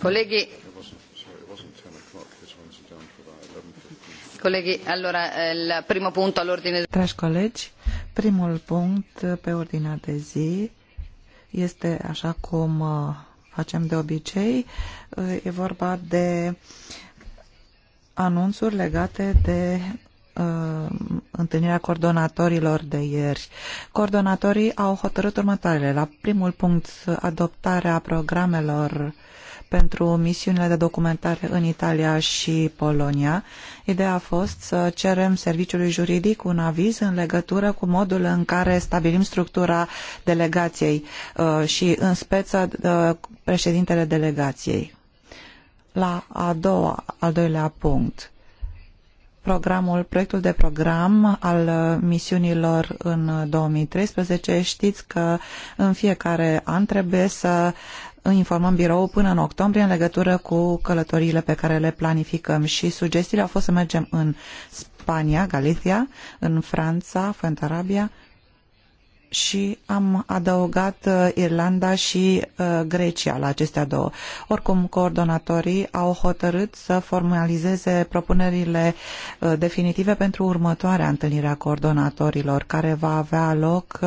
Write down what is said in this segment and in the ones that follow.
Colleghi, colleghi, allora eh, il primo punto all'ordine. Dragi colegi, primul punct pe ordinea de zi este așa cum uh, facem de obicei, uh, e vorba de anunțuri legate de uh, întâlnirea coordonatorilor de ieri. Coordonatorii au hotărât următoarele. La primul punct, adoptarea programelor uh, pentru misiunile de documentare în Italia și Polonia. Ideea a fost să cerem serviciului juridic un aviz în legătură cu modul în care stabilim structura delegației uh, și în speță uh, președintele delegației. La a doua, al doilea punct programul, proiectul de program al misiunilor în 2013. Știți că în fiecare an trebuie să informăm birou până în octombrie în legătură cu călătoriile pe care le planificăm și sugestiile au fost să mergem în Spania, Galicia, în Franța, Fuentarabia și am adăugat uh, Irlanda și uh, Grecia la acestea două. Oricum, coordonatorii au hotărât să formalizeze propunerile uh, definitive pentru următoarea întâlnire a coordonatorilor, care va avea loc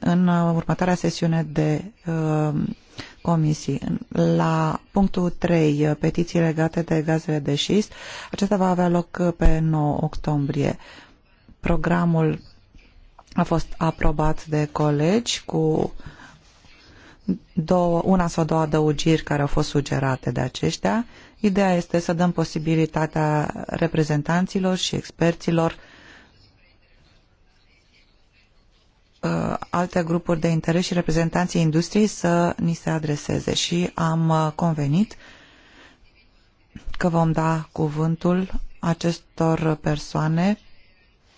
în uh, următoarea sesiune de uh, comisii. La punctul 3, uh, petiții legate de gazele de șist, acesta va avea loc pe 9 octombrie. Programul a fost aprobat de colegi cu două, una sau două adăugiri care au fost sugerate de aceștia. Ideea este să dăm posibilitatea reprezentanților și experților uh, Uh, alte grupuri de interes și reprezentanții industriei să ni se adreseze și am uh, convenit că vom da cuvântul acestor persoane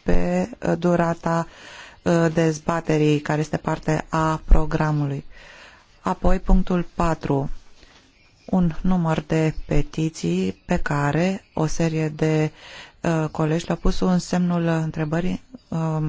pe uh, durata dezbaterii care este parte a programului. Apoi punctul 4 un număr de petiții pe care o serie de uh, colegi le-au pus un semnul întrebării uh,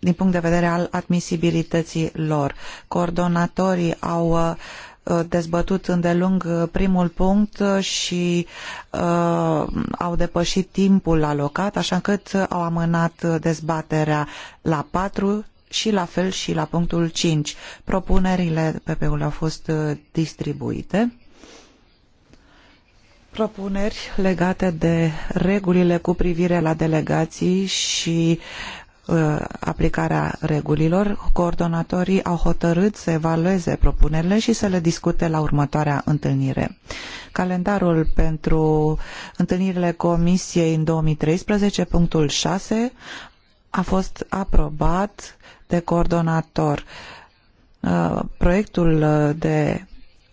din punct de vedere al admisibilității lor. Coordonatorii au uh, uh, dezbătut îndelung uh, primul punct și uh, au depășit timpul alocat, așa încât au amânat dezbaterea la patru și la fel și la punctul cinci. Propunerile PP-ului au fost distribuite propuneri legate de regulile cu privire la delegații și Uh, aplicarea regulilor, coordonatorii au hotărât să evalueze propunerile și să le discute la următoarea întâlnire. Calendarul pentru întâlnirile Comisiei în 2013, punctul 6, a fost aprobat de coordonator. Uh, proiectul de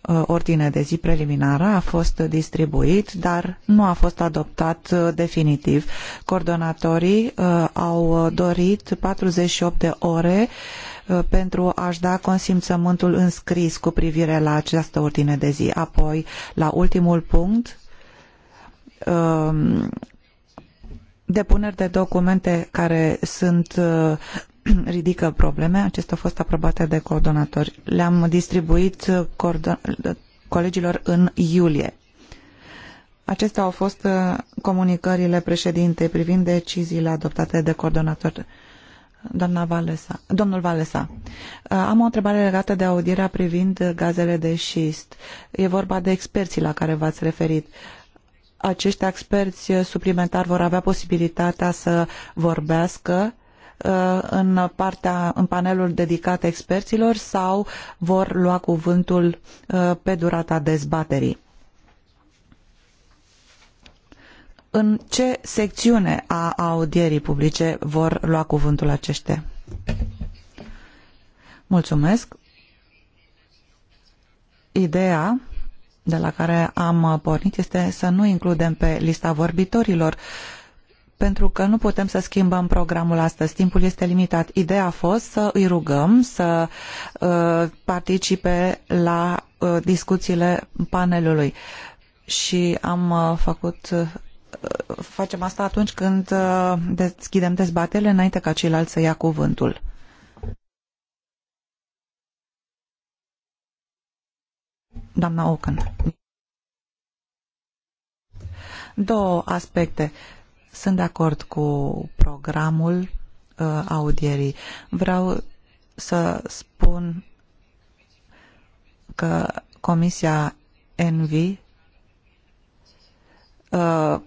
Uh, ordine de zi preliminară a fost distribuit, dar nu a fost adoptat uh, definitiv. Coordonatorii uh, au dorit 48 de ore pentru a-și da consimțământul înscris cu privire la această ordine de zi. Apoi, la ultimul punct, um, depuneri de documente care sunt ridică probleme. Acestea au fost aprobate de coordonatori. Le-am distribuit colegilor în iulie. Acestea au fost uh, comunicările președinte privind deciziile adoptate de coordonatori. Doamna Valesa, domnul Valesa, uh, am o întrebare legată de audierea privind gazele de șist. E vorba de experții la care v-ați referit. Acești experți suplimentari vor avea posibilitatea să vorbească Uh, în, partea, în panelul dedicat experților sau vor lua cuvântul uh, pe durata dezbaterii. În ce secțiune a audierii publice vor lua cuvântul aceștia? Mulțumesc. Ideea de la care am pornit este să nu includem pe lista vorbitorilor uh, pentru că nu putem să schimbăm programul astăzi. Timpul este limitat. Ideea a fost să îi rugăm să uh, participe la uh, discuțiile panelului. Și am uh, făcut uh, facem asta atunci când uh, deschidem dezbatele înainte ca ceilalți să ia cuvântul. Doamna Ocan. Două aspecte. Uh, sunt de acord cu programul uh, audierii. Vreau să spun că Comisia Envi uh, a,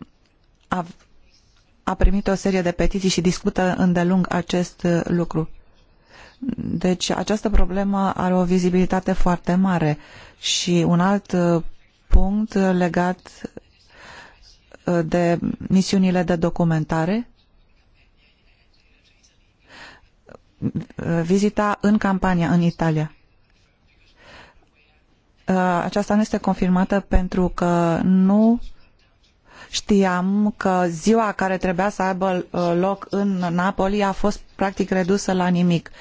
a primit o serie de petiții și discută îndelung acest uh, lucru. Deci această problemă are o vizibilitate foarte mare și un alt uh, punct legat Uh, de misiunile de documentare, uh, vizita în campania, în Italia. Uh, aceasta nu este confirmată pentru că nu știam că ziua care trebuia să aibă loc în Napoli a fost practic redusă la nimic.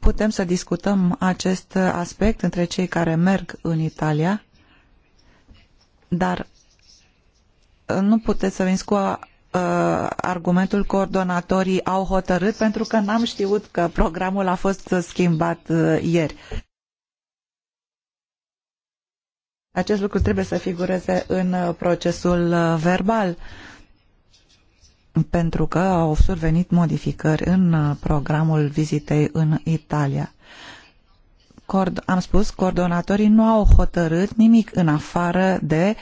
Putem să discutăm acest aspect între cei care merg în Italia dar uh, nu puteți să veniți cu uh, argumentul coordonatorii au hotărât pentru că n-am știut că programul a fost schimbat uh, ieri. Acest lucru trebuie să figureze în procesul verbal pentru că au survenit modificări în programul vizitei în Italia am spus, coordonatorii nu au hotărât nimic în afară de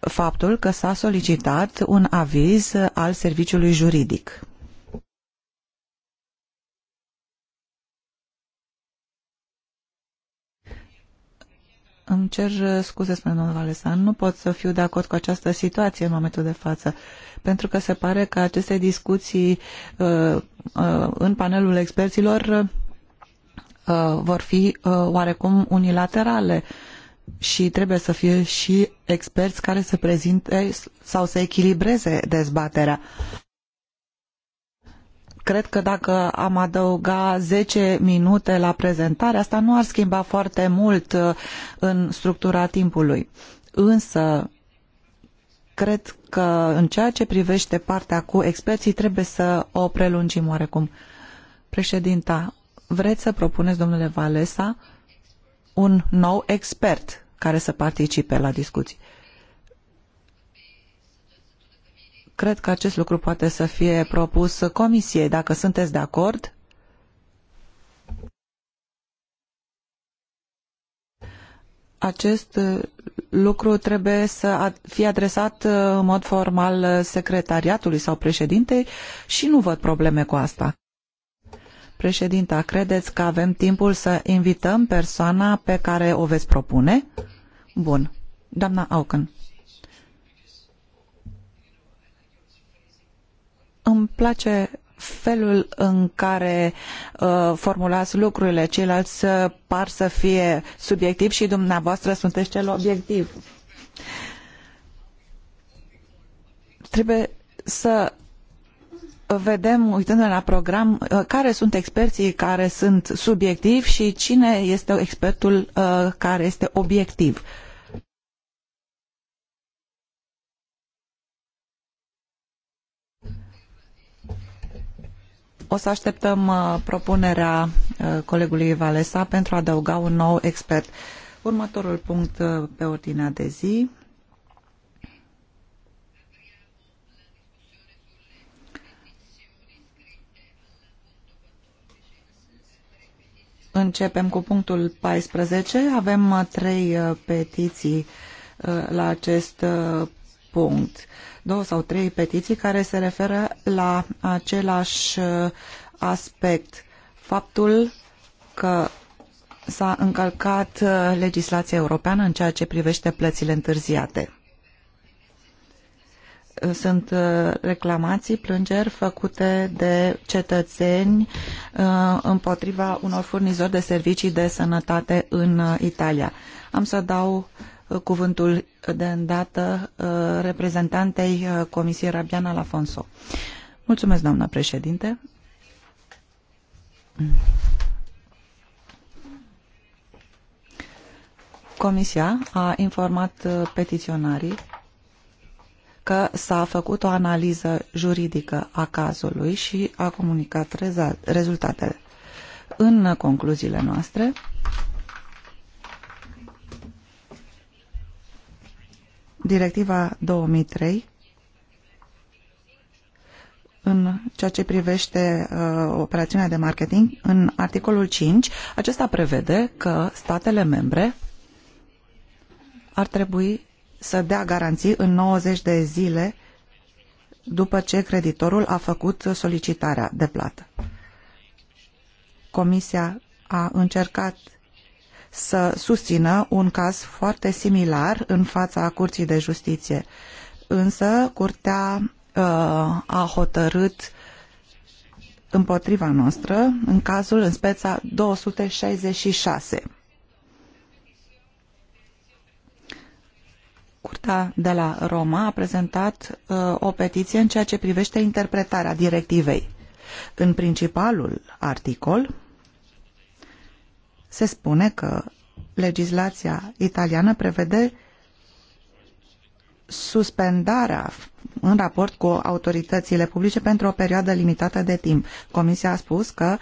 faptul că s-a solicitat un aviz al serviciului juridic. Îmi cer scuze, spune domnul Valesan, nu pot să fiu de acord cu această situație în momentul de față, pentru că se pare că aceste discuții uh, uh, în panelul experților Uh, vor fi uh, oarecum unilaterale și trebuie să fie și experți care să prezinte sau să echilibreze dezbaterea. Cred că dacă am adăuga zece minute la prezentare, asta nu ar schimba foarte mult uh, în structura timpului. Însă, cred că în ceea ce privește partea cu experții trebuie să o prelungim oarecum. Președinta, vreți să propuneți, domnule Valesa, un nou expert care să participe la discuții. Cred că acest lucru poate să fie propus comisiei. Dacă sunteți de acord, acest lucru trebuie să fie adresat în mod formal secretariatului sau președintei și nu văd probleme cu asta. Președinta, credeți că avem timpul să invităm persoana pe care o veți propune? Bun. Doamna Auken. Îmi place felul în care uh, formulați lucrurile. Ceilalți uh, par să fie subiectiv și dumneavoastră sunteți cel obiectiv. Trebuie să vedem, uitându-ne la program, uh, care sunt experții care sunt subiectivi și cine este expertul uh, care este obiectiv. O să așteptăm uh, propunerea colegului Valesa pentru a adăuga un nou expert. Următorul punct pe ordinea de zi Începem cu punctul 14. Avem uh, trei uh, petiții uh, la acest punct. Două sau trei petiții care se referă la același aspect. Faptul că s-a încălcat legislația europeană în ceea ce privește plățile întârziate sunt uh, reclamații, plângeri făcute de cetățeni uh, împotriva unor furnizori de servicii de sănătate în uh, Italia. Am să dau cuvântul de îndată reprezentantei Comisiei Rabiana Lafonso. Mulțumesc, doamna președinte. Comisia a informat petiționarii că s-a făcut o analiză juridică a cazului și a comunicat rezultatele. În concluziile noastre, Directiva 2003 în ceea ce privește uh, operațiunea de marketing, în articolul 5, acesta prevede că statele membre ar trebui să dea garanții în 90 de zile după ce creditorul a făcut solicitarea de plată. Comisia a încercat să susțină un caz foarte similar în fața Curții de Justiție, însă Curtea uh, a hotărât împotriva noastră în cazul în speța 266 Curtea de la Roma a prezentat uh, o petiție în ceea ce privește interpretarea directivei. În principalul articol se spune că legislația italiană prevede suspendarea în raport cu autoritățile publice pentru o perioadă limitată de timp. Comisia a spus că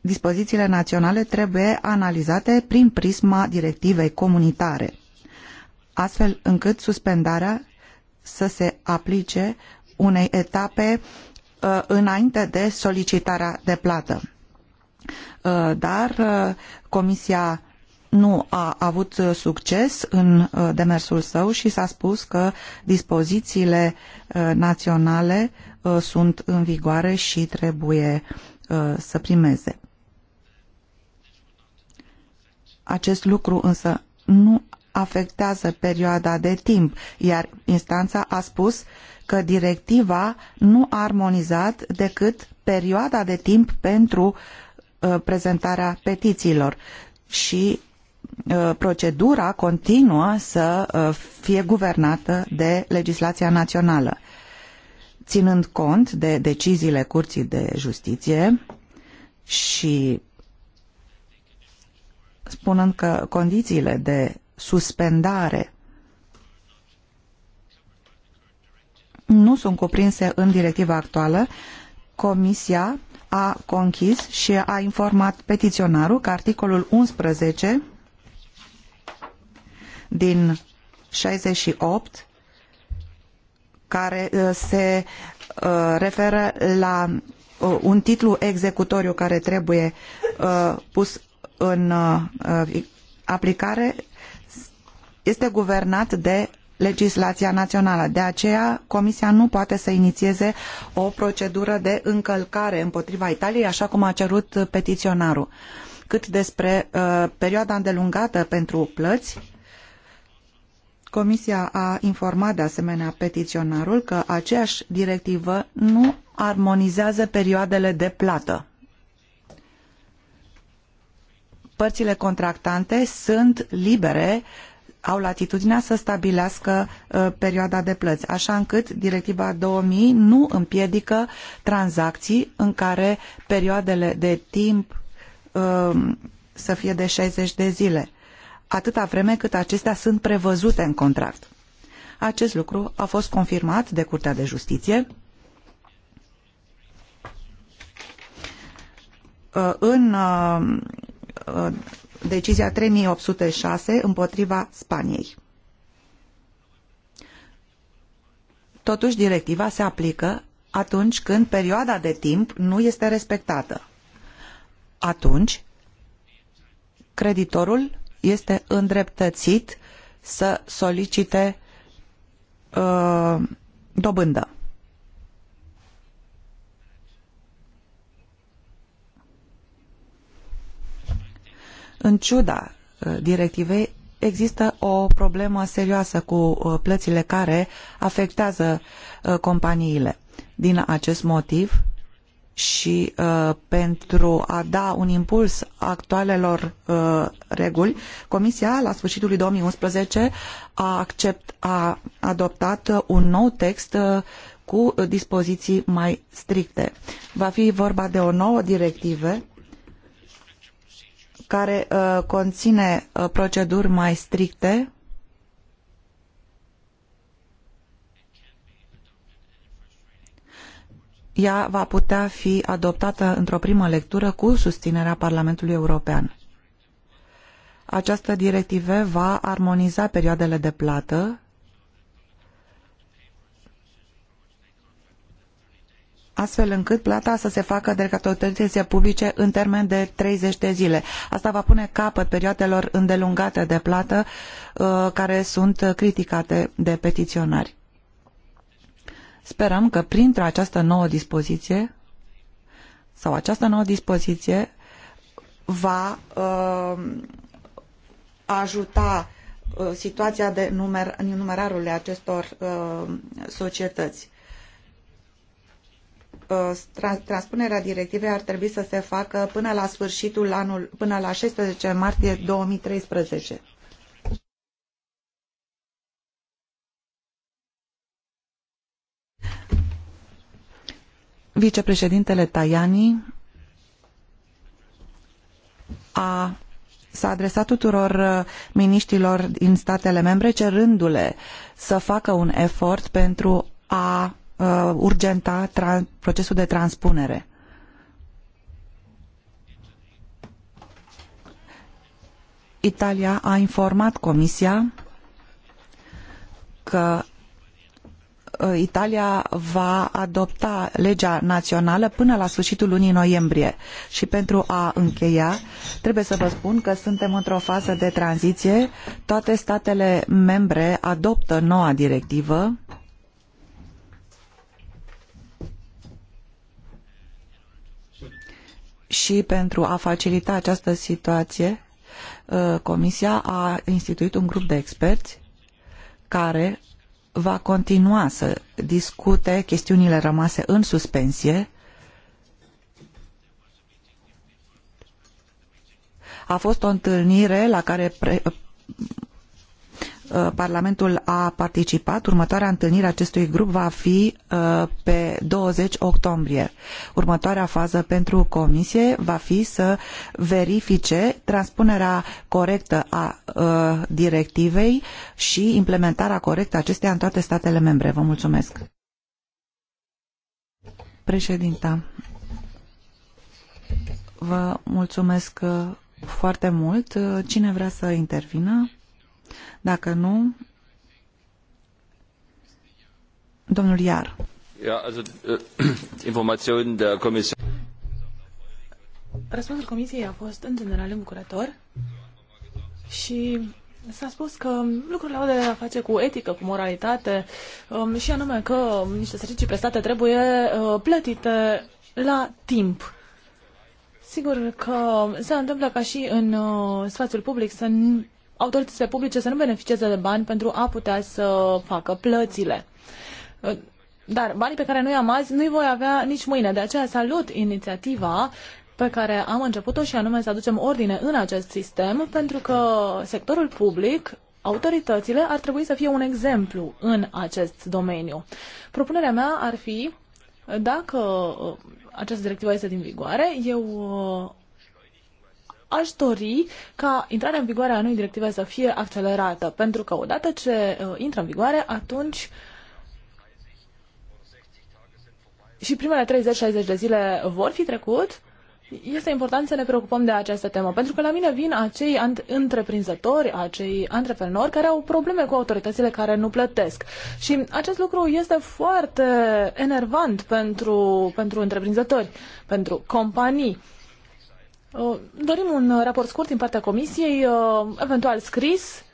dispozițiile naționale trebuie analizate prin prisma directivei comunitare astfel încât suspendarea să se aplice unei etape uh, înainte de solicitarea de plată. Uh, dar uh, Comisia nu a avut succes în uh, demersul său și s-a spus că dispozițiile uh, naționale uh, sunt în vigoare și trebuie să primeze. Acest lucru însă nu afectează perioada de timp, iar instanța a spus că directiva nu a armonizat decât perioada de timp pentru uh, prezentarea petițiilor și uh, procedura continuă să uh, fie guvernată de legislația națională. Ținând cont de deciziile Curții de Justiție și spunând că condițiile de suspendare nu sunt cuprinse în directiva actuală, Comisia a conchis și a informat petiționarul că articolul 11 din 68 care uh, se uh, referă la uh, un titlu executoriu care trebuie pus în aplicare este guvernat de legislația națională. De aceea, Comisia nu poate să inițieze o procedură de încălcare împotriva Italiei, așa cum a cerut petiționarul. Cât despre uh, perioada îndelungată pentru plăți, Comisia a informat de asemenea petiționarul că aceeași directivă nu armonizează perioadele de plată. Părțile contractante sunt libere uh, au latitudinea să stabilească uh, perioada de plăți, așa încât Directiva 2000 nu împiedică tranzacții în care perioadele de timp um, să fie de 60 de zile, atâta vreme cât acestea sunt prevăzute în contract. Acest lucru a fost confirmat de Curtea de Justiție uh, în uh, decizia 3806 împotriva Spaniei. Totuși, directiva se aplică atunci când perioada de timp nu este respectată. Atunci, creditorul este îndreptățit să solicite uh, dobândă. În ciuda uh, directivei, există o problemă serioasă cu uh, plățile care afectează uh, companiile. Din acest motiv și pentru a da un impuls actualelor reguli, Comisia, la sfârșitul lui 2011, a, accept, a adoptat un nou text cu dispoziții mai stricte. Va fi vorba de o nouă directivă care uh, conține uh, proceduri mai stricte ea va putea fi adoptată într-o primă lectură cu susținerea Parlamentului European. Această directivă va armoniza perioadele de plată astfel încât plata să se facă de către autoritățile publice în termen de 30 de zile. Asta va pune capăt perioadelor îndelungate de plată uh, care sunt criticate de petiționari. Sperăm că printr această nouă dispoziție sau această nouă dispoziție va uh, ajuta uh, situația de numer, numerarul acestor uh, societăți. Uh, transpunerea directivei ar trebui să se facă până la sfârșitul anul, până la 16 martie 2013. Vicepreședintele Tajani a s-a adresat tuturor uh, miniștilor din statele membre cerându-le să facă un efort pentru a uh, urgenta procesul de transpunere. Italia a informat Comisia că uh, Italia va adopta legea națională până la sfârșitul lunii noiembrie. Și pentru a încheia, trebuie să vă spun că suntem într-o fază de tranziție. Toate statele membre adoptă noua directivă și pentru a facilita această situație, uh, Comisia a instituit un grup de experți care va continua să discute chestiunile rămase în suspensie. A fost o întâlnire la care Uh, Parlamentul a participat. Următoarea întâlnire a acestui grup va fi uh, pe 20 octombrie. Următoarea fază pentru Comisie va fi să verifice transpunerea corectă a uh, directivei și implementarea corectă a acesteia în toate statele membre. Vă mulțumesc. Președinta, vă mulțumesc foarte mult. Cine vrea să intervină? Dacă nu, domnul Iar. Äh, Răspunsul Comisiei a fost în general îmbucurător și S-a spus că lucrurile au de a face cu etică, cu moralitate um, și anume că niște servicii prestate trebuie uh, plătite la timp. Sigur că se întâmplă ca și în uh, spațiul public să autoritățile publice să nu beneficieze de bani pentru a putea să facă plățile. Dar banii pe care noi am azi nu-i voi avea nici mâine. De aceea salut inițiativa pe care am început-o și anume să aducem ordine în acest sistem, pentru că sectorul public, autoritățile, ar trebui să fie un exemplu în acest domeniu. Propunerea mea ar fi, dacă uh, această directivă este din vigoare, eu uh, aș dori ca intrarea în vigoare a noi directive să fie accelerată, pentru că odată ce uh, intră în vigoare, atunci și primele 30-60 de zile vor fi trecut, este important să ne preocupăm de această temă, pentru că la mine vin acei întreprinzători, acei antreprenori care au probleme cu autoritățile care nu plătesc. Și acest lucru este foarte enervant pentru, pentru întreprinzători, pentru companii. Uh, dorim un raport scurt din partea comisiei, uh, eventual scris,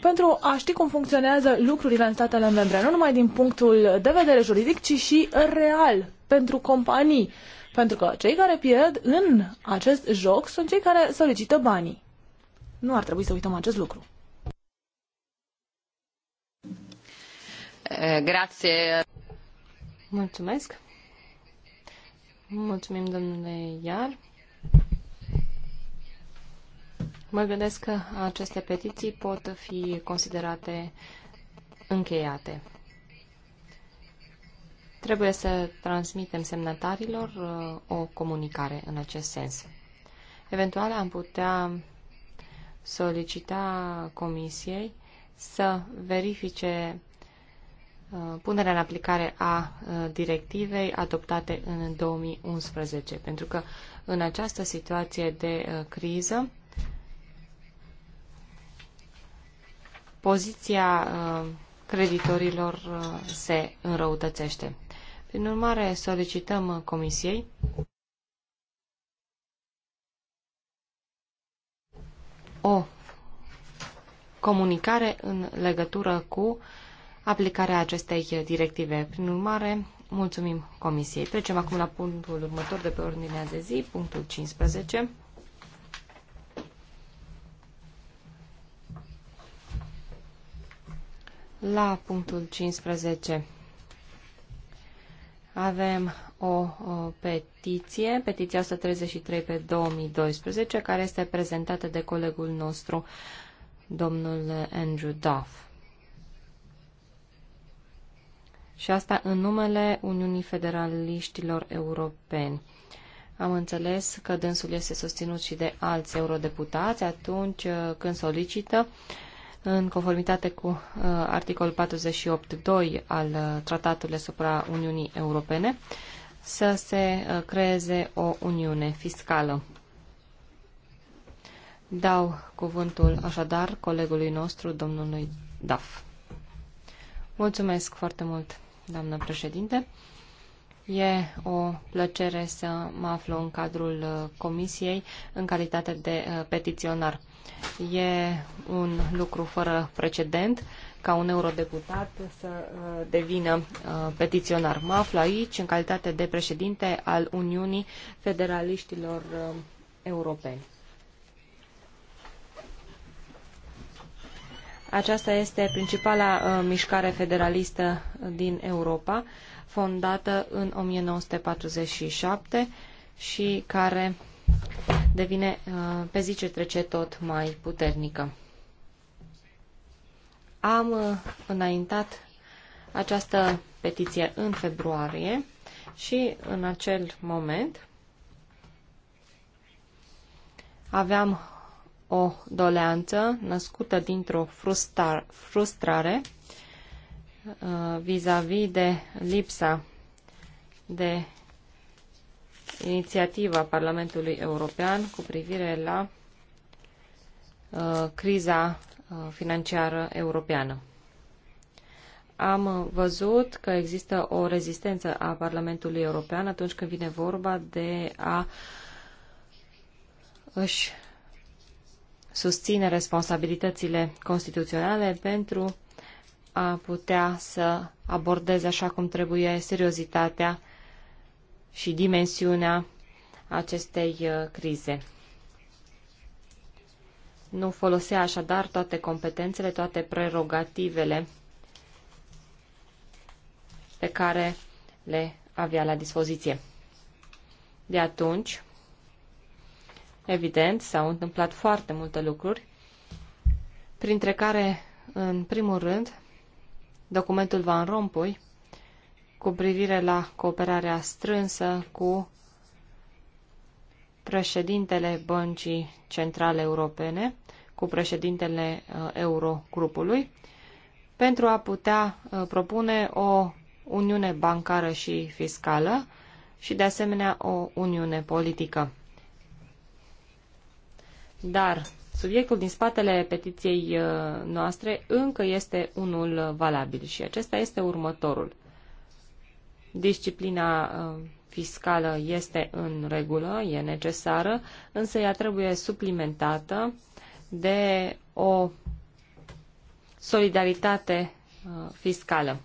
pentru a ști cum funcționează lucrurile în statele membre, nu numai din punctul de vedere juridic, ci și real pentru companii. Pentru că cei care pierd în acest joc sunt cei care solicită banii. Nu ar trebui să uităm acest lucru. Eh, Grație. Mulțumesc. Mulțumim, domnule Iar. Mă gândesc că aceste petiții pot fi considerate încheiate. Trebuie să transmitem semnătarilor uh, o comunicare în acest sens. Eventual am putea solicita comisiei să verifice uh, punerea în aplicare a uh, directivei adoptate în 2011, pentru că în această situație de criză poziția uh, creditorilor uh, se înrăutățește. Prin urmare, solicităm uh, Comisiei o comunicare în legătură cu aplicarea acestei directive. Prin urmare, mulțumim Comisiei. Trecem acum la punctul următor de pe ordinea de zi, punctul 15. La punctul 15 avem o, o petiție, petiția 133 pe 2012, care este prezentată de colegul nostru, domnul Andrew Duff. Și asta în numele Uniunii Federaliștilor Europeni. Am înțeles că dânsul este susținut și de alți eurodeputați atunci uh, când solicită uh, în conformitate cu uh, articolul 48.2 al uh, Tratatului asupra Uniunii Europene, să se uh, creeze o uniune fiscală. Dau cuvântul așadar colegului nostru, domnului Daf. Mulțumesc foarte mult, doamnă președinte. E o plăcere să mă aflu în cadrul uh, comisiei în calitate de uh, petiționar. E un lucru fără precedent ca un eurodeputat să uh, devină petiționar. Mă aflu aici în calitate de președinte al Uniunii Federaliștilor Europeni. Aceasta este principala mișcare federalistă din Europa fondată în 1947 și care devine uh, pe zi ce trece tot mai puternică. Am uh, înaintat această petiție în februarie și în acel moment aveam o doleanță născută dintr-o frustrare Uh, vis-a-vis de lipsa de inițiativa Parlamentului European cu privire la uh, criza uh, financiară europeană. Am văzut că există o rezistență a Parlamentului European atunci când vine vorba de a își susține responsabilitățile constituționale pentru a putea să abordeze așa cum trebuie seriozitatea și dimensiunea acestei uh, crize. Nu folosea așadar toate competențele, toate prerogativele pe care le avea la dispoziție. De atunci, evident, s-au întâmplat foarte multe lucruri, printre care, în primul rând, documentul Van Rompuy cu privire la cooperarea strânsă cu președintele Băncii Centrale Europene, cu președintele uh, Eurogrupului, pentru a putea uh, propune o uniune bancară și fiscală și, de asemenea, o uniune politică. Dar Subiectul din spatele petiției uh, noastre încă este unul uh, valabil și acesta este următorul. Disciplina uh, fiscală este în regulă, e necesară, însă ea trebuie suplimentată de o solidaritate fiscală.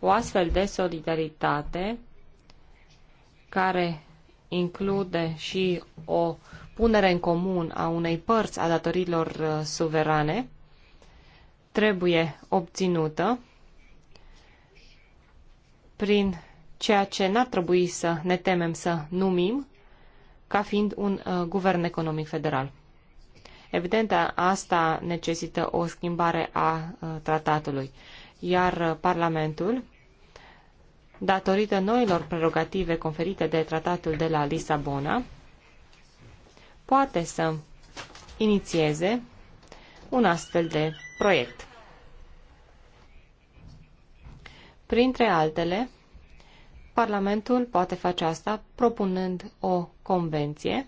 O astfel de solidaritate care include și o punere în comun a unei părți a datoriilor uh, suverane trebuie obținută prin ceea ce n-ar trebui să ne temem să numim ca fiind un uh, guvern economic federal. Evident, asta necesită o schimbare a uh, tratatului, iar uh, Parlamentul, datorită noilor prerogative conferite de tratatul de la Lisabona, poate să inițieze un astfel de proiect. Printre altele, Parlamentul poate face asta propunând o convenție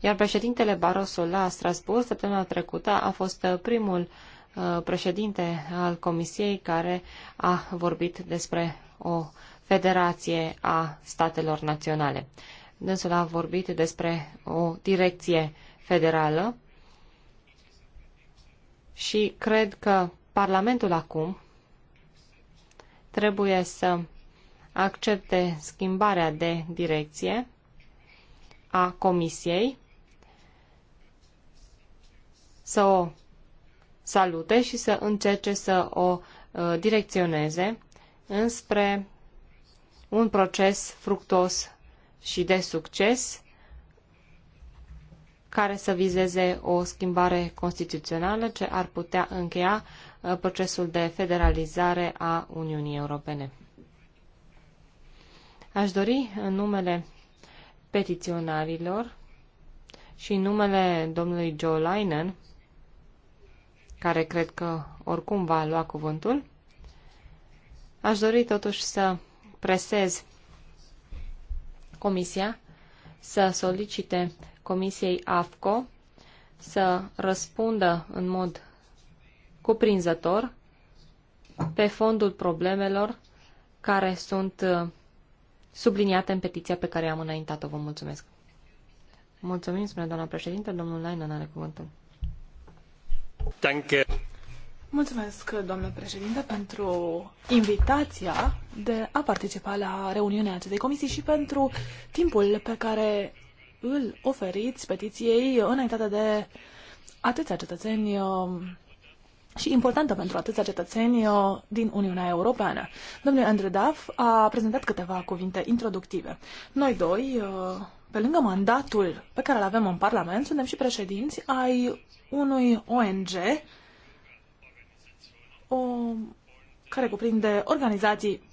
iar președintele Barroso la Strasbourg săptămâna trecută a fost primul uh, Uh, președinte al Comisiei care a vorbit despre o federație a statelor naționale. Dânsul a vorbit despre o direcție federală și cred că Parlamentul acum trebuie să accepte schimbarea de direcție a Comisiei, să o salute și să încerce să o uh, direcționeze înspre un proces fructos și de succes care să vizeze o schimbare constituțională ce ar putea încheia uh, procesul de federalizare a Uniunii Europene. Aș dori în numele petiționarilor și în numele domnului Joe Linen care cred că oricum va lua cuvântul. Aș dori totuși să presez Comisia să solicite Comisiei AFCO să răspundă în mod cuprinzător pe fondul problemelor care sunt uh, subliniate în petiția pe care am înaintat-o. Vă mulțumesc. Mulțumim, spune doamna președinte. Domnul Lainan are cuvântul. Mulțumesc, doamnă președinte, pentru invitația de a participa la reuniunea acestei comisii și pentru timpul pe care îl oferiți petiției înaintată de atâția cetățeni um, și importantă pentru atâția cetățeni uh, din Uniunea Europeană. Domnul Andrew Duff a prezentat câteva cuvinte introductive. Noi doi uh, pe lângă mandatul pe care îl avem în Parlament, suntem și președinți ai unui ONG o, care cuprinde organizații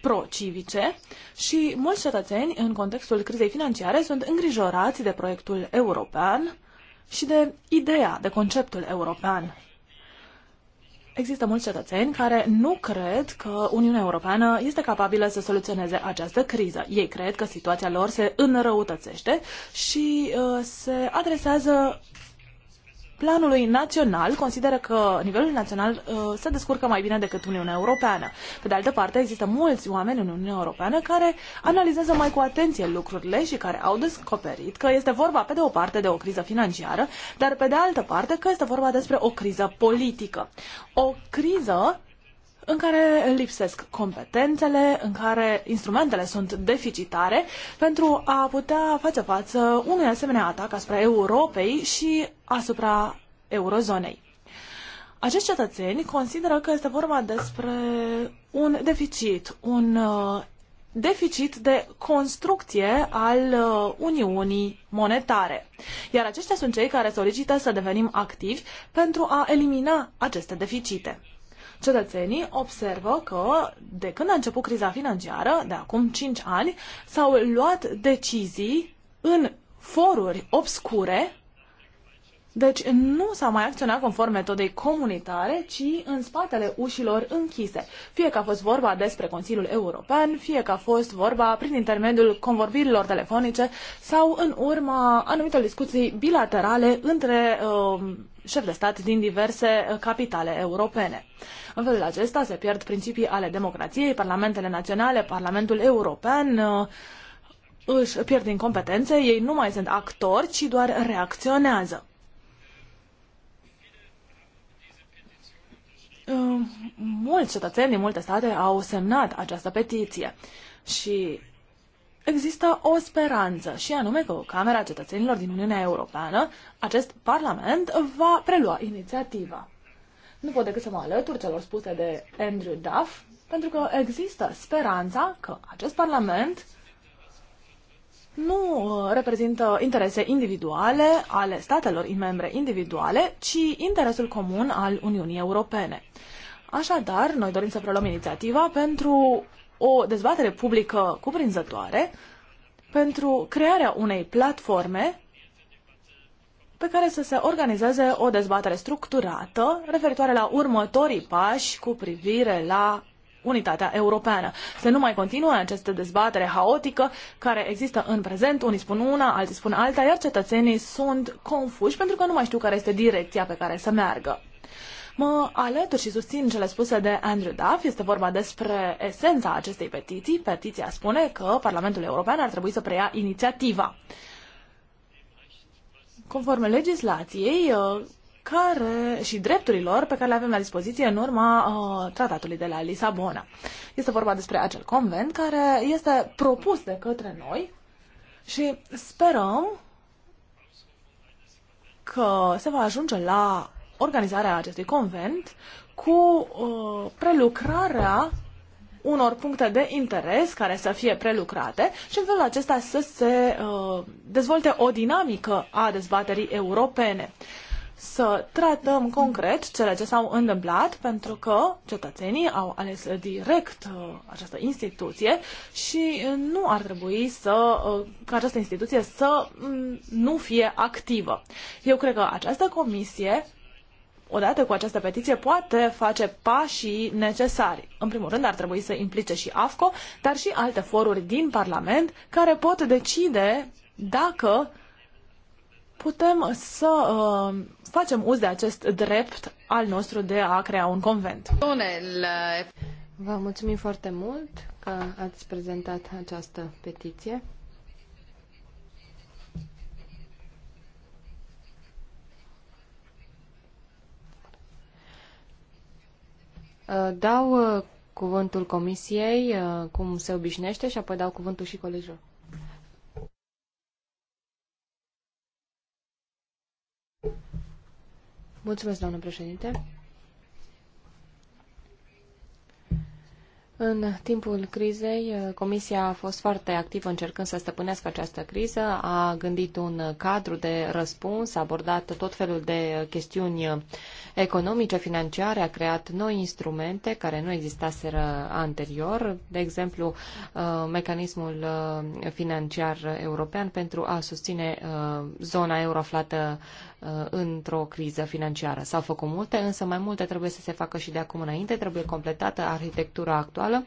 pro-civice și mulți cetățeni în contextul crizei financiare sunt îngrijorați de proiectul european și de ideea, de conceptul european. Există mulți cetățeni care nu cred că Uniunea Europeană este capabilă să soluționeze această criză. Ei cred că situația lor se înrăutățește și uh, se adresează planului național consideră că nivelul național uh, se descurcă mai bine decât Uniunea Europeană. Pe de altă parte, există mulți oameni în Uniunea Europeană care analizează mai cu atenție lucrurile și care au descoperit că este vorba, pe de o parte, de o criză financiară, dar pe de altă parte că este vorba despre o criză politică. O criză în care lipsesc competențele, în care instrumentele sunt deficitare pentru a putea face față unui asemenea atac asupra Europei și asupra eurozonei. Acești cetățeni consideră că este vorba despre un deficit, un uh, deficit de construcție al uh, Uniunii Monetare. Iar aceștia sunt cei care solicită să devenim activi pentru a elimina aceste deficite. Cetățenii observă că de când a început criza financiară, de acum 5 ani, s-au luat decizii în foruri obscure deci nu s-a mai acționat conform metodei comunitare, ci în spatele ușilor închise. Fie că a fost vorba despre Consiliul European, fie că a fost vorba prin intermediul convorbirilor telefonice sau în urma anumitor discuții bilaterale între uh, șefi de stat din diverse uh, capitale europene. În felul acesta se pierd principii ale democrației, parlamentele naționale, Parlamentul European. Uh, își pierd din competențe, ei nu mai sunt actori, ci doar reacționează. Uh, mulți cetățeni din multe state au semnat această petiție și există o speranță și anume că Camera Cetățenilor din Uniunea Europeană, acest parlament, va prelua inițiativa. Nu pot decât să mă alătur celor spuse de Andrew Duff, pentru că există speranța că acest parlament nu uh, reprezintă interese individuale ale statelor membre individuale, ci interesul comun al Uniunii Europene. Așadar, noi dorim să preluăm inițiativa pentru o dezbatere publică cuprinzătoare, pentru crearea unei platforme pe care să se organizeze o dezbatere structurată referitoare la următorii pași cu privire la unitatea europeană. Să nu mai continue această dezbatere haotică care există în prezent, unii spun una, alții spun alta, iar cetățenii sunt confuși pentru că nu mai știu care este direcția pe care să meargă. Mă alătur și susțin cele spuse de Andrew Duff. Este vorba despre esența acestei petiții. Petiția spune că Parlamentul European ar trebui să preia inițiativa. Conform legislației, care, și drepturilor pe care le avem la dispoziție în urma uh, tratatului de la Lisabona. Este vorba despre acel convent care este propus de către noi și sperăm că se va ajunge la organizarea acestui convent cu uh, prelucrarea unor puncte de interes care să fie prelucrate și în felul acesta să se uh, dezvolte o dinamică a dezbaterii europene să tratăm concret cele ce s-au întâmplat, pentru că cetățenii au ales direct uh, această instituție și uh, nu ar trebui să, uh, ca această instituție să mm, nu fie activă. Eu cred că această comisie odată cu această petiție, poate face pașii necesari. În primul rând, ar trebui să implice și AFCO, dar și alte foruri din Parlament care pot decide dacă putem să uh, facem uz de acest drept al nostru de a crea un convent. Vă mulțumim foarte mult că ați prezentat această petiție. Dau uh, cuvântul comisiei, uh, cum se obișnuiește, și apoi dau cuvântul și colegilor. În timpul crizei, uh, Comisia a fost foarte activă încercând să stăpânească această criză, a gândit un cadru de răspuns, a abordat tot felul de chestiuni economice, financiare, a creat noi instrumente care nu existaseră anterior, de exemplu, uh, mecanismul uh, financiar european pentru a susține zona euro aflată Uh, într-o criză financiară. S-au făcut multe, însă mai multe trebuie să se facă și de acum înainte, trebuie completată arhitectura actuală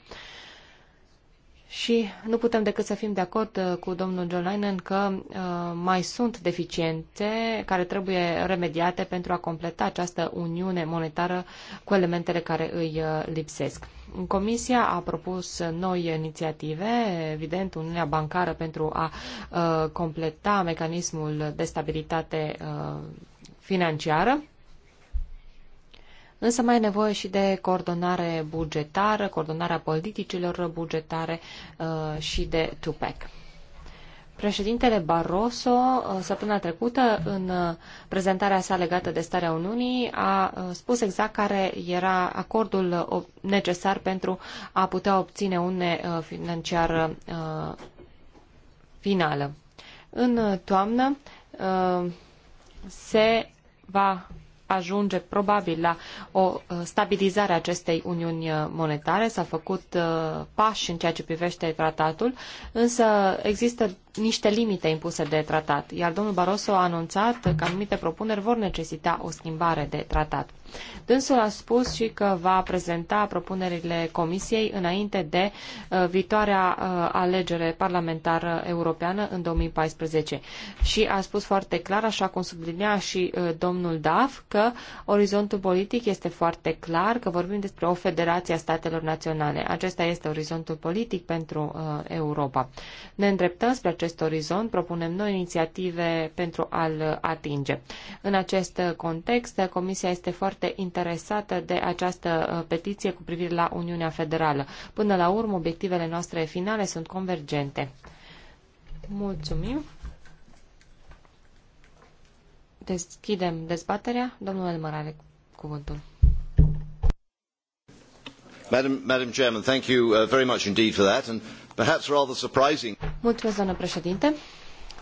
și nu putem decât să fim de acord uh, cu domnul John Lennon că uh, mai sunt deficiențe care trebuie remediate pentru a completa această uniune monetară cu elementele care îi uh, lipsesc. Comisia a propus noi inițiative, evident, Uniunea Bancară pentru a completa mecanismul de stabilitate financiară Însă mai e nevoie și de coordonare bugetară, coordonarea politicilor bugetare uh, și de TUPEC. Președintele Barroso, uh, săptămâna trecută, în uh, prezentarea sa legată de starea Uniunii, a spus exact care era acordul necesar pentru a putea obține un financiar finală. În toamnă se va ajunge probabil la o uh, stabilizare a acestei uniuni uh, monetare. S-a făcut uh, pași în ceea ce privește tratatul, însă există niște limite impuse de tratat, iar domnul Barroso a anunțat că anumite propuneri vor necesita o schimbare de tratat. Dânsul a spus și că va prezenta propunerile Comisiei înainte de uh, viitoarea uh, alegere parlamentară europeană în 2014. Și a spus foarte clar, așa cum sublinea și uh, domnul Daf, că orizontul politic este foarte clar, că vorbim despre o federație a statelor naționale. Acesta este orizontul politic pentru uh, Europa. Ne îndreptăm spre acest acest orizont, propunem noi inițiative pentru a-l atinge. În acest context, Comisia este foarte interesată de această uh, petiție cu privire la Uniunea Federală. Până la urmă, obiectivele noastre finale sunt convergente. Mulțumim. Deschidem dezbaterea. Domnul Elmar are cuvântul. Madam, Madam Chairman, thank you uh, very much indeed for that. And Perhaps rather surprising. Mulțumesc, președinte.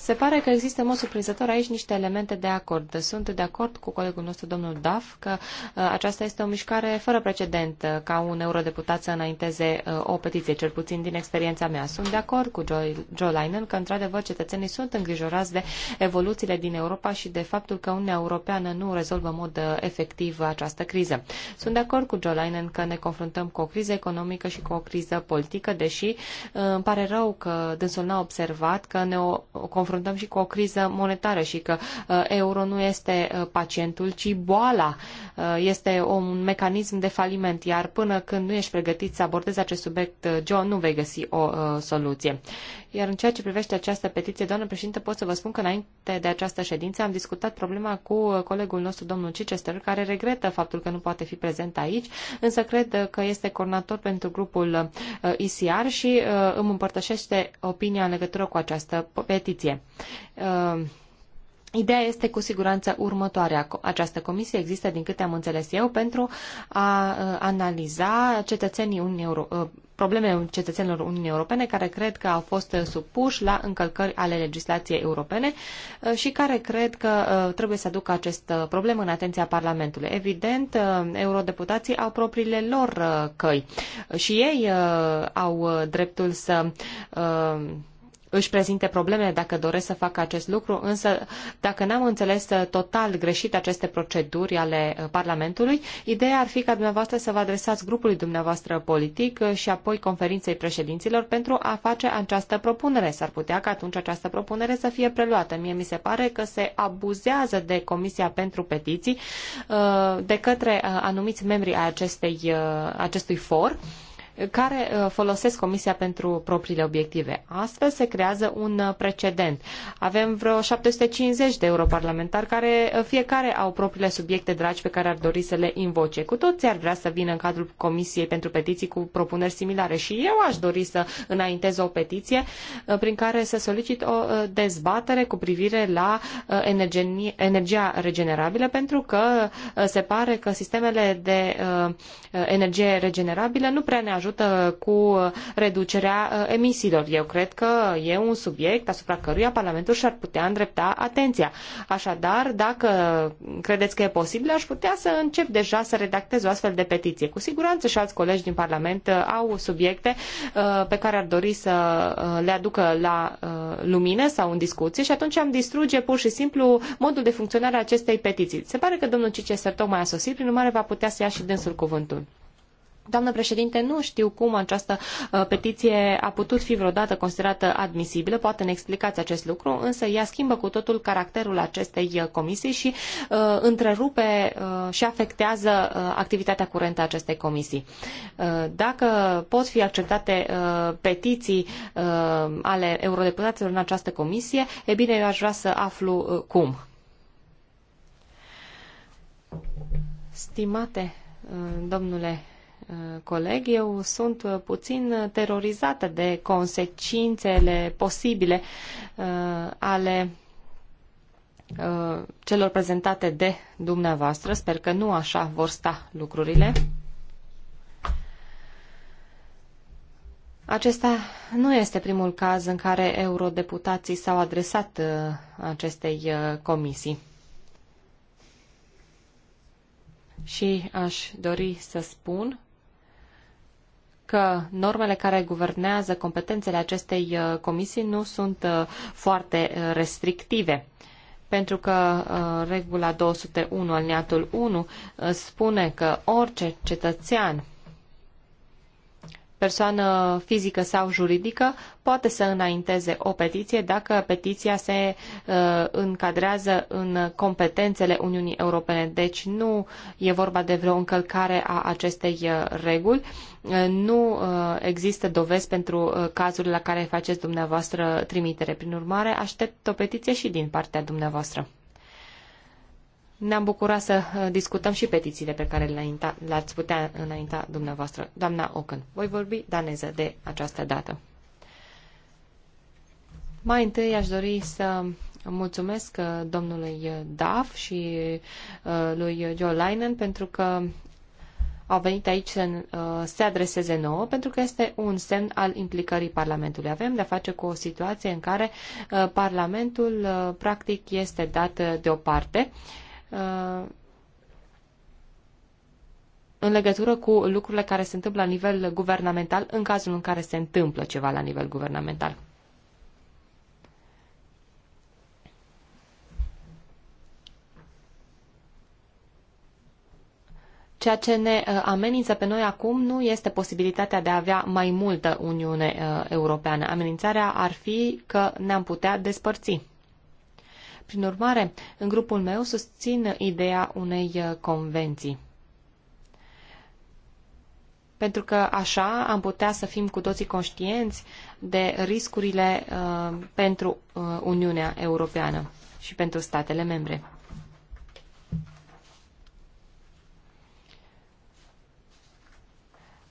Se pare că există în mod surprinzător aici niște elemente de acord. Sunt de acord cu colegul nostru, domnul Daf, că uh, aceasta este o mișcare fără precedent uh, ca un eurodeputat să înainteze uh, o petiție, cel puțin din experiența mea. Sunt de acord cu Joe, Joe Linen că, într-adevăr, cetățenii sunt îngrijorați de evoluțiile din Europa și de faptul că Uniunea Europeană nu rezolvă în mod efectiv această criză. Sunt de acord cu Joe Linen că ne confruntăm cu o criză economică și cu o criză politică, deși îmi pare rău că dânsul n-a observat că ne confruntăm confruntăm și cu o criză monetară și că uh, euro nu este uh, pacientul, ci boala. Uh, este un mecanism de faliment, iar până când nu ești pregătit să abordezi acest subiect, John, nu vei găsi o soluție. Iar în ceea ce privește această petiție, doamnă președinte, pot să vă spun că înainte de această ședință am discutat problema cu colegul nostru, domnul Chichester, care regretă faptul că nu poate fi prezent aici, însă cred că este coordonator pentru grupul ECR și îmi împărtășește opinia în legătură cu această petiție. Uh, ideea este cu siguranță următoarea. Această comisie există, din câte am înțeles eu, pentru a uh, analiza cetățenii Uniunii Euro- uh, probleme cetățenilor Uniunii Europene care cred că au fost supuși la încălcări ale legislației europene și care cred că trebuie să aducă acest problem în atenția Parlamentului. Evident, eurodeputații au propriile lor căi și ei au dreptul să își prezinte probleme dacă doresc să facă acest lucru, însă dacă n-am înțeles total greșit aceste proceduri ale uh, Parlamentului, ideea ar fi ca dumneavoastră să vă adresați grupului dumneavoastră politic uh, și apoi conferinței președinților pentru a face această propunere. S-ar putea ca atunci această propunere să fie preluată. Mie mi se pare că se abuzează de Comisia pentru Petiții uh, de către anumiți membri ai acestei, acestui for care uh, folosesc Comisia pentru propriile obiective. Astfel se creează un uh, precedent. Avem vreo 750 de europarlamentari care uh, fiecare au propriile subiecte dragi pe care ar dori să le invoce. Cu toții ar vrea să vină în cadrul Comisiei pentru Petiții cu propuneri similare și eu aș dori să înaintez o petiție prin care să solicit o dezbatere cu privire la energie, energia regenerabilă pentru că se pare că sistemele de energie regenerabilă nu prea ne ajută ajută cu reducerea uh, emisiilor. Eu cred că e un subiect asupra căruia Parlamentul și-ar putea îndrepta atenția. Așadar, dacă credeți că e posibil, aș putea să încep deja să redactez o astfel de petiție. Cu siguranță și alți colegi din Parlament uh, au subiecte uh, pe care ar dori să le aducă la lumină sau în discuție și atunci am distruge pur și simplu modul de funcționare a acestei petiții. Se pare că domnul Cice tocmai a sosit, prin urmare va putea să ia și dânsul cuvântul. Doamnă președinte, nu știu cum această uh, petiție a putut fi vreodată considerată admisibilă, poate ne explicați acest lucru, însă ea schimbă cu totul caracterul acestei uh, comisii și uh, întrerupe uh, și afectează uh, activitatea curentă a acestei comisii. Uh, dacă pot fi acceptate uh, petiții uh, ale eurodeputaților în această comisie, e bine, eu aș vrea să aflu uh, cum. Stimate uh, domnule coleg, eu sunt puțin terorizată de consecințele posibile uh, ale uh, celor prezentate de dumneavoastră. Sper că nu așa vor sta lucrurile. Acesta nu este primul caz în care eurodeputații s-au adresat uh, acestei comisii. Și aș dori să spun că normele care guvernează competențele acestei uh, comisii nu sunt uh, foarte uh, restrictive pentru că regula 201 alineatul 1 spune că orice cetățean persoană fizică sau juridică poate să înainteze o petiție dacă petiția se uh, încadrează în competențele Uniunii Europene. Deci nu e vorba de vreo încălcare a acestei uh, reguli. Uh, nu există dovezi pentru cazul la care faceți dumneavoastră trimitere. Prin urmare, aștept o petiție și din partea dumneavoastră. Ne-am bucurat să uh, discutăm și petițiile pe care le-ați putea înainta dumneavoastră. Doamna Ocan, voi vorbi daneză de această dată. Mai întâi aș dori să mulțumesc uh, domnului uh, Daf și lui Joe Leinen pentru că au venit aici să se adreseze nouă, pentru că este un semn al implicării Parlamentului. Avem de-a face cu o situație în care Parlamentul practic este dat deoparte Uh, în legătură cu lucrurile care se întâmplă la nivel guvernamental, în cazul în care se întâmplă ceva la nivel guvernamental. Ceea ce ne uh, amenință pe noi acum nu este posibilitatea de a avea mai multă Uniune uh, Europeană. Amenințarea ar fi că ne-am putea despărți. Prin urmare, în grupul meu susțin ideea unei uh, convenții. Pentru că așa am putea să fim cu toții conștienți de riscurile uh, pentru uh, Uniunea Europeană și pentru statele membre.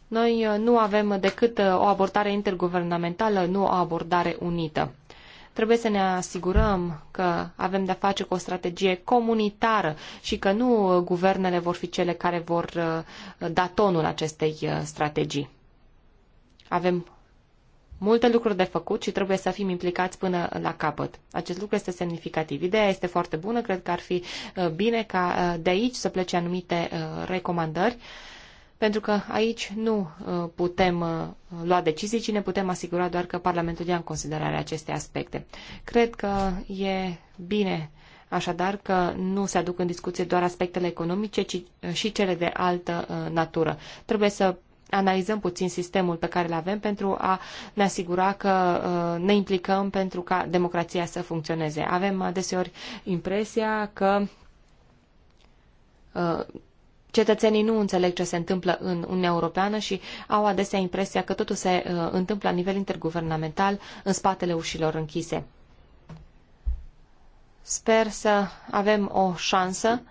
Noi uh, nu avem decât uh, o abordare interguvernamentală, nu o abordare unită. Trebuie să ne asigurăm că avem de-a face cu o strategie comunitară și că nu uh, guvernele vor fi cele care vor uh, da tonul acestei uh, strategii. Avem multe lucruri de făcut și trebuie să fim implicați până la capăt. Acest lucru este semnificativ. Ideea este foarte bună, cred că ar fi bine ca de aici să plece anumite recomandări pentru că aici nu uh, putem uh, lua decizii, ci ne putem asigura doar că Parlamentul ia în considerare aceste aspecte. Cred că e bine Așadar că nu se aduc în discuție doar aspectele economice, ci uh, și cele de altă natură. Trebuie să analizăm puțin sistemul pe care îl avem pentru a ne asigura că ne implicăm pentru ca democrația să funcționeze. Avem adeseori impresia că cetățenii nu înțeleg ce se întâmplă în Uniunea Europeană și au adesea impresia că totul se uh, întâmplă la nivel interguvernamental în spatele ușilor închise. Sper să avem o șansă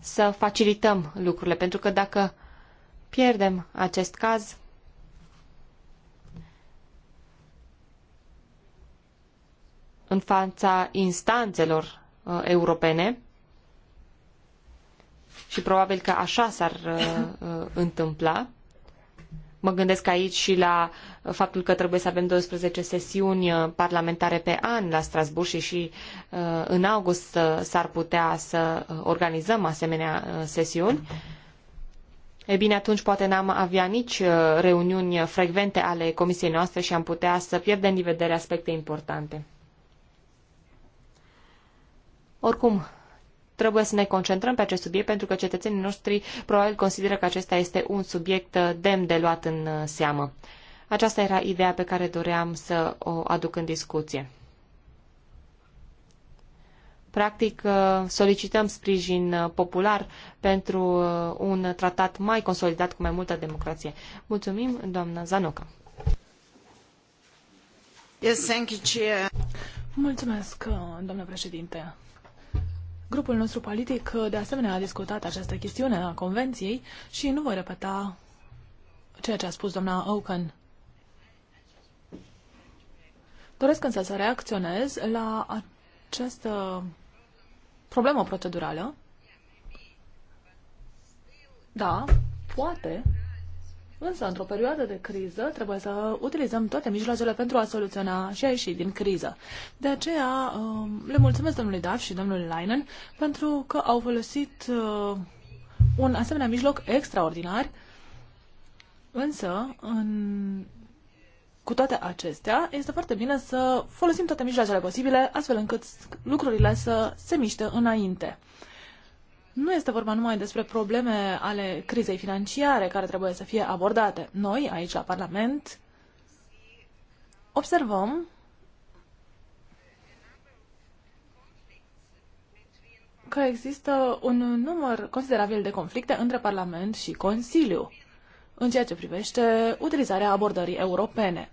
să facilităm lucrurile, pentru că dacă pierdem acest caz, în fața instanțelor uh, europene, și probabil că așa s-ar uh, uh, întâmpla. Mă gândesc aici și la faptul că trebuie să avem 12 sesiuni uh, parlamentare pe an la Strasbourg și și în august s-ar putea să organizăm asemenea sesiuni. E bine, atunci poate n-am avea nici reuniuni frecvente ale comisiei noastre și am putea să pierdem din vedere aspecte importante. Oricum, Trebuie să ne concentrăm pe acest subiect pentru că cetățenii noștri probabil consideră că acesta este un subiect uh, demn de luat în uh, seamă. Aceasta era ideea pe care doream să o aduc în discuție. Practic, uh, solicităm sprijin popular pentru un tratat mai consolidat cu mai multă democrație. Mulțumim, doamna Zanoca. Yes, thank you, Mulțumesc, doamnă președinte. Grupul nostru politic, uh, de asemenea, a discutat această chestiune a Convenției și nu voi repeta ceea ce a spus doamna Oaken. Doresc însă să reacționez la această problemă procedurală. Da, poate Însă, într-o perioadă de criză, trebuie să utilizăm toate mijloacele pentru a soluționa și a ieși din criză. De aceea, um, le mulțumesc domnului Daf și domnului Leinen pentru că au folosit uh, un asemenea mijloc extraordinar. Însă, în... cu toate acestea, este foarte bine să folosim toate mijloacele posibile, astfel încât lucrurile să se miște înainte. Nu este vorba numai despre probleme ale crizei financiare care trebuie să fie abordate. Noi, aici la Parlament, observăm că există un număr considerabil de conflicte între Parlament și Consiliu în ceea ce privește utilizarea abordării europene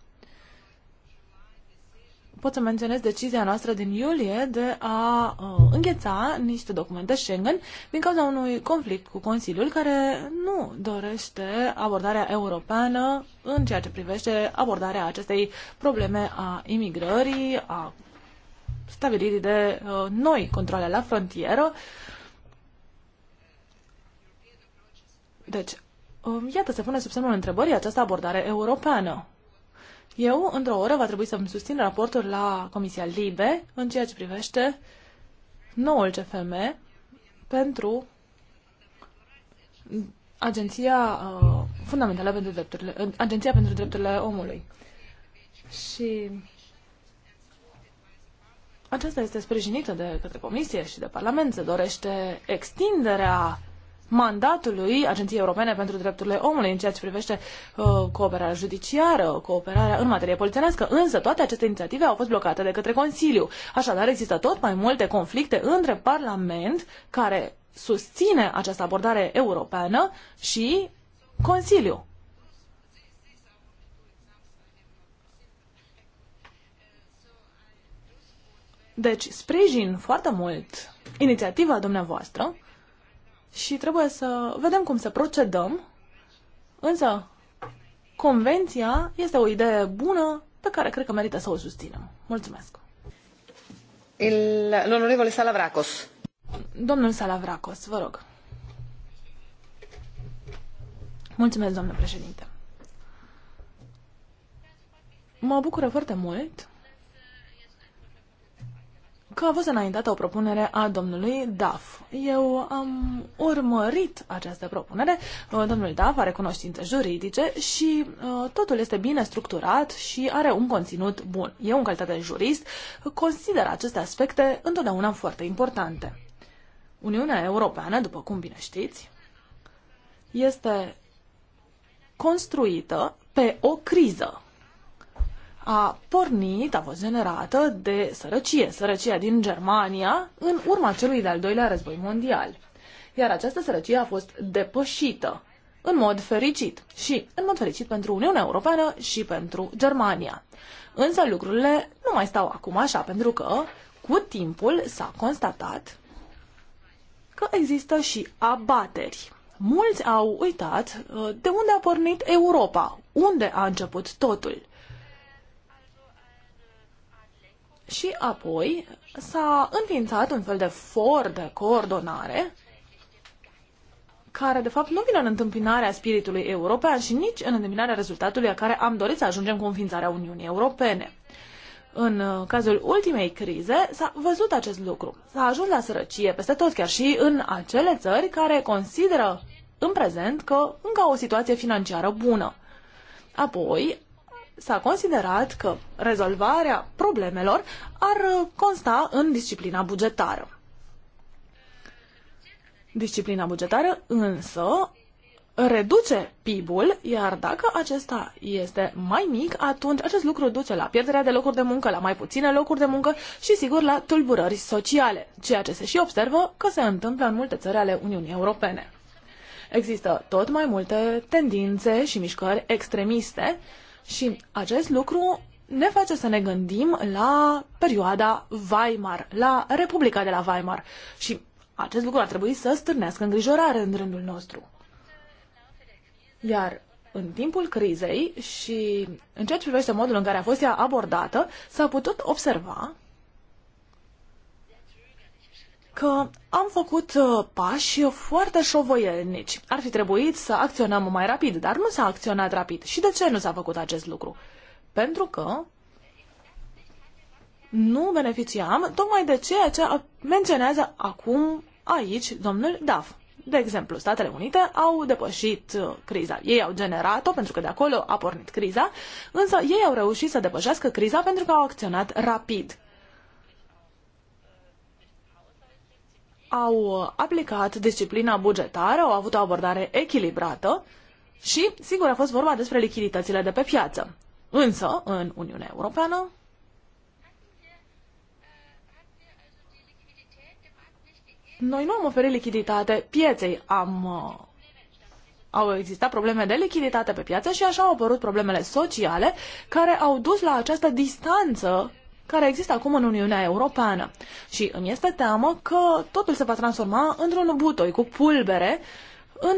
pot să menționez decizia noastră din iulie de a uh, îngheța niște documente Schengen din cauza unui conflict cu Consiliul care nu dorește abordarea europeană în ceea ce privește abordarea acestei probleme a imigrării, a stabilirii de uh, noi controle la frontieră. Deci, uh, iată, se pune sub semnul întrebării această abordare europeană. Eu, într-o oră, va trebui să-mi susțin raportul la Comisia Libe în ceea ce privește noul CFM pentru Agenția uh, Fundamentală pentru Drepturile, Agenția pentru Drepturile Omului. Și aceasta este sprijinită de către Comisie și de Parlament. Se dorește extinderea mandatului Agenției Europene pentru Drepturile Omului în ceea ce privește uh, cooperarea judiciară, cooperarea în materie polițienească, însă toate aceste inițiative au fost blocate de către Consiliu. Așadar, există tot mai multe conflicte între Parlament, care susține această abordare europeană, și Consiliu. Deci, sprijin foarte mult inițiativa dumneavoastră și trebuie să vedem cum să procedăm, însă convenția este o idee bună pe care cred că merită să o susținem. Mulțumesc! L'onorevole Salavracos. Domnul Salavracos, vă rog. Mulțumesc, domnule președinte. Mă bucură foarte mult că a fost înaintată o propunere a domnului Daf. Eu am urmărit această propunere. Uh, domnul Daf are cunoștințe juridice și uh, totul este bine structurat și are un conținut bun. Eu, în calitate de jurist, consider aceste aspecte întotdeauna foarte importante. Uniunea Europeană, după cum bine știți, este construită pe o criză a pornit, a fost generată de sărăcie, sărăcia din Germania, în urma celui de-al doilea război mondial. Iar această sărăcie a fost depășită în mod fericit și în mod fericit pentru Uniunea Europeană și pentru Germania. Însă lucrurile nu mai stau acum așa, pentru că cu timpul s-a constatat că există și abateri. Mulți au uitat uh, de unde a pornit Europa, unde a început totul. și apoi s-a înființat un fel de for de coordonare care de fapt nu vine în întâmpinarea spiritului european și nici în întâmpinarea rezultatului la care am dorit să ajungem cu înființarea Uniunii Europene. În uh, cazul ultimei crize s-a văzut acest lucru. S-a ajuns la sărăcie peste tot, chiar și în acele țări care consideră în prezent că încă au o situație financiară bună. Apoi s-a considerat că rezolvarea problemelor ar uh, consta în disciplina bugetară. Disciplina bugetară însă reduce PIB-ul, iar dacă acesta este mai mic, atunci acest lucru duce la pierderea de locuri de muncă, la mai puține locuri de muncă și, sigur, la tulburări sociale, ceea ce se și observă că se întâmplă în multe țări ale Uniunii Europene. Există tot mai multe tendințe și mișcări extremiste și acest lucru ne face să ne gândim la perioada Weimar, la Republica de la Weimar. Și acest lucru ar trebui să stârnească îngrijorare în rândul nostru. Iar în timpul crizei și în ceea ce privește modul în care a fost ea abordată, s-a putut observa că am făcut uh, pași foarte șovăielnici. Ar fi trebuit să acționăm mai rapid, dar nu s-a acționat rapid. Și de ce nu s-a făcut acest lucru? Pentru că nu beneficiam tocmai de ceea ce menționează acum aici domnul Daf. De exemplu, Statele Unite au depășit uh, criza. Ei au generat-o pentru că de acolo a pornit criza, însă ei au reușit să depășească criza pentru că au acționat rapid. au aplicat disciplina bugetară, au avut o abordare echilibrată și, sigur, a fost vorba despre lichiditățile de pe piață. Însă, în Uniunea Europeană, noi nu am oferit lichiditate pieței, am, uh, au existat probleme de lichiditate pe piață și așa au apărut problemele sociale care au dus la această distanță care există acum în Uniunea Europeană. Și îmi este teamă că totul se va transforma într-un butoi cu pulbere în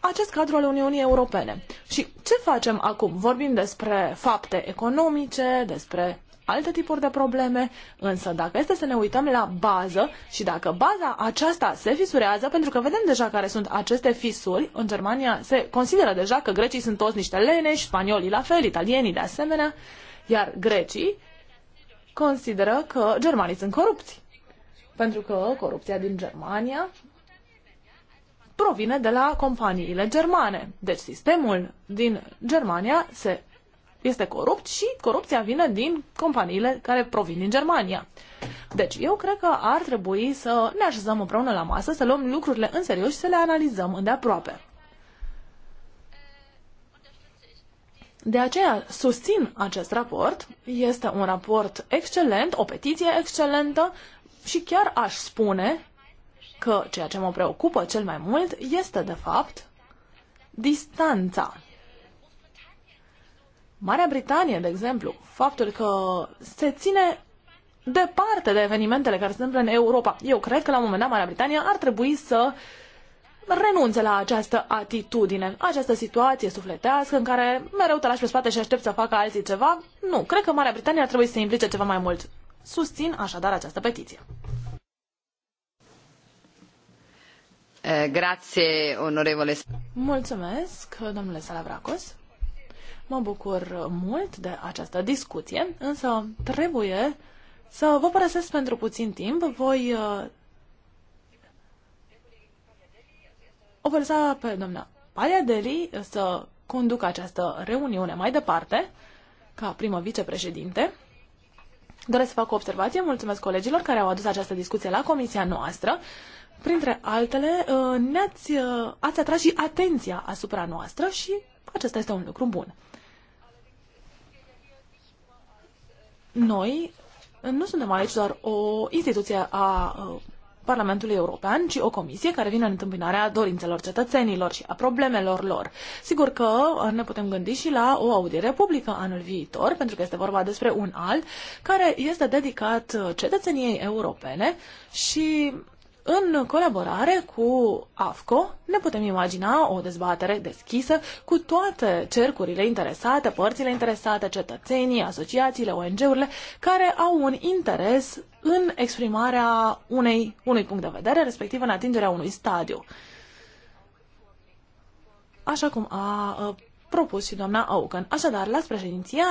acest cadru al Uniunii Europene. Și ce facem acum? Vorbim despre fapte economice, despre alte tipuri de probleme, însă dacă este să ne uităm la bază și dacă baza aceasta se fisurează, pentru că vedem deja care sunt aceste fisuri, în Germania se consideră deja că grecii sunt toți niște leneși, spaniolii la fel, italienii de asemenea, iar grecii consideră că germanii sunt corupți. Pentru că corupția din Germania provine de la companiile germane. Deci sistemul din Germania se, este corupt și corupția vine din companiile care provin din Germania. Deci eu cred că ar trebui să ne așezăm împreună la masă, să luăm lucrurile în serios și să le analizăm îndeaproape. De aceea susțin acest raport. Este un raport excelent, o petiție excelentă și chiar aș spune că ceea ce mă preocupă cel mai mult este, de fapt, distanța. Marea Britanie, de exemplu, faptul că se ține departe de evenimentele care se întâmplă în Europa. Eu cred că la un moment dat Marea Britanie ar trebui să uh, renunțe la această atitudine, această situație sufletească în care mereu te lași pe spate și aștept să facă alții ceva. Nu, cred că Marea Britanie ar trebui să se implice ceva mai mult. Susțin așadar această petiție. Eh, onorevole. Mulțumesc, domnule Salavracos. Mă bucur mult de această discuție, însă trebuie să vă părăsesc pentru puțin timp. Voi eh, o să, pe doamna deli, să conducă această reuniune mai departe, ca primă vicepreședinte. Doresc să fac o observație. Mulțumesc colegilor care au adus această discuție la comisia noastră. Printre altele, uh, ne-ați uh, ați atras și atenția asupra noastră și acesta este un lucru bun. Noi nu suntem aici doar o instituție a uh, Parlamentului European, ci o comisie care vine în întâmpinarea dorințelor cetățenilor și a problemelor lor. Sigur că uh, ne putem gândi și la o audiere publică anul viitor, pentru că este vorba despre un alt care este dedicat uh, cetățeniei europene și în colaborare cu AFCO ne putem imagina o dezbatere deschisă cu toate cercurile interesate, părțile interesate, cetățenii, asociațiile, ONG-urile, care au un interes în exprimarea unei, unui punct de vedere, respectiv în atingerea unui stadiu. Așa cum a propus și doamna Aucan. Așadar, las președinția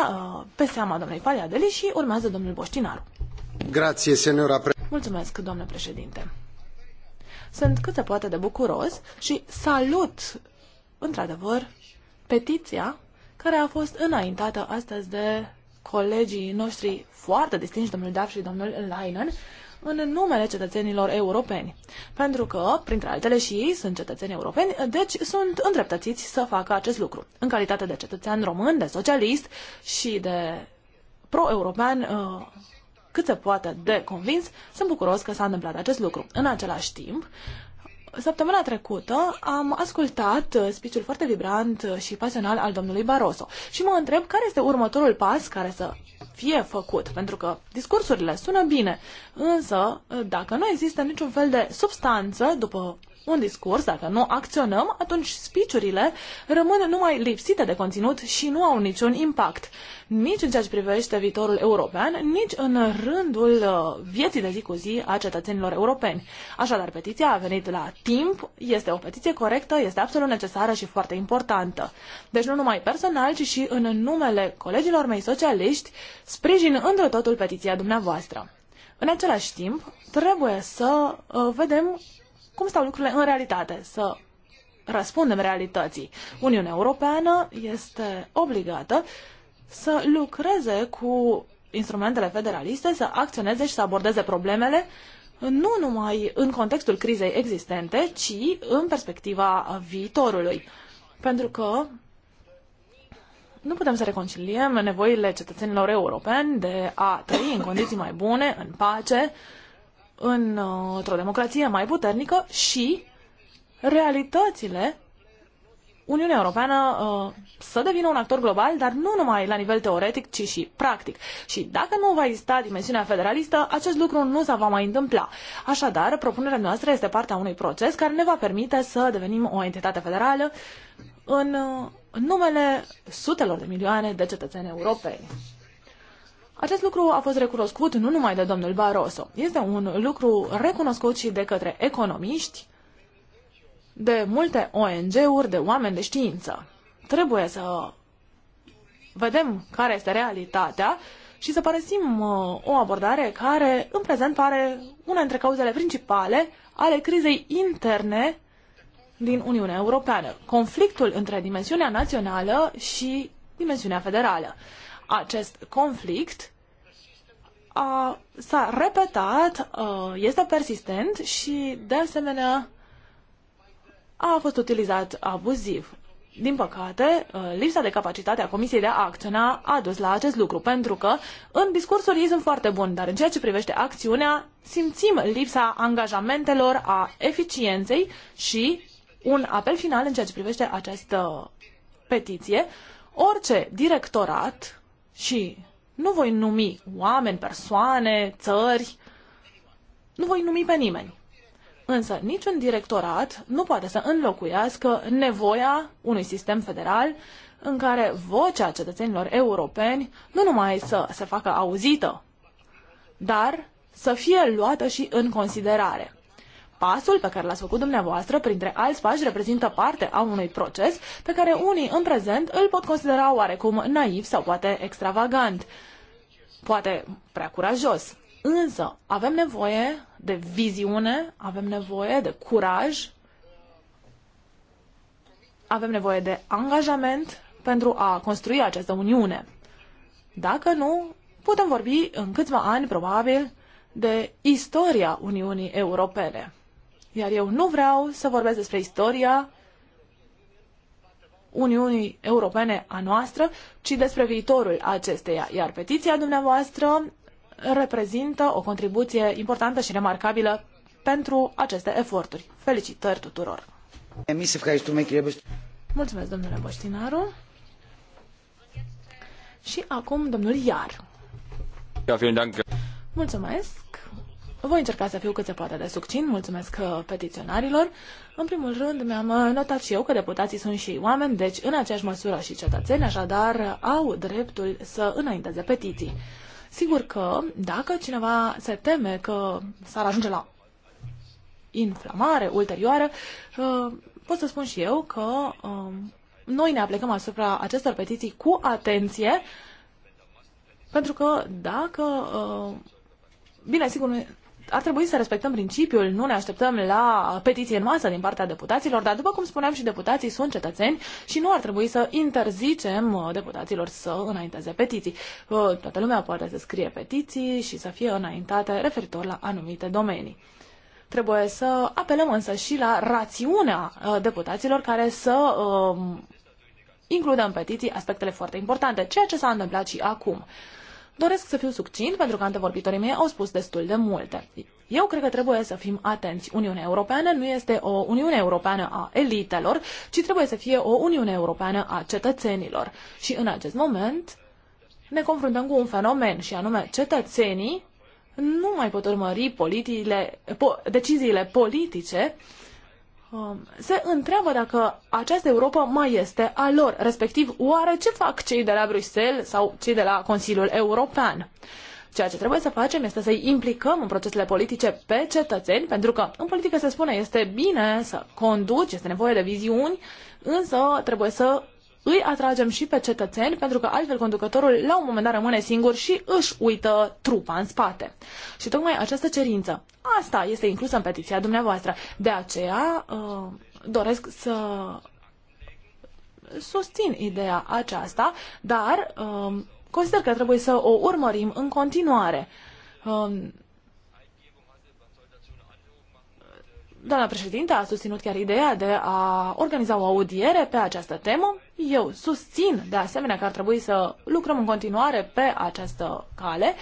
pe seama domnului Paliadeli și urmează domnul Boștinaru. Grație, senora pre- Mulțumesc, doamnă președinte. Sunt cât se poate de bucuros și salut, într-adevăr, petiția care a fost înaintată astăzi de colegii noștri foarte distinși, domnul Daf și domnul Leinen, în numele cetățenilor europeni. Pentru că, printre altele, și ei sunt cetățeni europeni, deci sunt îndreptățiți să facă acest lucru. În calitate de cetățean român, de socialist și de pro-european, uh, cât se poate de convins, sunt bucuros că s-a întâmplat acest lucru. În același timp, Săptămâna trecută am ascultat uh, speech foarte vibrant uh, și pasional al domnului Barroso și mă întreb care este următorul pas care să fie făcut, pentru că discursurile sună bine, însă uh, dacă nu există niciun fel de substanță după un discurs, dacă nu acționăm, atunci spiciurile rămân numai lipsite de conținut și nu au niciun impact, nici în ceea ce privește viitorul european, nici în rândul uh, vieții de zi cu zi a cetățenilor europeni. Așadar, petiția a venit la timp, este o petiție corectă, este absolut necesară și foarte importantă. Deci nu numai personal, ci și în numele colegilor mei socialiști, sprijin într totul petiția dumneavoastră. În același timp, trebuie să uh, vedem cum stau lucrurile în realitate, să răspundem realității. Uniunea Europeană este obligată să lucreze cu instrumentele federaliste, să acționeze și să abordeze problemele nu numai în contextul crizei existente, ci în perspectiva viitorului. Pentru că nu putem să reconciliem nevoile cetățenilor europeni de a trăi în condiții mai bune, în pace, Uh, într-o democrație mai puternică și realitățile Uniunea Europeană uh, să devină un actor global, dar nu numai la nivel teoretic, ci și practic. Și dacă nu va exista dimensiunea federalistă, acest lucru nu se va mai întâmpla. Așadar, propunerea noastră este partea unui proces care ne va permite să devenim o entitate federală în uh, numele sutelor de milioane de cetățeni europeni. Acest lucru a fost recunoscut nu numai de domnul Barroso. Este un lucru recunoscut și de către economiști, de multe ONG-uri, de oameni de știință. Trebuie să vedem care este realitatea și să părăsim uh, o abordare care în prezent pare una dintre cauzele principale ale crizei interne din Uniunea Europeană, conflictul între dimensiunea națională și dimensiunea federală. Acest conflict a, s-a repetat, a, este persistent și, de asemenea, a fost utilizat abuziv. Din păcate, lipsa de capacitate a Comisiei de a acționa a dus la acest lucru, pentru că în discursuri ei sunt foarte buni, dar în ceea ce privește acțiunea, simțim lipsa angajamentelor, a eficienței și un apel final în ceea ce privește această petiție. Orice directorat și nu voi numi oameni, persoane, țări, nu voi numi pe nimeni. Însă niciun directorat nu poate să înlocuiască nevoia unui sistem federal în care vocea cetățenilor europeni nu numai să se facă auzită, dar să fie luată și în considerare. Pasul pe care l-ați făcut dumneavoastră, printre alți pași, reprezintă parte a unui proces pe care unii în prezent îl pot considera oarecum naiv sau poate extravagant, poate prea curajos. Însă avem nevoie de viziune, avem nevoie de curaj, avem nevoie de angajament pentru a construi această uniune. Dacă nu, putem vorbi în câțiva ani, probabil, de istoria Uniunii Europene. Iar eu nu vreau să vorbesc despre istoria Uniunii Europene a noastră, ci despre viitorul acesteia. Iar petiția dumneavoastră reprezintă o contribuție importantă și remarcabilă pentru aceste eforturi. Felicitări tuturor! Mulțumesc, domnule Boștinaru. Și acum, domnul Iar. Mulțumesc. Voi încerca să fiu cât se poate de succin, mulțumesc uh, petiționarilor. În primul rând, mi-am uh, notat și eu că deputații sunt și oameni, deci în aceeași măsură și cetățeni, așadar au dreptul să înainteze petiții. Sigur că dacă cineva se teme că s-ar ajunge la inflamare ulterioară, uh, pot să spun și eu că um, noi ne aplicăm asupra acestor petiții cu atenție, pentru că dacă Bine, sigur, ar trebui să respectăm principiul, nu ne așteptăm la petiție în masă din partea deputaților, dar după cum spuneam și deputații sunt cetățeni și nu ar trebui să interzicem uh, deputaților să înainteze petiții. Uh, toată lumea poate să scrie petiții și să fie înaintate referitor la anumite domenii. Trebuie să apelăm însă și la rațiunea uh, deputaților care să includă în petiții aspectele foarte importante, ceea ce s-a întâmplat și acum. Doresc să fiu succint pentru că antevorbitorii mei au spus destul de multe. Eu cred că trebuie să fim atenți. Uniunea Europeană nu este o Uniune Europeană a elitelor, ci trebuie să fie o Uniune Europeană a cetățenilor. Și în acest moment ne confruntăm cu un fenomen și anume cetățenii nu mai pot urmări politiile, po, deciziile politice uh, Um, se întreabă dacă această Europa mai este a lor, respectiv oare ce fac cei de la Bruxelles sau cei de la Consiliul European. Ceea ce trebuie să facem este să-i implicăm în procesele politice pe cetățeni, pentru că în politică se spune este bine să conduci, este nevoie de viziuni, însă trebuie să îi atragem și pe cetățeni, pentru că altfel conducătorul la un moment dat rămâne singur și își uită trupa în spate. Și tocmai această cerință, asta este inclusă în petiția dumneavoastră. De aceea uh, doresc să susțin ideea aceasta, dar uh, consider că trebuie să o urmărim în continuare. Uh, Doamna președinte a susținut chiar ideea de a organiza o audiere pe această temă. Eu susțin de asemenea că ar trebui să lucrăm în continuare pe această cale.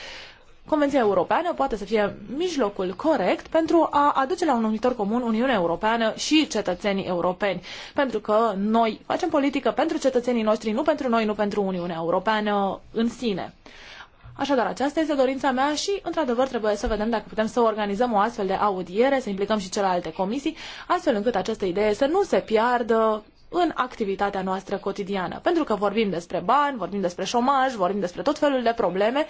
Convenția Europeană poate să fie mijlocul corect pentru a aduce la un numitor comun Uniunea Europeană și cetățenii europeni. Pentru că noi facem politică pentru cetățenii noștri, nu pentru noi, nu pentru Uniunea Europeană în sine. Așadar, aceasta este dorința mea și, într-adevăr, trebuie să vedem dacă putem să organizăm o astfel de audiere, să implicăm și celelalte comisii, astfel încât această idee să nu se piardă în activitatea noastră cotidiană. Pentru că vorbim despre bani, vorbim despre șomaj, vorbim despre tot felul de probleme,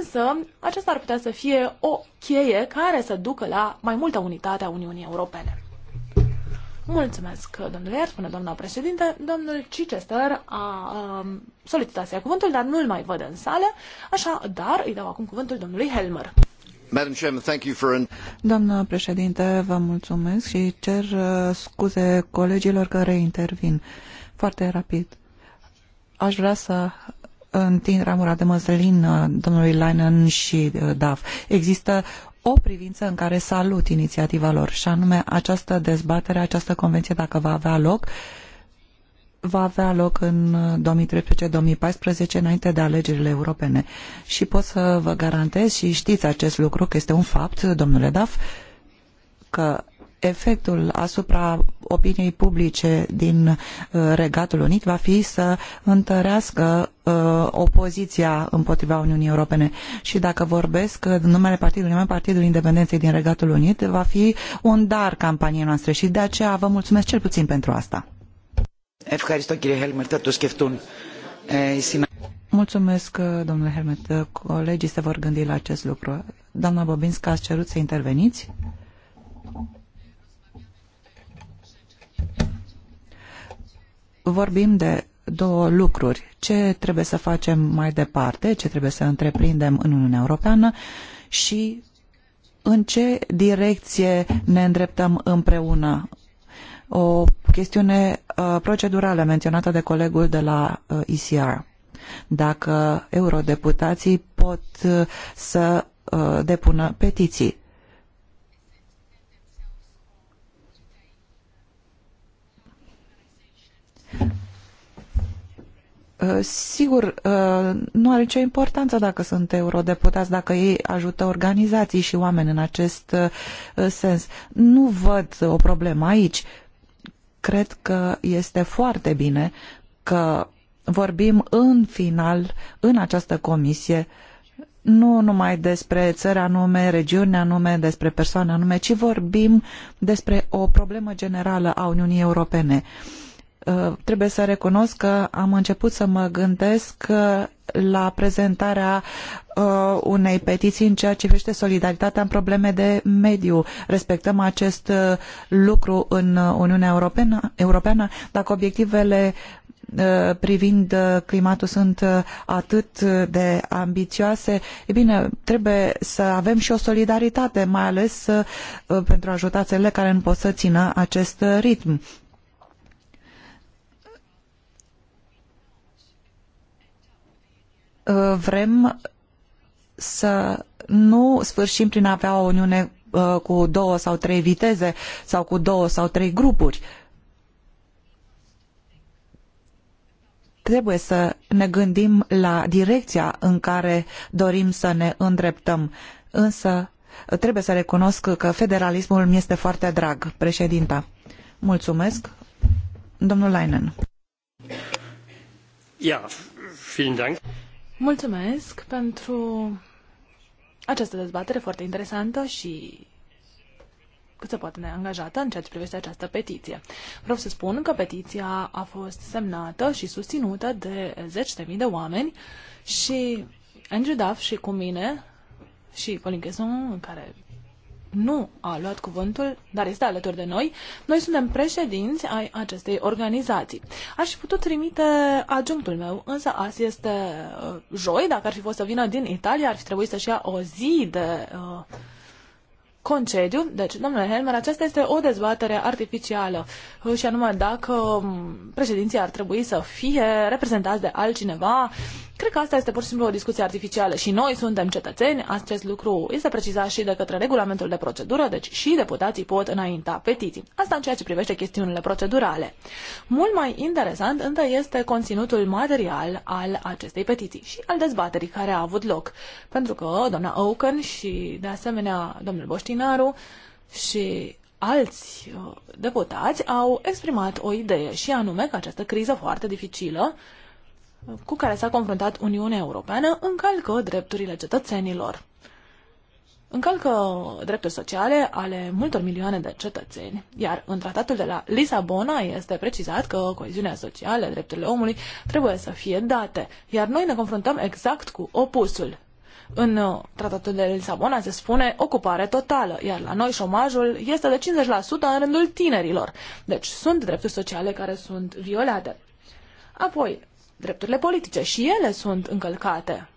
însă aceasta ar putea să fie o cheie care să ducă la mai multă unitate a Uniunii Europene. Mulțumesc, domnule Iar, spune doamna președinte. Domnul Chichester a um, solicitat să ia cuvântul, dar nu-l mai văd în sală, așa, dar îi dau acum cuvântul domnului Helmer. Doamna președinte, vă mulțumesc și cer uh, scuze colegilor care intervin. Foarte rapid. Aș vrea să întind ramura de măslin domnului Leinen și uh, DAF. Există o privință în care salut inițiativa lor și anume această dezbatere, această convenție dacă va avea loc va avea loc în 2013-2014 înainte de alegerile europene. Și pot să vă garantez și știți acest lucru că este un fapt, domnule Daf, că efectul asupra opiniei publice din uh, Regatul Unit va fi să întărească uh, opoziția împotriva Uniunii Europene. Și dacă vorbesc în numele partidului meu, Partidul Independenței din Regatul Unit, va fi un dar campaniei noastre și de aceea vă mulțumesc cel puțin pentru asta. Mulțumesc, domnule Helmet. Colegii se vor gândi la acest lucru. Doamna Bobinska, ați cerut să interveniți? vorbim de două lucruri. Ce trebuie să facem mai departe, ce trebuie să întreprindem în Uniunea Europeană și în ce direcție ne îndreptăm împreună. O chestiune uh, procedurală menționată de colegul de la ICR. Uh, Dacă eurodeputații pot uh, să depună petiții Uh, sigur, uh, nu are nicio importanță dacă sunt eurodeputați, dacă ei ajută organizații și oameni în acest uh, sens. Nu văd o problemă aici. Cred că este foarte bine că vorbim în final, în această comisie, nu numai despre țări anume, regiuni anume, despre persoane anume, ci vorbim despre o problemă generală a Uniunii Europene. Uh, Uh, trebuie să recunosc că am început să mă gândesc uh, la prezentarea uh, unei petiții în ceea ce privește solidaritatea în probleme de mediu. Respectăm acest lucru în Uniunea Europeană, Europeană dacă obiectivele privind climatul sunt atât de ambițioase, e bine, trebuie să avem și o solidaritate, mai ales pentru a ajuta care nu pot să țină acest ritm Uh, vrem să nu sfârșim prin a avea o uniune uh, cu două sau trei viteze sau cu două sau trei grupuri. Trebuie să ne gândim la direcția în care dorim să ne îndreptăm, însă trebuie să recunosc că federalismul mi este foarte drag, președinta. Mulțumesc. Domnul Leinen. Ja, vielen Dank. Mulțumesc pentru această dezbatere foarte interesantă și cât se poate neangajată în ceea ce privește această petiție. Vreau să spun că petiția a fost semnată și susținută de zeci de mii de oameni și Andrew Duff și cu mine și Colin Chesson, care nu a luat cuvântul, dar este alături de noi. Noi suntem președinți ai acestei organizații. Aș fi putut trimite adjunctul meu, însă azi este uh, joi, dacă ar fi fost să vină din Italia, ar fi trebuit să-și ia o zi de uh, concediu. Deci, domnule Helmer, aceasta este o dezbatere artificială și anume dacă mm, președinția ar trebui să fie reprezentați de altcineva. Cred că asta este pur și simplu o discuție artificială și noi suntem cetățeni. Acest lucru este precizat și de către regulamentul de procedură, deci și deputații pot înainta petiții. Asta în ceea ce privește chestiunile procedurale. Mult mai interesant însă este conținutul material al acestei petiții și al dezbaterii care a avut loc. Pentru că doamna Oaken și de asemenea domnul Boști Boștinaru și alți uh, deputați au exprimat o idee și anume că această criză foarte dificilă uh, cu care s-a confruntat Uniunea Europeană încalcă drepturile cetățenilor. Încalcă drepturi sociale ale multor milioane de cetățeni, iar în tratatul de la Lisabona este precizat că coeziunea socială, drepturile omului trebuie să fie date, iar noi ne confruntăm exact cu opusul. În uh, tratatul de Lisabona se spune ocupare totală, iar la noi șomajul este de 50% în rândul tinerilor. Deci sunt drepturi sociale care sunt violate. Apoi, drepturile politice și ele sunt încălcate.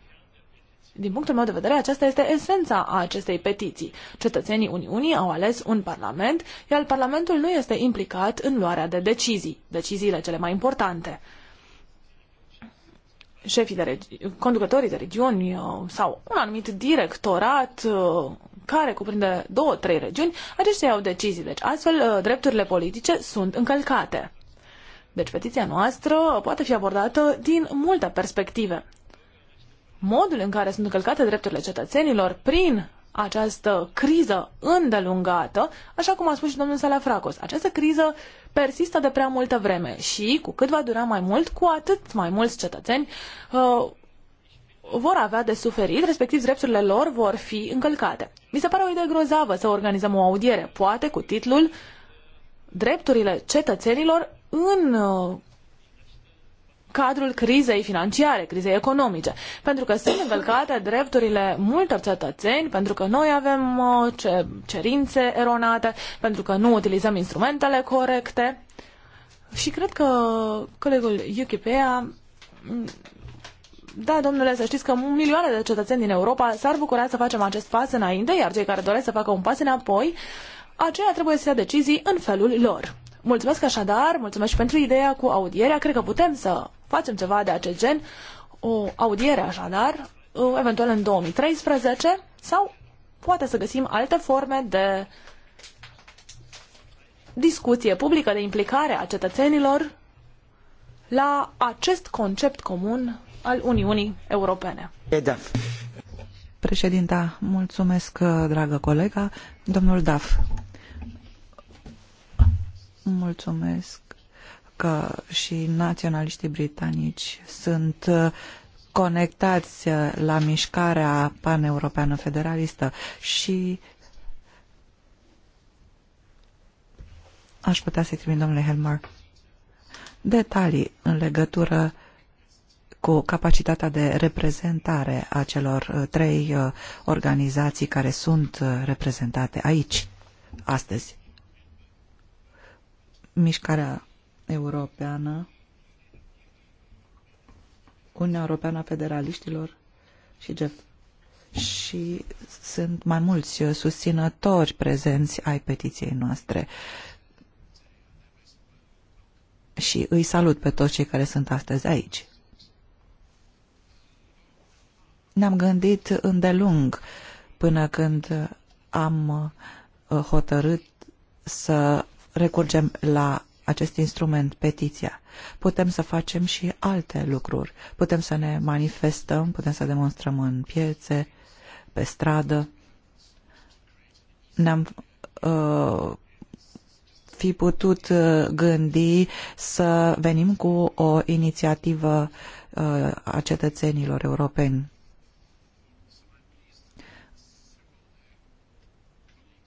Din punctul meu de vedere, aceasta este esența a acestei petiții. Cetățenii Uniunii au ales un parlament, iar parlamentul nu este implicat în luarea de decizii, deciziile cele mai importante șefii de regi- conducătorii de regiuni uh, sau un anumit directorat uh, care cuprinde două, trei regiuni, aceștia iau decizii. Deci astfel uh, drepturile politice sunt încălcate. Deci petiția noastră poate fi abordată din multe perspective. Modul în care sunt încălcate drepturile cetățenilor prin această criză îndelungată, așa cum a spus și domnul Salafracos. Această criză persistă de prea multă vreme și cu cât va dura mai mult, cu atât mai mulți cetățeni uh, vor avea de suferit, respectiv drepturile lor vor fi încălcate. Mi se pare o idee grozavă să organizăm o audiere, poate cu titlul Drepturile cetățenilor în uh, cadrul crizei financiare, crizei economice, pentru că sunt încălcate drepturile multor cetățeni, pentru că noi avem uh, cerințe eronate, pentru că nu utilizăm instrumentele corecte. Și cred că colegul Yukipea mm, da, domnule, să știți că milioane de cetățeni din Europa s-ar bucura să facem acest pas înainte, iar cei care doresc să facă un pas înapoi, aceia trebuie să ia decizii în felul lor. Mulțumesc așadar, mulțumesc și pentru ideea cu audierea. Cred că putem să facem ceva de acest gen, o audiere așadar, uh, eventual în 2013, sau poate să găsim alte forme de discuție publică, de implicare a cetățenilor la acest concept comun al Uniunii Europene. Da. Președinta, mulțumesc, uh, dragă colega. Domnul Daf. Mulțumesc că și naționaliștii britanici sunt uh, conectați uh, la mișcarea paneuropeană federalistă și aș putea să-i trimit domnule Helmer detalii în legătură cu capacitatea de reprezentare a celor uh, trei organizații care sunt reprezentate aici, astăzi. Mișcarea Europeană, Uniunea Europeană a Federaliștilor și GEF. Și sunt mai mulți susținători prezenți ai petiției noastre. Și îi salut pe toți cei care sunt astăzi aici. Ne-am gândit îndelung până când am uh, hotărât să recurgem la acest instrument, petiția. Putem să facem și alte lucruri. Putem să ne manifestăm, putem să demonstrăm în piețe, pe stradă. Ne-am uh, fi putut uh, gândi să venim cu o inițiativă uh, a cetățenilor europeni.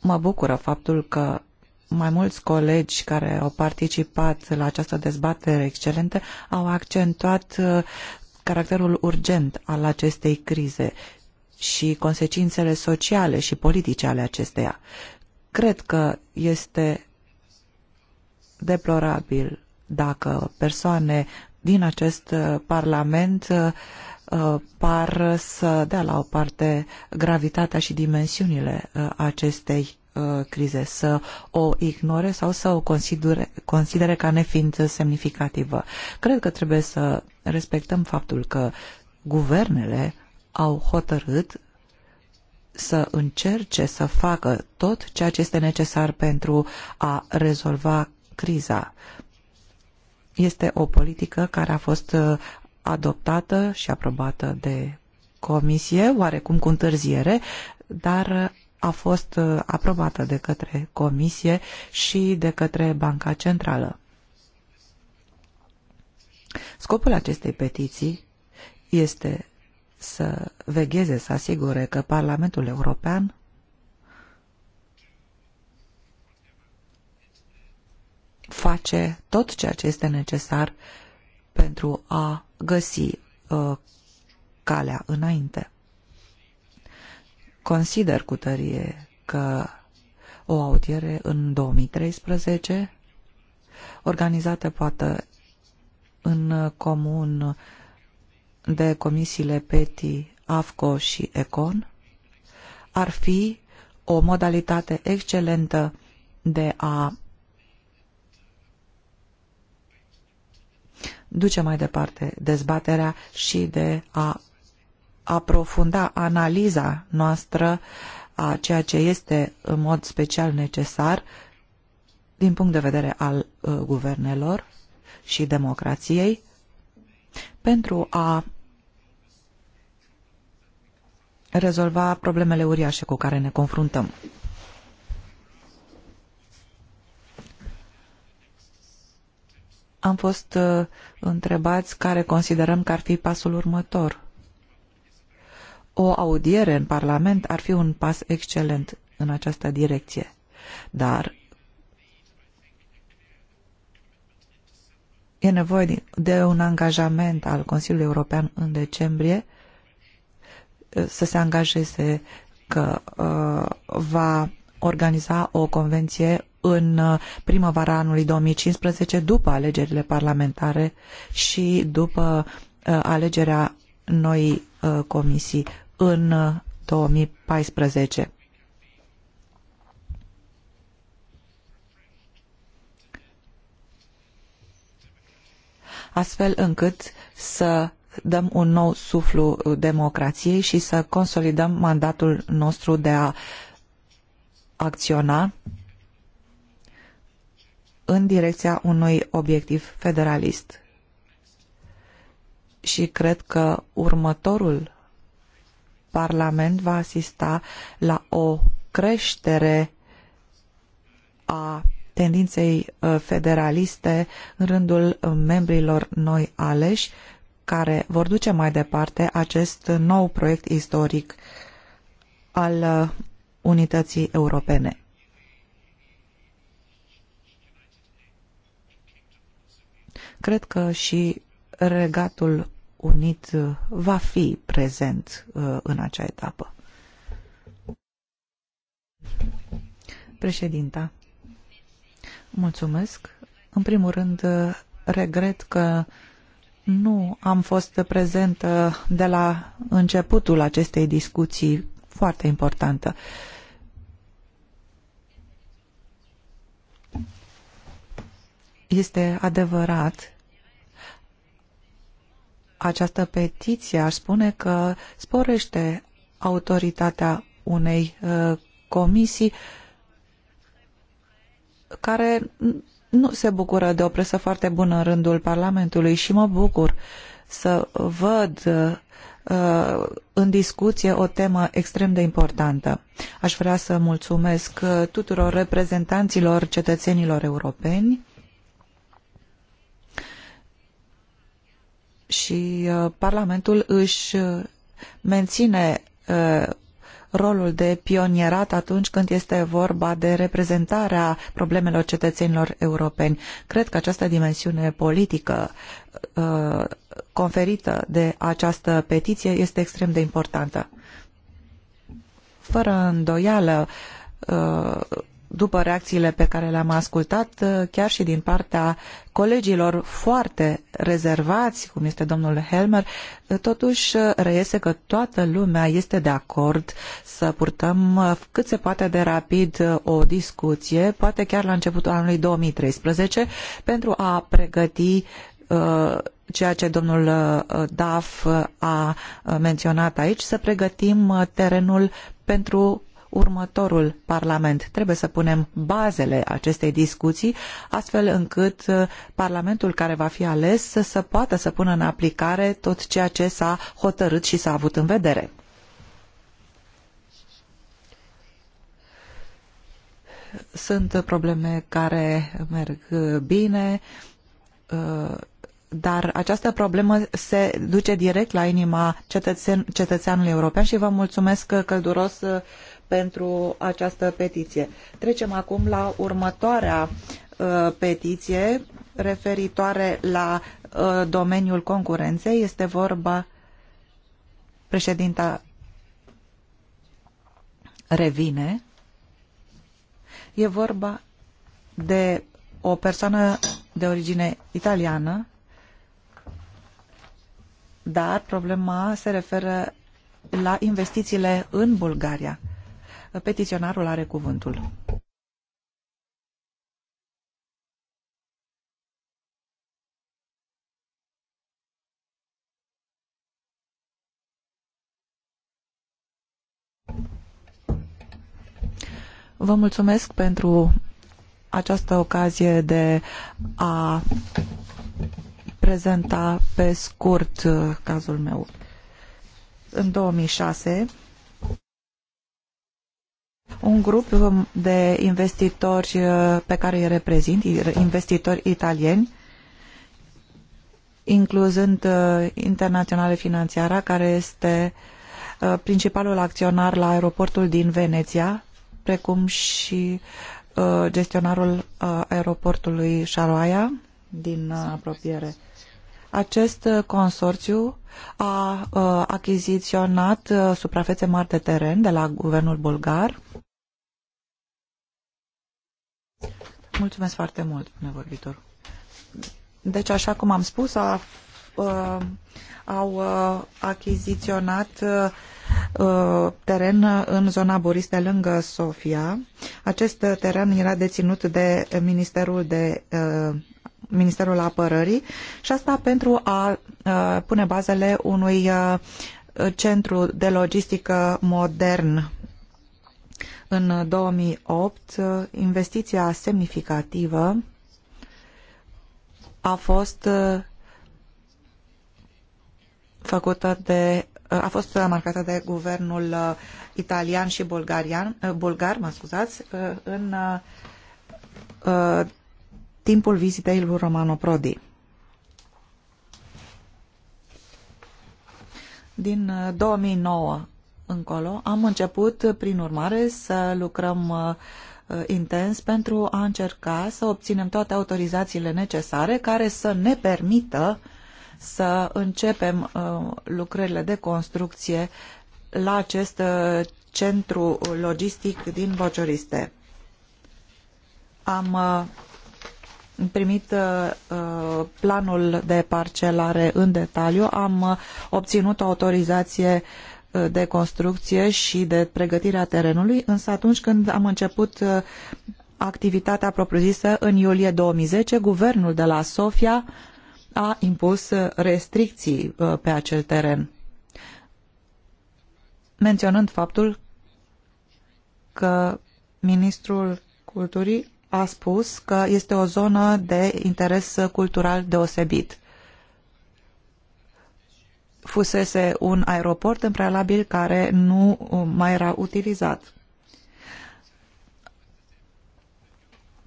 Mă bucură faptul că mai mulți colegi care au participat la această dezbatere excelentă au accentuat uh, caracterul urgent al acestei crize și consecințele sociale și politice ale acesteia. Cred că este deplorabil dacă persoane din acest uh, Parlament uh, par să dea la o parte gravitatea și dimensiunile acestei Uh, crize, să o ignore sau să o considere, considere ca nefiind semnificativă. Cred că trebuie să respectăm faptul că guvernele au hotărât să încerce să facă tot ceea ce este necesar pentru a rezolva criza. Este o politică care a fost uh, adoptată și aprobată de comisie, oarecum cu întârziere, dar a fost uh, aprobată de către Comisie și de către Banca Centrală. Scopul acestei petiții este să vegheze, să asigure că Parlamentul European face tot ceea ce este necesar pentru a găsi uh, calea înainte. Consider cu tărie că o audiere în 2013, organizată poate în comun de comisiile PETI, AFCO și ECON, ar fi o modalitate excelentă de a duce mai departe dezbaterea și de a aprofunda analiza noastră a ceea ce este în mod special necesar din punct de vedere al uh, guvernelor și democrației pentru a rezolva problemele uriașe cu care ne confruntăm. Am fost uh, întrebați care considerăm că ar fi pasul următor o audiere în Parlament ar fi un pas excelent în această direcție. Dar e nevoie de un angajament al Consiliului European în decembrie să se angajeze că uh, va organiza o convenție în primăvara anului 2015 după alegerile parlamentare și după uh, alegerea noii uh, comisii în 2014. Uh, astfel încât să dăm un nou suflu democrației și să consolidăm mandatul nostru de a acționa în direcția unui obiectiv federalist. Și cred că următorul Parlament va asista la o creștere a tendinței uh, federaliste în rândul uh, membrilor noi aleși, care vor duce mai departe acest nou proiect istoric al uh, unității europene. Cred că și Regatul Unit uh, va fi prezent uh, în acea etapă. Președinta, mulțumesc. În primul rând, uh, regret că nu am fost prezentă de la începutul acestei discuții foarte importantă. Este adevărat această petiție aș spune că sporește autoritatea unei uh, comisii care nu se bucură de o presă foarte bună în rândul Parlamentului și mă bucur să văd uh, uh în discuție o temă extrem de importantă. Aș vrea să mulțumesc uh, tuturor reprezentanților cetățenilor europeni și uh, Parlamentul își uh, menține uh, rolul de pionierat atunci când este vorba de reprezentarea problemelor cetățenilor europeni. Cred că această dimensiune politică conferită de această petiție este extrem de importantă. Fără îndoială, după reacțiile pe care le-am ascultat, uh, chiar și din partea colegilor foarte rezervați, cum este domnul Helmer, uh, totuși uh, reiese că toată lumea este de acord să purtăm cât se poate de rapid o discuție, poate chiar la începutul anului 2013, pentru a pregăti ceea ce domnul Daf a menționat aici, să pregătim terenul pentru următorul Parlament. Trebuie să punem bazele acestei discuții, astfel încât uh, Parlamentul care va fi ales să, să poată să pună în aplicare tot ceea ce s-a hotărât și s-a avut în vedere. Sunt probleme care merg bine, uh, dar această problemă se duce direct la inima cetățen, cetățeanului european și vă mulțumesc călduros uh, pentru această petiție. Trecem acum la următoarea uh, petiție referitoare la uh, domeniul concurenței. Este vorba președinta revine. E vorba de o persoană de origine italiană, dar problema se referă la investițiile în Bulgaria. Petiționarul are cuvântul. Vă mulțumesc pentru această ocazie de a prezenta pe scurt uh, cazul meu. În 2006, un grup um, de investitori uh, pe care îi reprezint, investitori italieni, incluzând uh, Internaționale Financiara, care este uh, principalul acționar la aeroportul din Veneția, precum și gestionarul aeroportului Șaroaia din apropiere. Acest consorțiu a achiziționat suprafețe mari de teren de la guvernul bulgar Mulțumesc foarte mult, domnule vorbitor. Deci, așa cum am spus, a, a, au achiziționat a, teren în zona Boris de lângă Sofia. Acest teren era deținut de Ministerul de a, Ministerul Apărării și asta pentru a, a pune bazele unui a, centru de logistică modern în 2008, investiția semnificativă a fost uh, făcută de uh, a fost marcată de guvernul uh, italian și bulgarian, bulgar, mă scuzați, în timpul vizitei lui Romano Prodi. Din 2009 încolo, am început, prin urmare, să lucrăm uh, uh, intens pentru a încerca să obținem toate autorizațiile necesare care să ne permită să începem uh, lucrările de construcție la acest centru logistic din Bocioriste. Am primit planul de parcelare în detaliu, am obținut o autorizație de construcție și de pregătire a terenului, însă atunci când am început uh, activitatea propriu-zisă în iulie 2010, guvernul de la Sofia a impus restricții uh, pe acel teren, menționând faptul că ministrul culturii a spus că este o zonă de interes cultural deosebit fusese un aeroport în prealabil care nu um, mai era utilizat.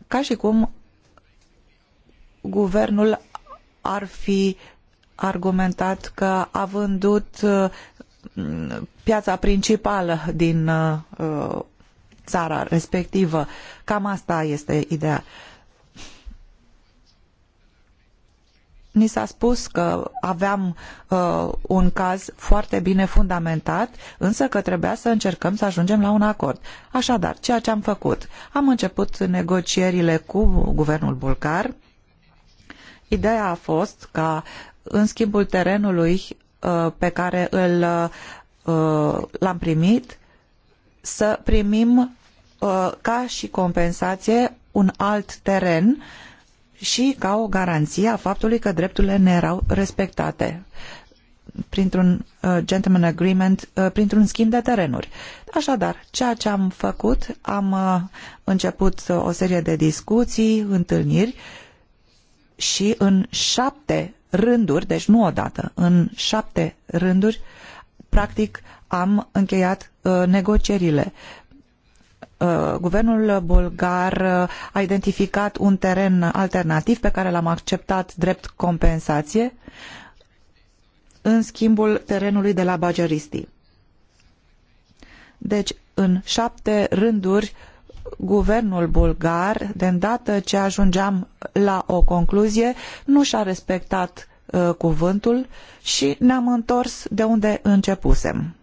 Ca și cum guvernul ar fi argumentat că a vândut uh, piața principală din uh, țara respectivă. Cam asta este ideea. Ni s-a spus că aveam uh, un caz foarte bine fundamentat, însă că trebuia să încercăm să ajungem la un acord. Așadar, ceea ce am făcut, am început negocierile cu guvernul bulgar. Ideea a fost ca în schimbul terenului uh, pe care îl uh, l-am primit să primim uh, ca și compensație un alt teren uh, și ca o garanție a faptului că drepturile ne erau respectate printr-un uh, gentleman agreement, uh, printr-un schimb de terenuri. Așadar, ceea ce am făcut, am uh, început uh, o serie de discuții, întâlniri și în șapte rânduri, deci nu odată, în șapte rânduri, practic am încheiat uh, negocierile Uh, guvernul bulgar uh, a identificat un teren alternativ pe care l-am acceptat drept compensație în schimbul terenului de la Bageristi. Deci, în șapte rânduri, guvernul bulgar, de îndată ce ajungeam la o concluzie, nu și-a respectat uh, cuvântul și ne-am întors de unde începusem.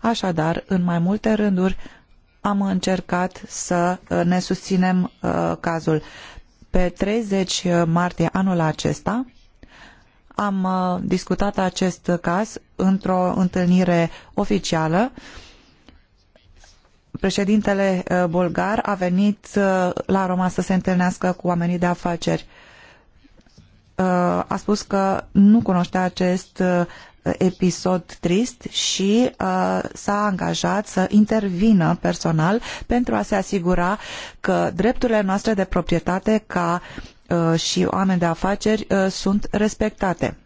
Așadar, în mai multe rânduri am încercat să uh, ne susținem uh, cazul. Pe 30 uh, martie anul acesta am uh, discutat acest caz într-o întâlnire oficială președintele uh, bulgar a venit la Roma să se întâlnească cu oamenii de afaceri. A spus că nu cunoștea acest episod trist și uh, s-a angajat să intervină personal pentru a se asigura că drepturile noastre de proprietate ca uh, și oameni de afaceri uh, sunt respectate.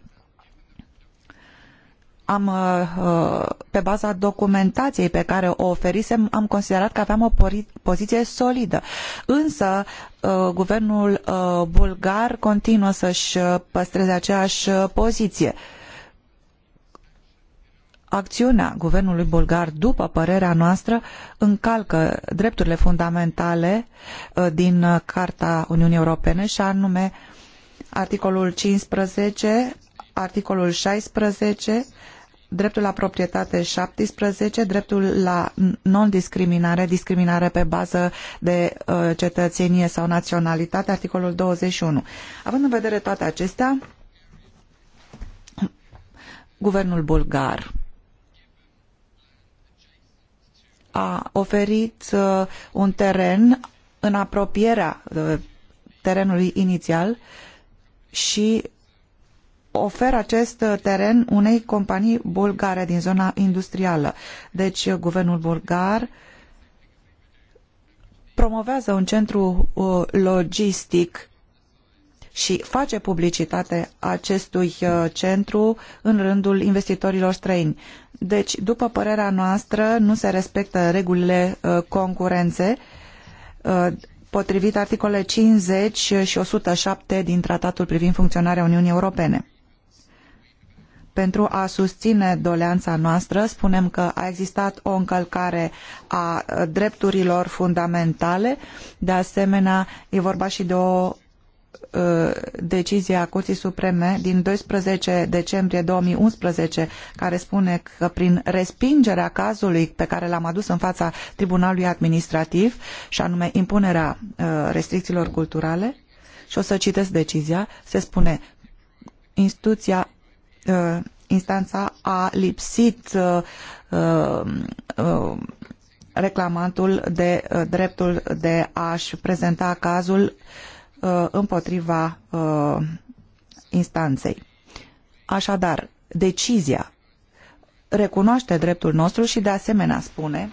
Am, uh, uh, pe baza documentației pe care o oferisem, am considerat că aveam o poziție solidă. Însă, uh, guvernul bulgar continuă să-și păstreze aceeași poziție acțiunea guvernului bulgar, după părerea noastră, încalcă drepturile fundamentale uh, din uh, Carta Uniunii Europene și anume articolul 15, articolul 16, dreptul la proprietate 17, dreptul la non-discriminare, discriminare pe bază de uh, cetățenie sau naționalitate, articolul 21. Având în vedere toate acestea, guvernul bulgar a oferit uh, un teren în apropierea uh, terenului inițial și oferă acest uh, teren unei companii bulgare din zona industrială. Deci, guvernul bulgar promovează un centru logistic și face publicitate acestui centru în rândul investitorilor străini. Deci, după părerea noastră, nu se respectă regulile uh, concurențe uh, potrivit articole 50 și 107 din Tratatul privind funcționarea Uniunii Europene. Pentru a susține doleanța noastră, spunem că a existat o încălcare a drepturilor fundamentale, de asemenea e vorba și de o Uh, decizia Curții Supreme din 12 decembrie 2011 care spune că prin respingerea cazului pe care l-am adus în fața Tribunalului Administrativ și anume impunerea uh, restricțiilor culturale și o să citesc decizia, se spune instituția uh, instanța a lipsit reclamantul de dreptul de a-și prezenta cazul Uh, împotriva uh, instanței. Așadar, decizia recunoaște dreptul nostru și de asemenea spune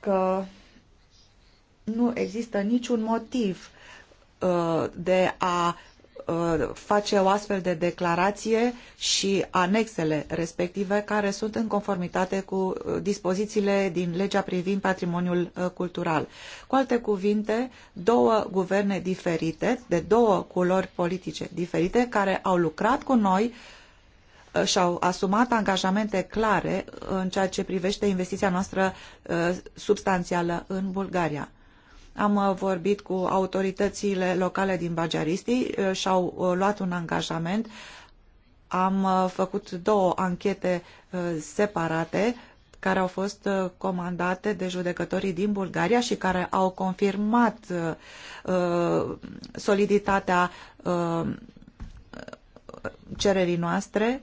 că nu există niciun motiv uh, de a Uh, face o astfel de declarație și anexele respective care sunt în conformitate cu uh, dispozițiile din legea privind patrimoniul uh, cultural. Cu alte cuvinte, două guverne diferite, de două culori politice diferite, care au lucrat cu noi și-au asumat angajamente clare în ceea ce privește investiția noastră substanțială în Bulgaria. Am uh, vorbit cu autoritățile locale din Bajaristi, uh, și-au uh, luat un angajament. Am făcut două anchete separate care au fost comandate de judecătorii din Bulgaria și care au confirmat soliditatea cererii noastre.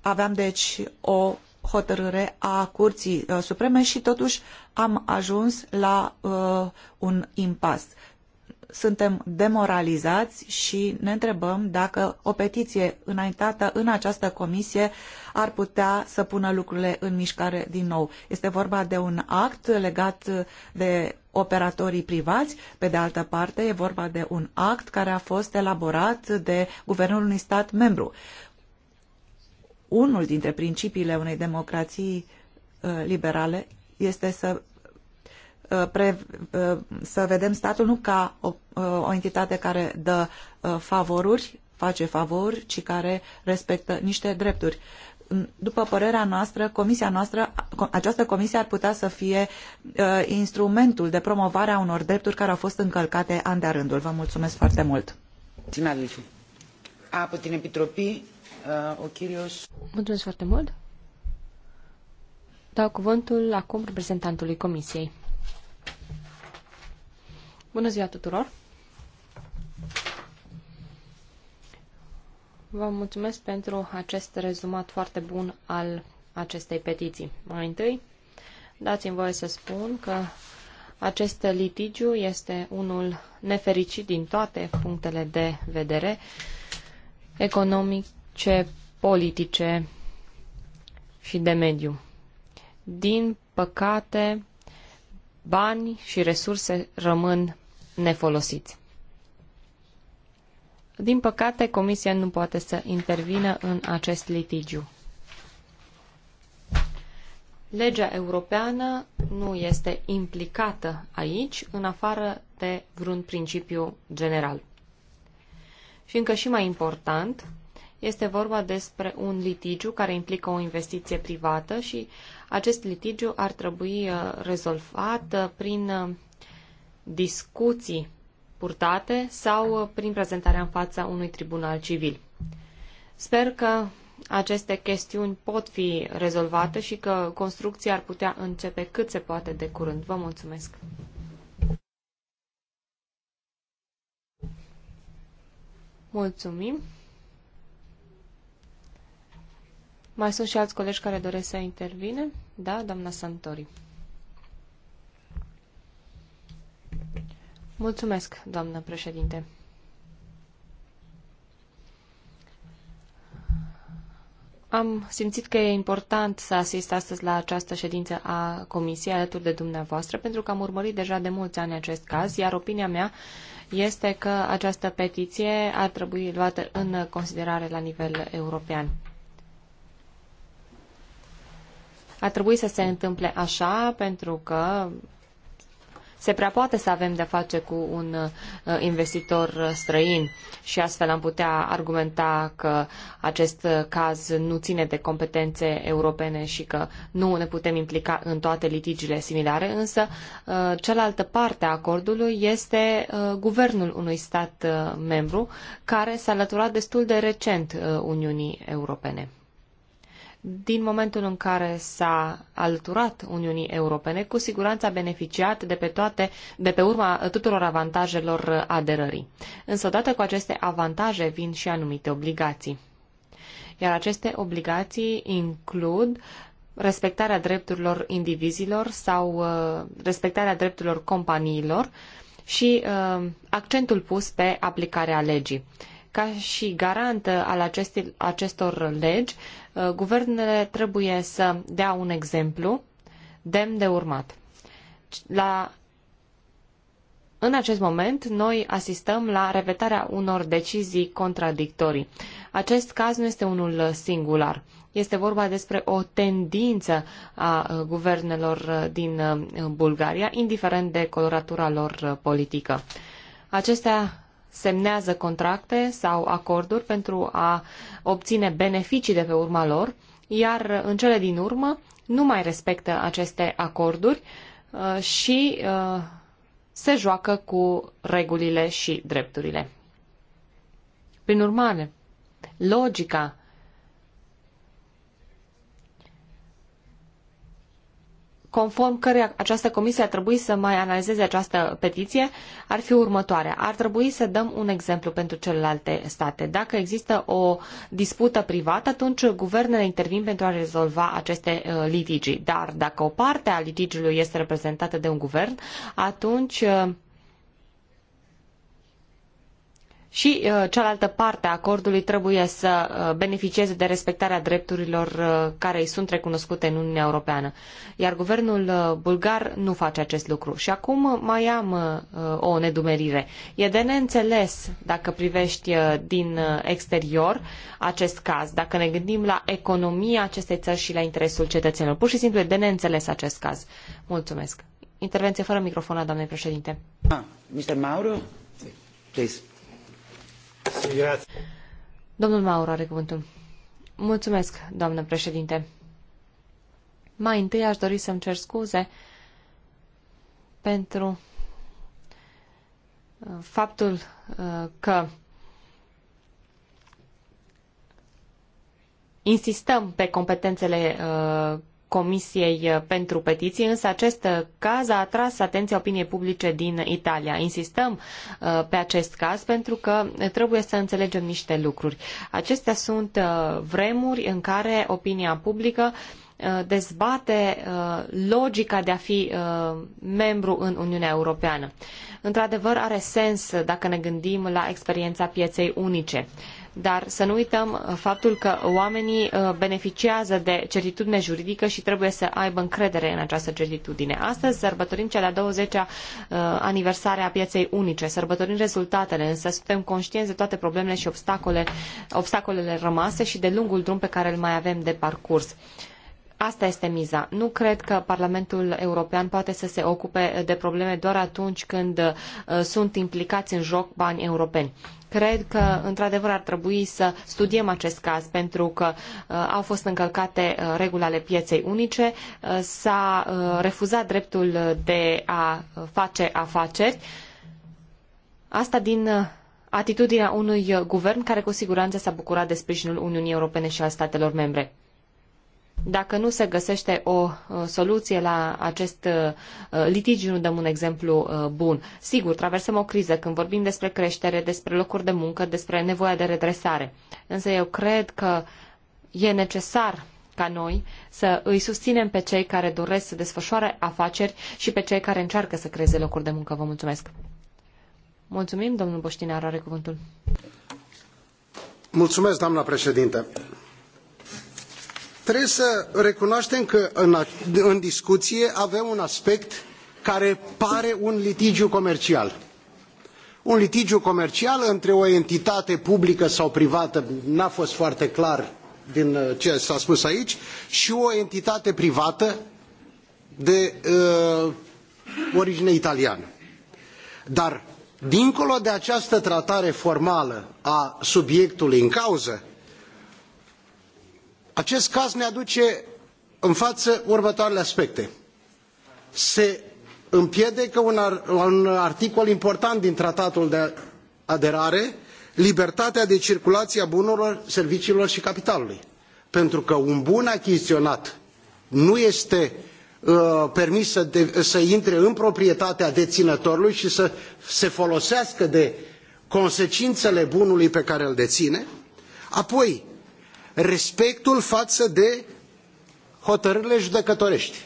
Aveam deci o hotărâre a Curții uh, Supreme și totuși am ajuns la uh, un impas. Suntem demoralizați și ne întrebăm dacă o petiție înaintată în această comisie ar putea să pună lucrurile în mișcare din nou. Este vorba de un act legat de operatorii privați, pe de altă parte e vorba de un act care a fost elaborat de guvernul unui stat membru unul dintre principiile unei democrații uh, liberale este să, uh, pre, uh, să vedem statul nu ca o, o entitate care dă favoruri, face favori, ci care respectă niște drepturi. După părerea noastră, comisia noastră, această comisie ar putea să fie instrumentul de promovare a unor drepturi care au fost încălcate an de-a rândul. Vă mulțumesc foarte mult! Από την epitropii ο uh, κύριος... Mulțumesc foarte mult. Dau cuvântul acum reprezentantului Comisiei. Bună ziua tuturor! Vă mulțumesc pentru acest rezumat foarte bun al acestei petiții. Mai întâi, dați-mi voie să spun că acest litigiu este unul nefericit din toate punctele de vedere economic, ce politice și de mediu. Din păcate, bani și resurse rămân nefolosiți. Din păcate, Comisia nu poate să intervină în acest litigiu. Legea europeană nu este implicată aici, în afară de vreun principiu general. Și încă și mai important, este vorba despre un litigiu care implică o investiție privată și acest litigiu ar trebui uh, rezolvat uh, prin uh, discuții purtate sau prin prezentarea în fața unui tribunal civil. Sper că aceste chestiuni pot fi rezolvate și că construcția ar putea începe cât se poate de curând. Vă mulțumesc! Mulțumim! Mai sunt și alți colegi care doresc să intervine? Da, doamna Santori. Mulțumesc, doamnă președinte. Am simțit că e important să asist astăzi la această ședință a comisiei alături de dumneavoastră, pentru că am urmărit deja de mulți ani acest caz, iar opinia mea este că această petiție ar trebui luată în considerare la nivel european. A trebuit să se întâmple așa pentru că se prea poate să avem de-a face cu un uh, investitor străin și astfel am putea argumenta că acest caz nu ține de competențe europene și că nu ne putem implica în toate litigiile similare, însă uh, cealaltă parte a acordului este uh, guvernul unui stat membru care s-a alăturat destul de recent Uniunii Europene din momentul în care s-a alăturat Uniunii Europene, cu siguranță a beneficiat de pe, toate, de pe urma tuturor avantajelor aderării. Însă, odată cu aceste avantaje, vin și anumite obligații. Iar aceste obligații includ respectarea drepturilor indivizilor sau uh, respectarea drepturilor companiilor și uh, accentul pus pe aplicarea legii. Uh, ca și garant al acestor, acestor legi, uh, guvernele trebuie să dea un exemplu demn de urmat. La în acest moment, noi asistăm la repetarea unor decizii contradictorii. Acest caz nu este unul singular. Este vorba despre o tendință a uh, guvernelor uh, din Bulgaria, indiferent de coloratura lor politică. Acestea semnează contracte sau acorduri pentru a obține beneficii de pe urma lor, iar în cele din urmă nu mai respectă aceste acorduri uh, și uh, se joacă cu regulile și drepturile. Prin urmare, logica conform căreia această comisie ar trebui să mai analizeze această petiție, ar fi următoarea. Ar trebui să dăm un exemplu pentru celelalte state. Dacă există o dispută privată, atunci guvernele intervin pentru a rezolva aceste uh, litigii. Dar dacă o parte a litigiului este reprezentată de un guvern, atunci uh, și uh, cealaltă parte a acordului trebuie să uh, beneficieze de respectarea drepturilor uh, care îi sunt recunoscute în Uniunea Europeană. Iar guvernul bulgar nu face acest lucru. Și acum mai am o nedumerire. E de neînțeles dacă privești din exterior acest caz, dacă ne gândim la economia acestei țări și la interesul cetățenilor. Pur și simplu e de neînțeles acest caz. Mulțumesc. Intervenție fără microfon a doamnei președinte. Ah, Mr. Mauro, please. Grazie. Domnul Maur are cuvântul. Mulțumesc, doamnă președinte. Mai întâi aș dori să-mi cer scuze pentru uh, faptul uh, că insistăm pe competențele uh, Comisiei uh, pentru Petiții, însă acest uh, caz a atras atenția opiniei publice din Italia. Insistăm uh, pe acest caz pentru că trebuie să înțelegem niște lucruri. Acestea sunt vremuri în care opinia publică dezbate logica de a fi membru în Uniunea Europeană. Într-adevăr, are sens dacă ne gândim la experiența pieței unice. Dar să nu uităm uh, faptul că oamenii uh, beneficiază de certitudine juridică și trebuie să aibă încredere în această certitudine. Astăzi sărbătorim cea de-a 20-a uh, aniversare a pieței unice, sărbătorim rezultatele, însă suntem conștienți de toate problemele și obstacole, obstacolele rămase și de lungul drum pe care îl mai avem de parcurs. Asta este miza. Nu cred că Parlamentul European poate să se ocupe de probleme doar atunci când sunt implicați în joc bani europeni. Cred că, într-adevăr, ar trebui să studiem acest caz pentru că uh, au fost încălcate uh, reguli ale pieței unice, uh, s-a uh, refuzat dreptul de a uh, face afaceri. Asta din uh, atitudinea unui guvern care cu siguranță s-a bucurat de sprijinul Uniunii Europene și al statelor membre. Dacă nu se găsește o uh, soluție la acest uh, uh, litigiu, nu dăm un exemplu bun. Sigur, traversăm o criză când vorbim despre creștere, despre locuri de muncă, despre nevoia de redresare. Însă eu cred că e necesar ca noi să îi susținem pe cei care doresc să desfășoare afaceri și pe cei care încearcă să creeze locuri de muncă. Vă mulțumesc! Mulțumim, domnul Boștinar, are cuvântul. Mulțumesc, doamna președinte. Trebuie să recunoaștem că în, în discuție avem un aspect care pare un litigiu comercial. Un litigiu comercial între o entitate publică sau privată, n-a fost foarte clar din uh, ce s-a spus aici, și o entitate privată de uh, origine italiană. Dar, dincolo de această tratare formală a subiectului în cauză, acest caz ne aduce în faă următoarele aspecte se împiedică un articol important din tratatul de aderare libertatea de circulație a bunurilor serviciilor și capitalului pentru că un bun achiziționat nu este uh, permis să, de, să intre în proprietatea deținătorului și să se folosească de consecințele bunului pe care îl deține. apoi respectul față de hotărârile judecătorești.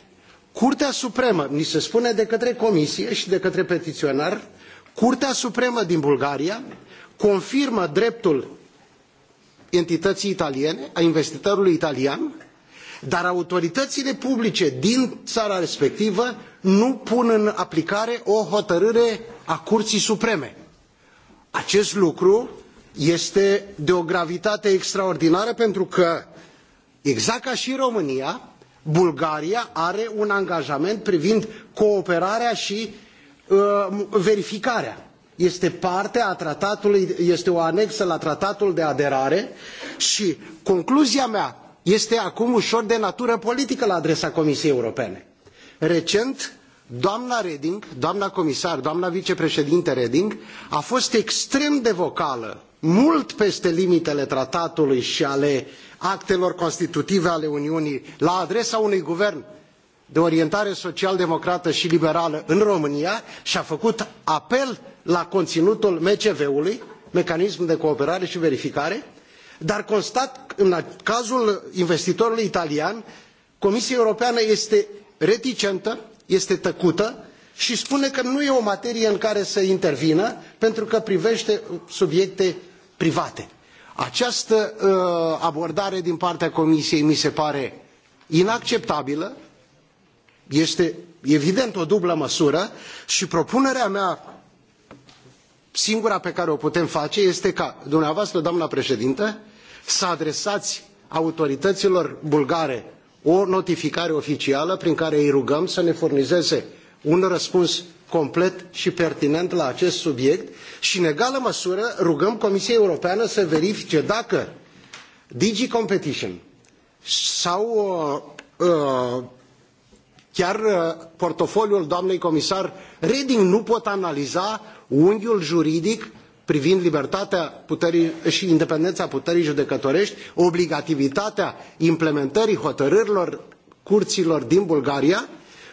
Curtea Supremă, ni se spune de către Comisie și de către petiționar, Curtea Supremă din Bulgaria confirmă dreptul entității italiene, a investitorului italian, dar autoritățile publice din țara respectivă nu pun în aplicare o hotărâre a Curții Supreme. Acest lucru este de o gravitate extraordinară pentru că exact ca i românia bulgaria are un angajament privind cooperarea i uh, verificarea este parte a tratatului este o anexă la tratatul de aderare Și concluzia mea este acum ușor de natură politică la adresa comisiei europene. recent doamna reding doamna comisar doamna Vicepreședinte reding a fost extrem de vocală mult peste limitele tratatului și ale actelor constitutive ale Uniunii la adresa unui guvern de orientare social democrată și liberală în România și a făcut apel la conținutul MCV ului, mecanismul de cooperare și verificare, dar constat în cazul investitorului italian, Comisia Europeană este reticentă, este tăcută și spune că nu e o materie în care să intervină pentru că privește subiecte private. Această uh, abordare din partea Comisiei mi se pare inacceptabilă, este evident o dublă măsură și propunerea mea singura pe care o putem face este ca dumneavoastră, doamna președintă, să adresați autorităților bulgare o notificare oficială prin care îi rugăm să ne furnizeze un răspuns complet și pertinent la acest subiect și în egală măsură rugăm Comisia Europeană să verifice dacă DG Competition sau uh, uh chiar uh, portofoliul doamnei comisar Reding nu pot analiza unghiul juridic privind libertatea puterii și independența puterii judecătorești, obligativitatea implementării hotărârilor curților din Bulgaria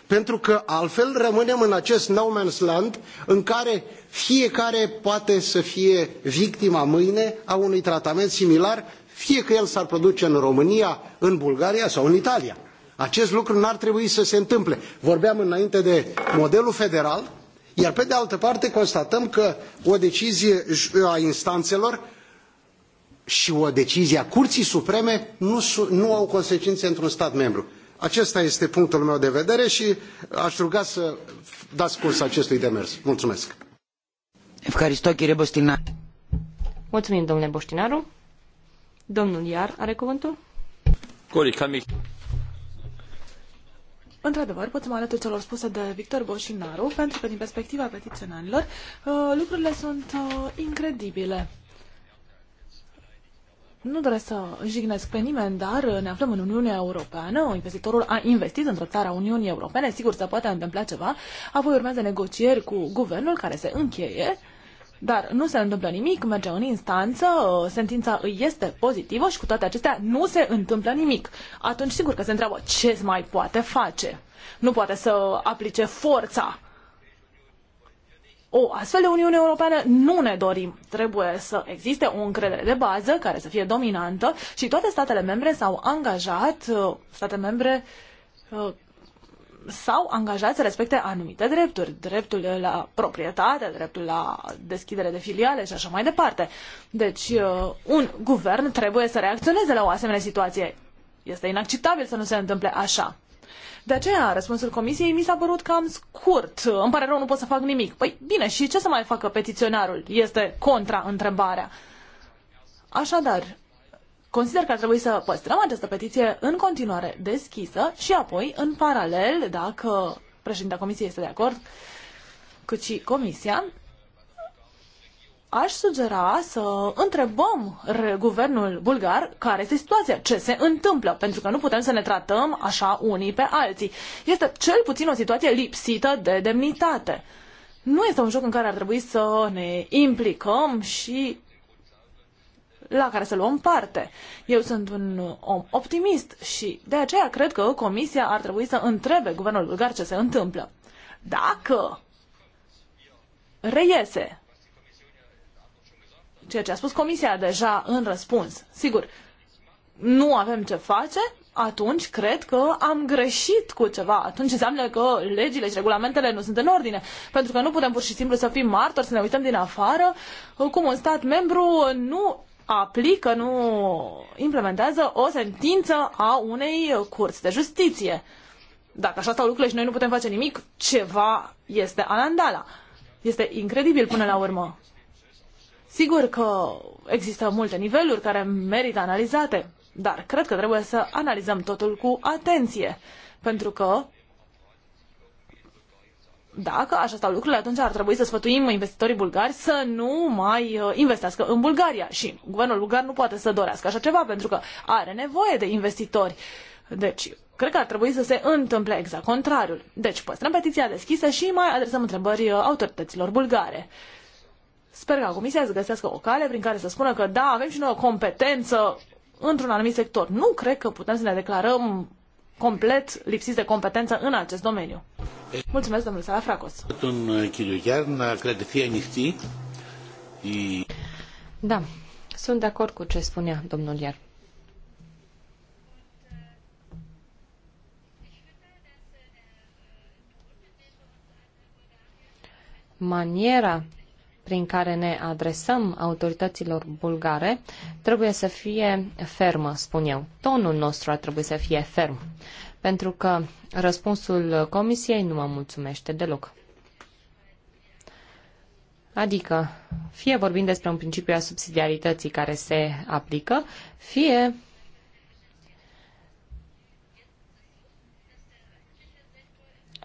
pentru că altfel rămânem în acest no man's land în care fiecare poate să fie victima mâine a unui tratament similar, fie că el s-ar produce în România, în Bulgaria sau în Italia. Acest lucru nu ar trebui să se întâmple. Vorbeam înainte de modelul federal, iar pe de altă parte constatăm că o decizie a instanțelor și o decizie a Curții Supreme nu, nu au consecințe într-un stat membru. Acesta este punctul meu de vedere și aș ruga să dați curs acestui demers. Mulțumesc. Mulțumim, domnule Boștinaru. Domnul Iar are cuvântul. Într-adevăr, pot să mă alătur celor spuse de Victor Boșinaru, pentru că din perspectiva petiționarilor, uh, lucrurile sunt uh, incredibile. Nu doresc să jignesc pe nimeni, dar ne aflăm în Uniunea Europeană. Investitorul a investit într-o țară a Uniunii Europene. Sigur, se poate întâmpla ceva. Apoi urmează negocieri cu guvernul care se încheie. Dar nu se întâmplă nimic, merge în instanță, sentința îi este pozitivă și cu toate acestea nu se întâmplă nimic. Atunci sigur că se întreabă ce mai poate face. Nu poate să aplice forța o astfel de Uniune Europeană nu ne dorim. Trebuie să existe o încredere de bază care să fie dominantă și toate statele membre s-au angajat, uh, state membre uh, s-au angajat să respecte anumite drepturi, dreptul la proprietate, dreptul la deschidere de filiale și așa mai departe. Deci, uh, un guvern trebuie să reacționeze la o asemenea situație. Este inacceptabil să nu se întâmple așa. De aceea, răspunsul comisiei mi s-a părut cam scurt. Îmi pare rău, nu pot să fac nimic. Păi bine, și ce să mai facă petiționarul? Este contra întrebarea. Așadar, consider că ar trebui să păstrăm această petiție în continuare deschisă și apoi, în paralel, dacă președinta comisiei este de acord, cât și comisia, aș sugera să întrebăm guvernul bulgar care este situația, ce se întâmplă, pentru că nu putem să ne tratăm așa unii pe alții. Este cel puțin o situație lipsită de demnitate. Nu este un joc în care ar trebui să ne implicăm și la care să luăm parte. Eu sunt un om optimist și de aceea cred că Comisia ar trebui să întrebe guvernul bulgar ce se întâmplă. Dacă reiese ceea ce a spus Comisia deja în răspuns. Sigur, nu avem ce face, atunci cred că am greșit cu ceva. Atunci înseamnă că legile și regulamentele nu sunt în ordine. Pentru că nu putem pur și simplu să fim martori, să ne uităm din afară cum un stat membru nu aplică, nu implementează o sentință a unei curți de justiție. Dacă așa stau lucrurile și noi nu putem face nimic, ceva este anandala. Este incredibil până la urmă. Sigur că există multe niveluri care merită analizate, dar cred că trebuie să analizăm totul cu atenție, pentru că dacă așa stau lucrurile, atunci ar trebui să sfătuim investitorii bulgari să nu mai uh, investească în Bulgaria. Și guvernul bulgar nu poate să dorească așa ceva, pentru că are nevoie de investitori. Deci, cred că ar trebui să se întâmple exact contrariul. Deci, păstrăm petiția deschisă și mai adresăm întrebări uh, autorităților bulgare. Sper ca Comisia să găsească o cale prin care să spună că da, avem și noi o competență într-un anumit sector. Nu cred că putem să ne declarăm complet lipsiți de competență în acest domeniu. Mulțumesc, domnule Salafracos. Da, sunt de acord cu ce spunea domnul Iar. Maniera prin care ne adresăm autorităților bulgare trebuie să fie fermă, spun eu. Tonul nostru ar trebui să fie ferm, pentru că răspunsul comisiei nu mă mulțumește deloc. Adică, fie vorbim despre un principiu a subsidiarității care se aplică, fie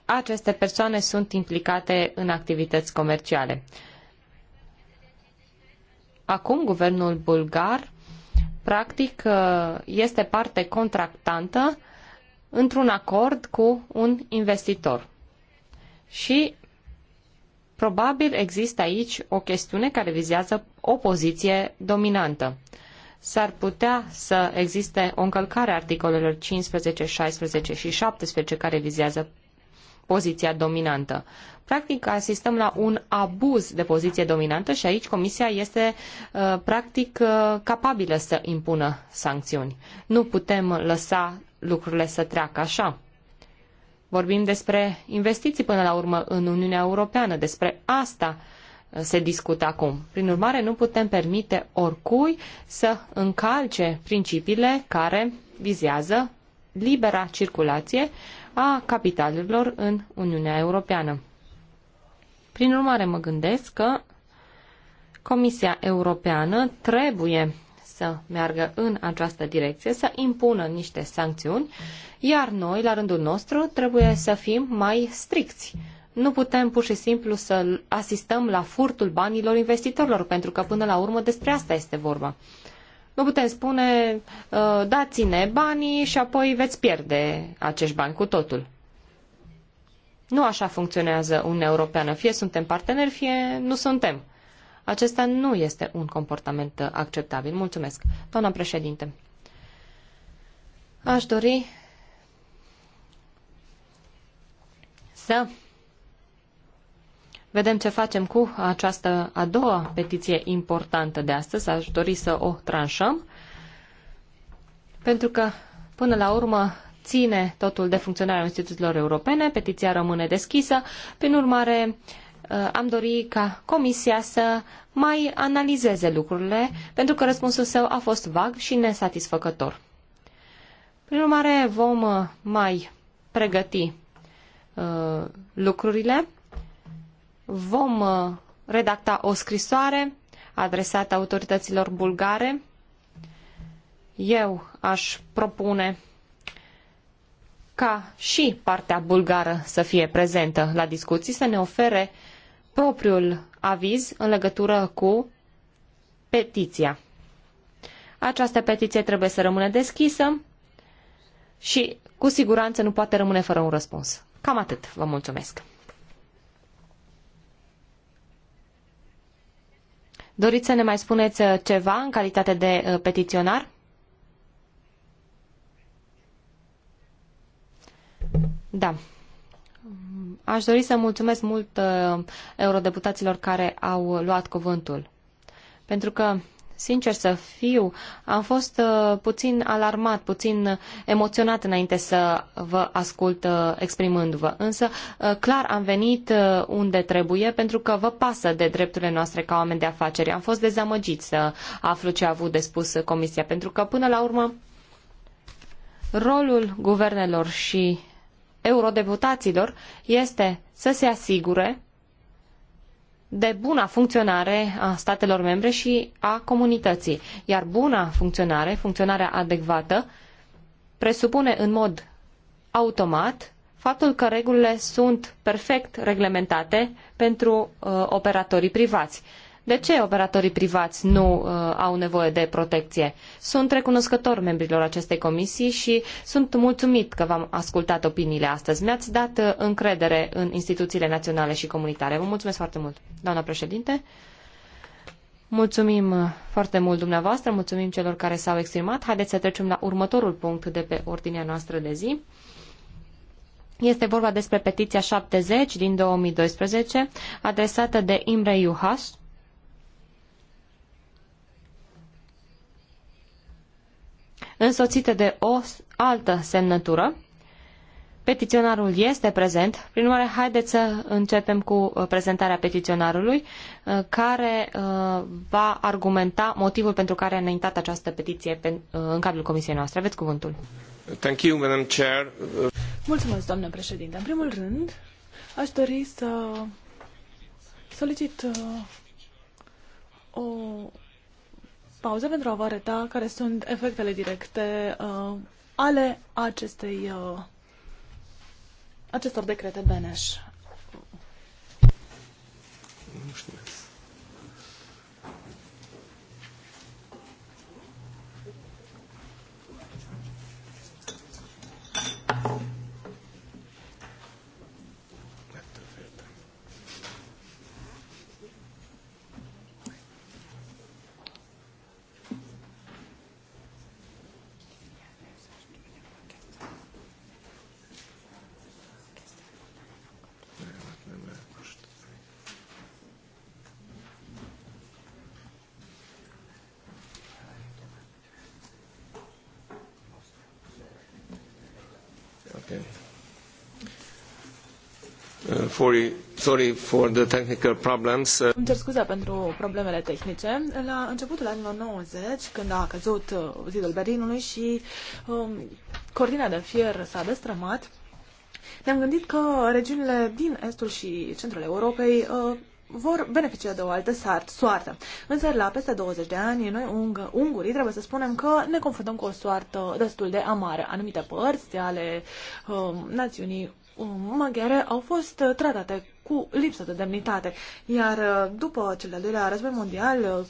aceste persoane sunt implicate în activități comerciale. Acum, guvernul bulgar, practic, uh, este parte contractantă într-un acord cu un investitor. Și probabil există aici o chestiune care vizează o poziție dominantă. S-ar putea să existe o încălcare a articolelor 15, 16 și 17 care vizează poziția dominantă. Practic, asistăm la un abuz de poziție dominantă și aici Comisia este, uh, practic, uh, capabilă să impună sancțiuni. Nu putem lăsa lucrurile să treacă așa. Vorbim despre investiții până la urmă în Uniunea Europeană, despre asta uh, se discută acum. Prin urmare, nu putem permite oricui să încalce principiile care vizează libera circulație a capitalurilor în Uniunea Europeană. Prin urmare, mă gândesc că Comisia Europeană trebuie să meargă în această direcție, să impună niște sancțiuni, iar noi, la rândul nostru, trebuie să fim mai stricți. Nu putem pur și simplu să asistăm la furtul banilor investitorilor, pentru că până la urmă despre asta este vorba nu putem spune uh, dați-ne banii și apoi veți pierde acești bani cu totul. Nu așa funcționează Uniunea Europeană. Fie suntem parteneri, fie nu suntem. Acesta nu este un comportament acceptabil. Mulțumesc. Doamna președinte, aș dori să Vedem ce facem cu această a doua petiție importantă de astăzi. Aș dori să o tranșăm, pentru că, până la urmă, ține totul de funcționarea instituțiilor europene, petiția rămâne deschisă, prin urmare uh, am dori ca Comisia să mai analizeze lucrurile, pentru că răspunsul său a fost vag și nesatisfăcător. Prin urmare, vom uh, mai pregăti uh, lucrurile vom uh, redacta o scrisoare adresată autorităților bulgare. Eu aș propune ca și partea bulgară să fie prezentă la discuții, să ne ofere propriul aviz în legătură cu petiția. Această petiție trebuie să rămână deschisă și cu siguranță nu poate rămâne fără un răspuns. Cam atât. Vă mulțumesc. Doriți să ne mai spuneți uh, ceva în calitate de uh, petiționar? Da. Aș dori să mulțumesc mult uh, eurodeputaților care au luat cuvântul. Pentru că Sincer să fiu, am fost uh, puțin alarmat, puțin emoționat înainte să vă ascult uh, exprimându-vă. Însă, uh, clar, am venit unde trebuie pentru că vă pasă de drepturile noastre ca oameni de afaceri. Am fost dezamăgit să aflu ce a avut de spus Comisia, pentru că, până la urmă, rolul guvernelor și eurodeputaților este să se asigure de buna funcționare a statelor membre și a comunității. Iar buna funcționare, funcționarea adecvată, presupune în mod automat faptul că regulile sunt perfect reglementate pentru uh, operatorii privați. De ce operatorii privați nu uh, au nevoie de protecție? Sunt recunoscător membrilor acestei comisii și sunt mulțumit că v-am ascultat opiniile astăzi. Mi-ați dat uh, încredere în instituțiile naționale și comunitare. Vă mulțumesc foarte mult, doamna președinte. Mulțumim uh, foarte mult dumneavoastră, mulțumim celor care s-au exprimat. Haideți să trecem la următorul punct de pe ordinea noastră de zi. Este vorba despre petiția 70 din 2012, adresată de Imre Juhász. însoțite de o altă semnătură. Petiționarul este prezent, prin urmare haideți să începem cu uh, prezentarea petiționarului uh, care uh, va argumenta motivul pentru care a înaintat această petiție în cadrul comisiei noastre. Aveți cuvântul. Thank you, Madam Chair. Mulțumesc, doamnă președinte. În primul rând, aș dori să solicit o pauză pentru a vă arăta care sunt efectele directe uh, ale acestei, uh, acestor decrete Beneș. Nu știu. for, sorry for the technical problems. Uh, Îmi cer scuze pentru problemele tehnice. La începutul anilor 90, când a căzut uh, zidul Berlinului și um, cortina de fier s-a destrămat, ne-am gândit că regiunile din estul și centrul Europei uh, vor beneficia de o altă sart, soartă. Însă, la peste 20 de ani, noi ung- ungurii trebuie să spunem că ne confruntăm cu o soartă destul de amară. Anumite părți ale uh, Națiunii maghiare au fost uh, tratate cu lipsă de demnitate. Iar uh, după cel de-al doilea război mondial, uh,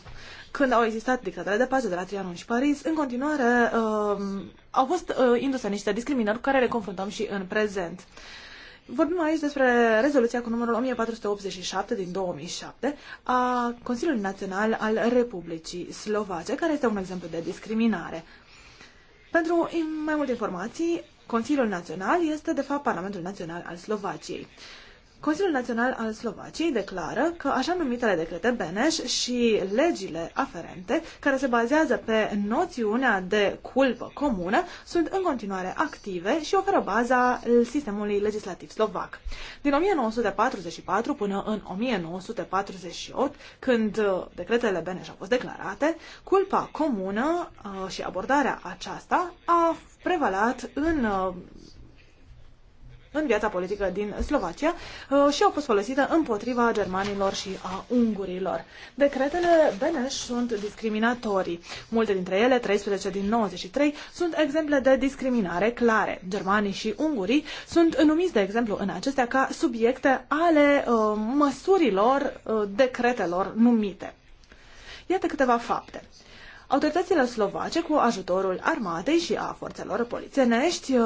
când au existat dictatele de pace de la Trianon și Paris, în continuare uh, au fost uh, induse niște discriminări cu care le confruntăm și în prezent. Vorbim aici despre rezoluția cu numărul 1487 din 2007 a Consiliului Național al Republicii Slovace, care este un exemplu de discriminare. Pentru mai multe informații, Consiliul Național este, de fapt, Parlamentul Național al Slovaciei. Consiliul Național al Slovaciei declară că așa numitele decrete Beneș și legile aferente, care se bazează pe noțiunea de culpă comună, sunt în continuare active și oferă baza sistemului legislativ slovac. Din 1944 până în 1948, când uh, decretele Beneș au fost declarate, culpa comună uh, și abordarea aceasta a prevalat în uh, în viața politică din Slovacia uh, și au fost folosite împotriva germanilor și a ungurilor. Decretele Beneș sunt discriminatorii. Multe dintre ele, 13 din 93, sunt exemple de discriminare clare. Germanii și ungurii sunt numiți, de exemplu, în acestea ca subiecte ale uh, măsurilor uh, decretelor numite. Iată câteva fapte. Autoritățile slovace, cu ajutorul armatei și a forțelor polițienești,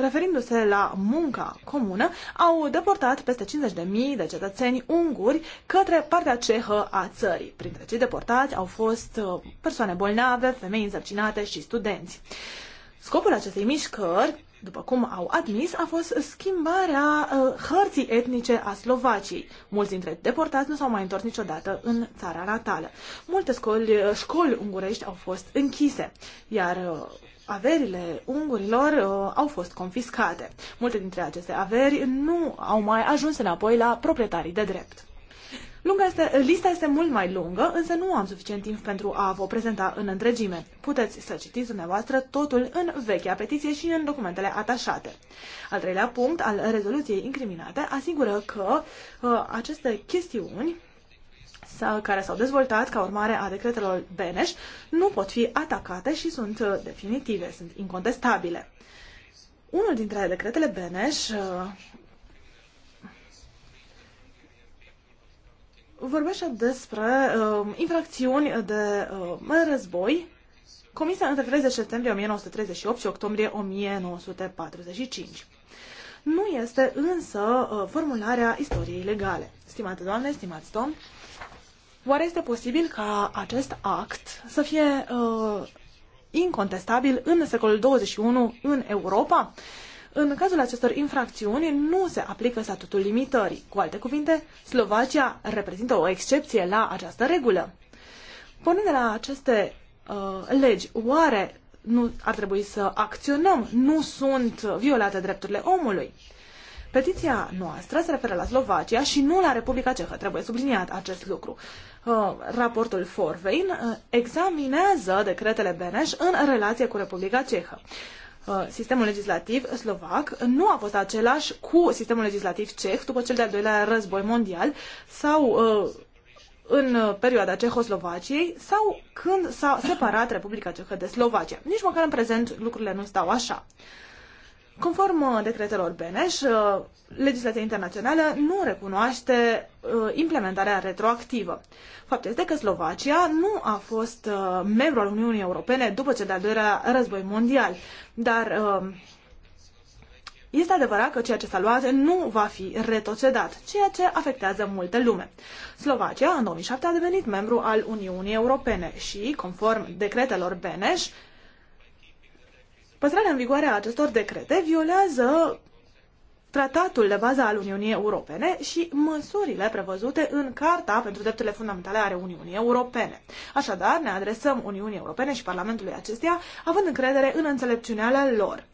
referindu-se la munca comună, au deportat peste 50.000 de cetățeni unguri către partea cehă a țării. Printre cei deportați au fost uh, persoane bolnave, femei însărcinate și studenți. Scopul acestei mișcări, după cum au admis, a fost schimbarea uh, hărții etnice a Slovaciei. Mulți dintre deportați nu s-au mai întors niciodată în țara natală. Multe școli, uh, școli ungurești au fost închise, iar uh, averile ungurilor uh, au fost confiscate. Multe dintre aceste averi nu au mai ajuns înapoi la proprietarii de drept. Lunga este, lista este mult mai lungă, însă nu am suficient timp pentru a vă prezenta în întregime. Puteți să citiți dumneavoastră totul în vechea petiție și în documentele atașate. Al treilea punct al rezoluției incriminate asigură că uh, aceste chestiuni sau, care s-au dezvoltat ca urmare a decretelor Beneș nu pot fi atacate și sunt uh, definitive, sunt incontestabile. Unul dintre decretele Beneș uh, vorbește despre uh, infracțiuni de uh, război comise între 30 septembrie 1938 și octombrie 1945. Nu este însă uh, formularea istoriei legale. Stimate doamne, stimați domn, Oare este posibil ca acest act să fie uh, incontestabil în secolul 21 în Europa? În cazul acestor infracțiuni nu se aplică statutul limitării. Cu alte cuvinte, Slovacia reprezintă o excepție la această regulă. Pornind de la aceste uh, legi, oare nu ar trebui să acționăm? Nu sunt violate drepturile omului? Petiția noastră se referă la Slovacia și nu la Republica Cehă. Trebuie subliniat acest lucru. Uh, raportul Forvein uh, examinează decretele Beneș în relație cu Republica Cehă uh, sistemul legislativ slovac nu a fost același cu sistemul legislativ ceh după cel de-al doilea război mondial sau în perioada Cehoslovaciei sau când s-a separat Republica Cehă de Slovacia. Nici măcar în prezent lucrurile nu stau așa. Conform uh, decretelor Beneș, uh, legislația internațională nu recunoaște uh, implementarea retroactivă. Fapt este că Slovacia nu a fost membru al Uniunii Europene după cel de-al doilea război mondial, dar este adevărat că ceea ce s-a luat nu va fi retocedat, ceea ce afectează multe lume. Slovacia, în 2007, a devenit membru al Uniunii Europene și, conform decretelor Beneș, Păstrarea în vigoare a acestor decrete violează tratatul de bază al Uniunii Europene și măsurile prevăzute în Carta pentru Drepturile Fundamentale ale Uniunii Europene. Așadar, ne adresăm Uniunii Europene și Parlamentului acesteia, având încredere în înțelepciunea lor.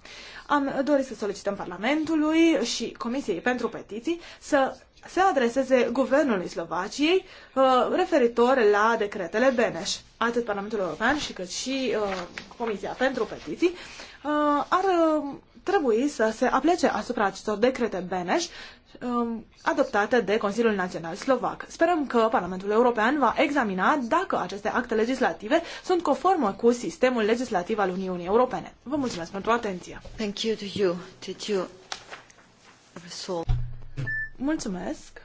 Am dorit să solicităm Parlamentului și Comisiei pentru Petiții să se adreseze guvernului Slovaciei uh, referitor la decretele Beneș. Atât Parlamentul European și cât și uh, Comisia pentru Petiții Uh, ar uh, trebui să se aplece asupra acestor decrete Beneș um, adoptate de Consiliul Național Slovac. Sperăm că Parlamentul European va examina dacă aceste acte legislative sunt conformă cu sistemul legislativ al Uniunii Europene. Vă mulțumesc pentru atenție. Thank you to you. Did you Mulțumesc.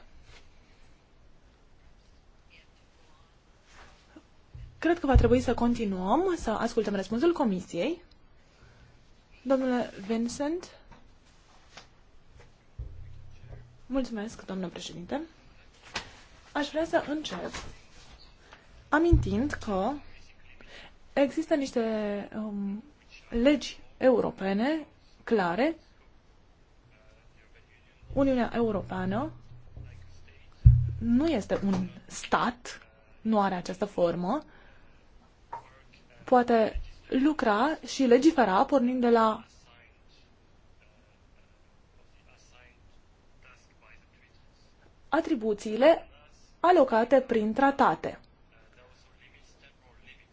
Cred că va trebui să continuăm să ascultăm răspunsul Comisiei. Domnule Vincent. Mulțumesc, domnule președinte. Aș vrea să încep amintind că există niște um, legi europene clare. Uniunea Europeană nu este un stat, nu are această formă. Poate lucra și legifera pornind de la atribuțiile alocate prin tratate.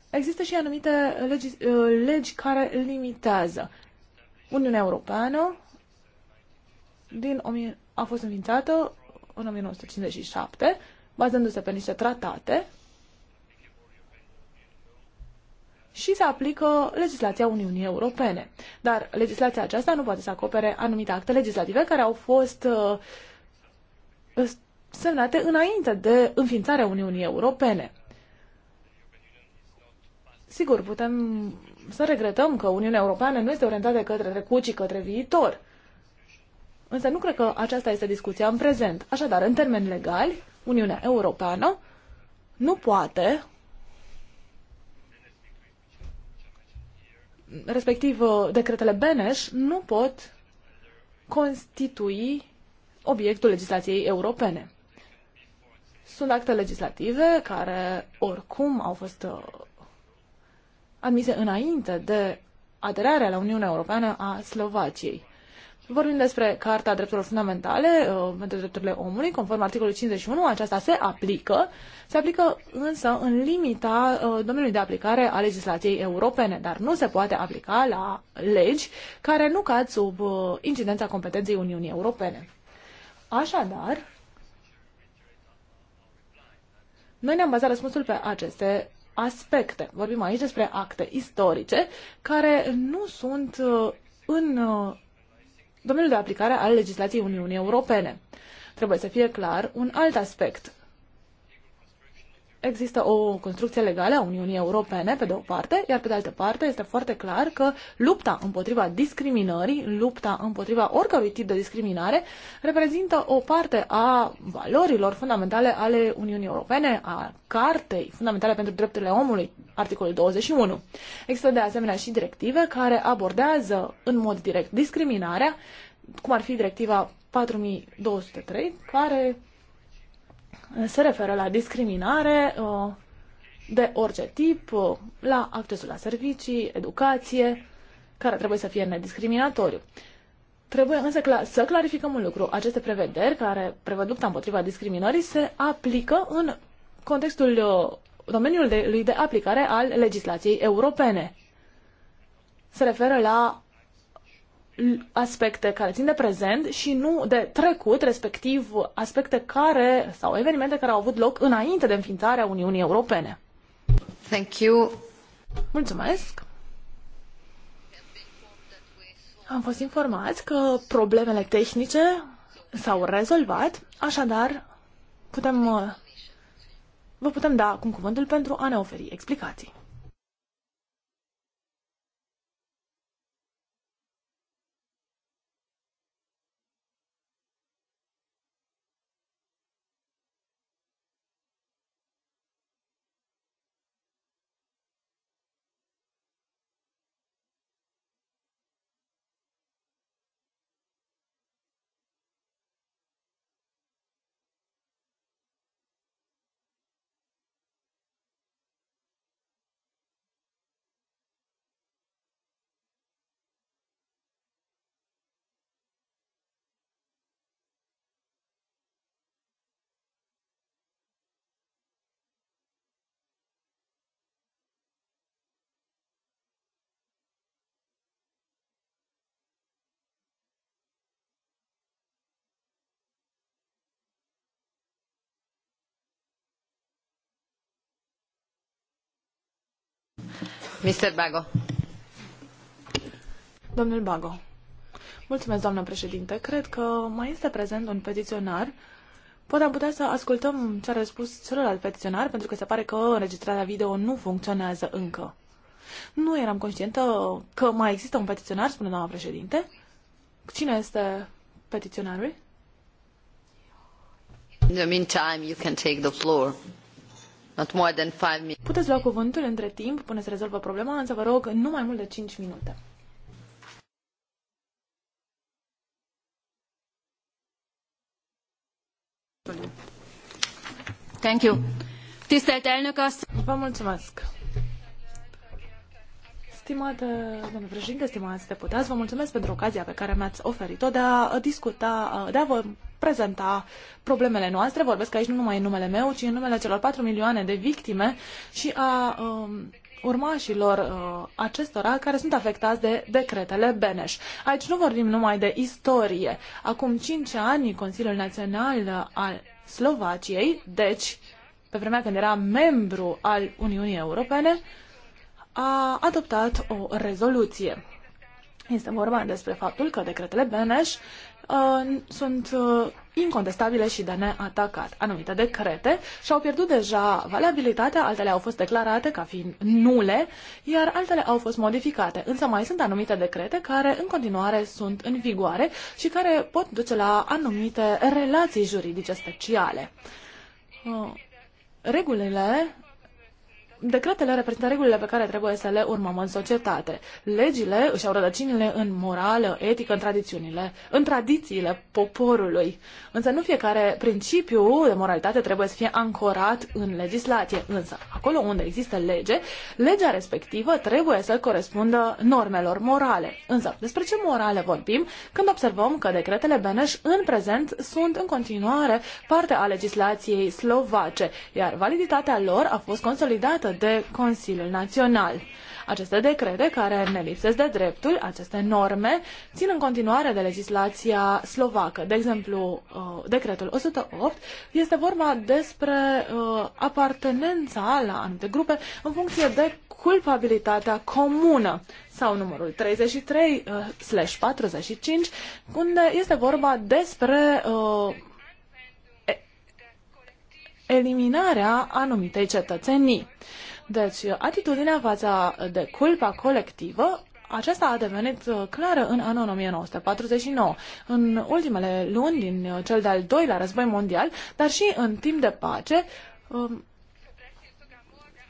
Există și anumite legi, uh, legi care limitează. Uniunea Europeană din, a fost înființată în 1957, bazându-se pe niște tratate și se aplică legislația Uniunii Europene. Dar legislația aceasta nu poate să acopere anumite acte legislative care au fost uh, semnate înainte de înființarea Uniunii Europene. Sigur, putem să regretăm că Uniunea Europeană nu este orientată către trecut, ci către viitor. Însă nu cred că aceasta este discuția în prezent. Așadar, în termeni legali, Uniunea Europeană nu poate respectiv uh, decretele Beneș, nu pot constitui obiectul legislației europene. Sunt acte legislative care oricum au fost uh, admise înainte de aderarea la Uniunea Europeană a Slovaciei. Vorbim despre Carta Drepturilor Fundamentale uh, pentru drepturile omului, conform articolului 51, aceasta se aplică, se aplică însă în limita uh, domeniului de aplicare a legislației europene, dar nu se poate aplica la legi care nu cad sub uh, incidența competenței Uniunii Europene. Așadar, noi ne-am bazat răspunsul pe aceste aspecte. Vorbim aici despre acte istorice care nu sunt în domeniul de aplicare al legislației Uniunii Europene. Trebuie să fie clar un alt aspect există o construcție legală a Uniunii Europene, pe de o parte, iar pe de altă parte este foarte clar că lupta împotriva discriminării, lupta împotriva oricărui tip de discriminare, reprezintă o parte a valorilor fundamentale ale Uniunii Europene, a Cartei Fundamentale pentru Drepturile Omului, articolul 21. Există de asemenea și directive care abordează în mod direct discriminarea, cum ar fi directiva 4203, care se referă la discriminare uh, de orice tip, uh, la accesul la servicii, educație, care trebuie să fie nediscriminatoriu. Trebuie însă să clarificăm un lucru. Aceste prevederi care prevăd lupta împotriva discriminării se aplică în contextul uh, domeniului de aplicare al legislației europene. Se referă la aspecte care țin de prezent și nu de trecut, respectiv aspecte care sau evenimente care au avut loc înainte de înființarea Uniunii Europene. Thank you. Mulțumesc. Am fost informați că problemele tehnice s-au rezolvat, așadar putem, vă putem da acum cuvântul pentru a ne oferi explicații. președinte. Cred că mai este prezent un petiționar. Poate am putea să ascultăm ce a răspuns celălalt petiționar, pentru că se pare că înregistrarea video nu funcționează încă. Nu eram conștientă că mai există un petiționar, spune doamna președinte. Cine este petiționarul? In the meantime, you can take the floor. Not more than five minutes. Puteți lua cuvântul între timp până se rezolvă problema, însă vă rog nu mai mult de 5 minute. Thank you. Tisztelt elnök asszony! Vă mulțumesc! Stimate domnule președinte, stimați deputați, vă mulțumesc pentru ocazia pe care mi-ați oferit-o de a uh, discuta, uh, de a vă prezenta problemele noastre. Vorbesc aici nu numai în numele meu, ci în numele celor 4 milioane de victime și a um, urmașilor uh, acestora care sunt afectați de decretele Beneș. Aici nu vorbim numai de istorie. Acum 5 ani, Consiliul Național al Slovaciei, deci pe vremea când era membru al Uniunii Europene, uh, a adoptat o rezoluție. Este vorba despre faptul că decretele Beneș uh, sunt uh, incontestabile și de neatacat. Anumite decrete și-au pierdut deja valabilitatea, altele au fost declarate ca fiind nule, iar altele au fost modificate. Însă mai sunt anumite decrete care în continuare sunt în vigoare și care pot duce la anumite relații juridice speciale. Uh, regulile decretele reprezintă regulile pe care trebuie să le urmăm în societate. Legile își au rădăcinile în morală, etică, în tradițiunile, în tradițiile poporului. Însă nu fiecare principiu de moralitate trebuie să fie ancorat în legislație. Însă, acolo unde există lege, legea respectivă trebuie să corespundă normelor morale. Însă, despre ce morale vorbim când observăm că decretele Beneș în prezent sunt în continuare parte a legislației slovace, iar validitatea lor a fost consolidată de Consiliul Național. Aceste decrete care ne lipsesc de dreptul, aceste norme, țin în continuare de legislația slovacă. De exemplu, uh, decretul 108 este vorba despre uh, apartenența la anumite grupe în funcție de culpabilitatea comună sau numărul 33/45, uh, unde este vorba despre eliminarea anumitei cetățenii. Deci, atitudinea față de culpa colectivă aceasta a devenit clară în anul 1949, în ultimele luni din cel de-al doilea război mondial, dar și în timp de pace, um,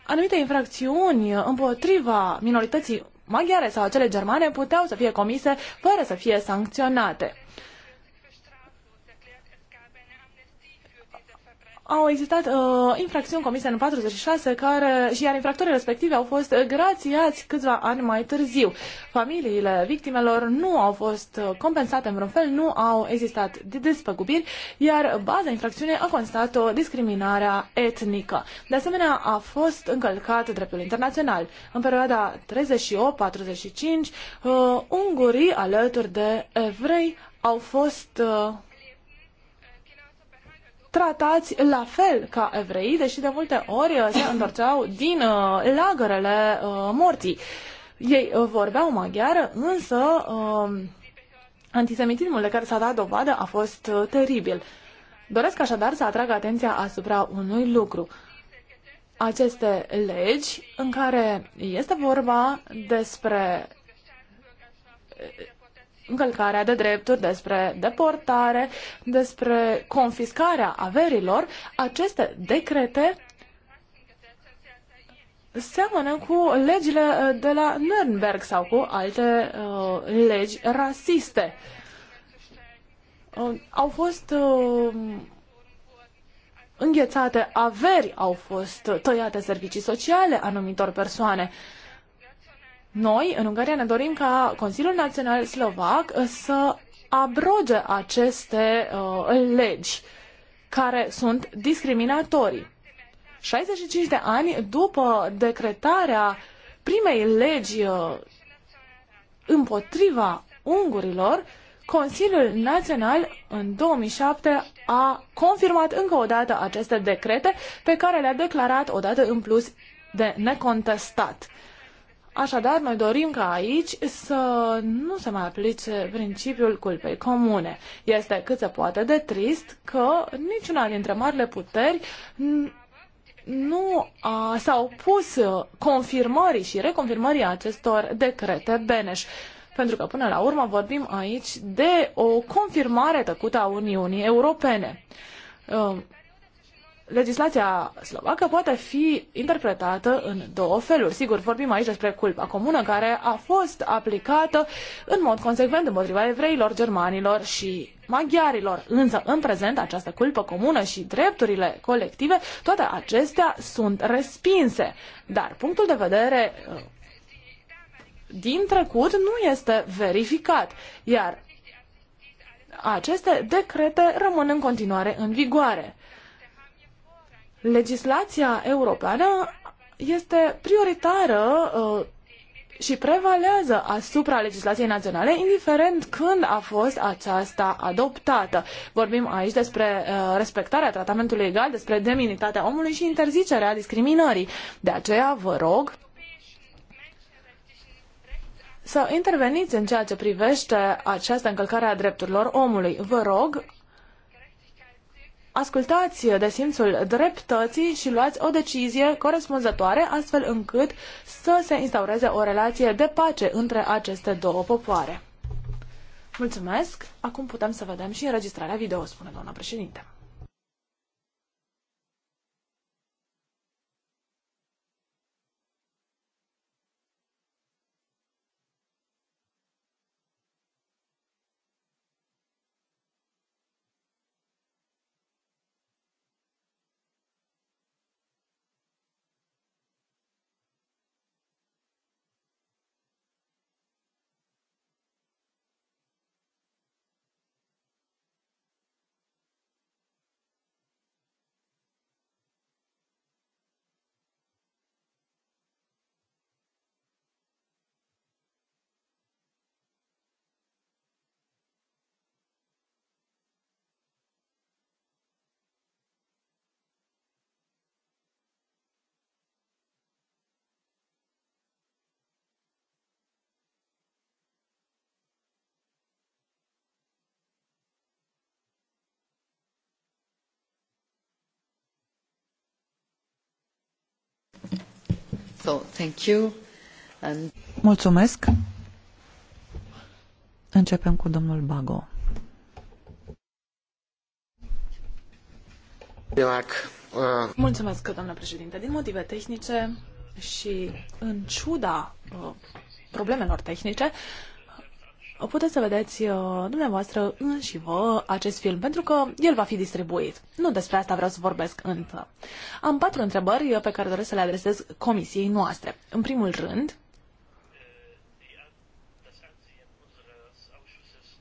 anumite infracțiuni împotriva minorității maghiare sau acele germane puteau să fie comise fără să fie sancționate. au existat uh, infracțiuni comise în 46 care, și iar infractorii respectivi au fost grațiați câțiva ani mai târziu. Familiile victimelor nu au fost uh, compensate în vreun fel, nu au existat despăgubiri, iar baza infracțiunii a constat o discriminare etnică. De asemenea, a fost încălcat dreptul internațional. În perioada 38-45, uh, ungurii alături de evrei au fost uh, tratați la fel ca evrei, deși de multe ori uh, se întorceau din uh, lagărele uh, morții. Ei uh, vorbeau maghiară, însă uh, antisemitismul de care s-a dat dovadă a fost uh, teribil. Doresc așadar să atrag atenția asupra unui lucru. Aceste legi în care este vorba despre încălcarea de drepturi, despre deportare, despre confiscarea averilor, aceste decrete seamănă cu legile uh, de la Nürnberg sau cu alte uh, legi rasiste. Uh, au fost uh, înghețate averi, au fost tăiate servicii sociale anumitor persoane. Uh, noi, în Ungaria, ne dorim ca Consiliul Național Slovac uh, să abroge aceste uh, legi care sunt discriminatorii. 65 de ani după decretarea primei legi uh, împotriva ungurilor, Consiliul Național în 2007 a confirmat încă o dată aceste decrete pe care le-a declarat odată în plus de necontestat. Așadar, noi dorim ca aici să nu se mai aplice principiul culpei comune. Este cât se poate de trist că niciuna dintre marile puteri nu s-a opus confirmării și reconfirmării acestor decrete Beneș. Pentru că, până la urmă, vorbim aici de o confirmare tăcută a Uniunii Europene. Ă, legislația slovacă poate fi interpretată în două feluri. Sigur, vorbim aici despre culpa comună care a fost aplicată în mod consecvent împotriva evreilor, germanilor și maghiarilor. Însă, în prezent, această culpă comună și drepturile colective, toate acestea sunt respinse. Dar punctul de vedere uh, din trecut nu este verificat, iar aceste decrete rămân în continuare în vigoare. Legislația europeană este prioritară uh, și prevalează asupra legislației naționale, indiferent când a fost aceasta adoptată. Vorbim aici despre uh, respectarea tratamentului egal, despre demnitatea omului și interzicerea discriminării. De aceea vă rog să interveniți în ceea ce privește această încălcare a drepturilor omului. Vă rog ascultați de simțul dreptății și luați o decizie corespunzătoare astfel încât să se instaureze o relație de pace între aceste două popoare. Mulțumesc! Acum putem să vedem și înregistrarea video, spune doamna președinte. So, Începem cu domnul Bago. Mulțumesc, doamnă președinte. Din motive tehnice și în ciuda uh, problemelor tehnice, o puteți să vedeți uh, dumneavoastră și vă acest film, pentru că el va fi distribuit. Nu despre asta vreau să vorbesc însă. Am patru întrebări uh, pe care doresc să le adresez comisiei noastre. În primul rând,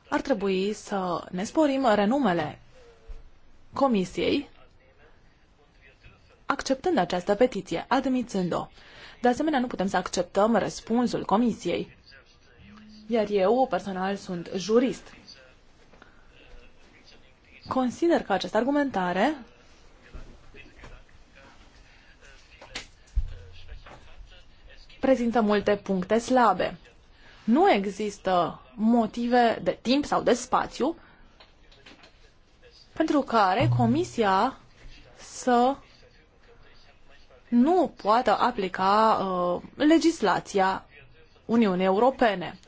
ar trebui să ne sporim renumele comisiei, acceptând această petiție, admițând-o. De asemenea, nu putem să acceptăm răspunsul comisiei iar eu personal sunt jurist. Consider că această argumentare prezintă multe puncte slabe. Nu există motive de timp sau de spațiu pentru care Comisia să nu poată aplica uh, legislația Uniunii Europene.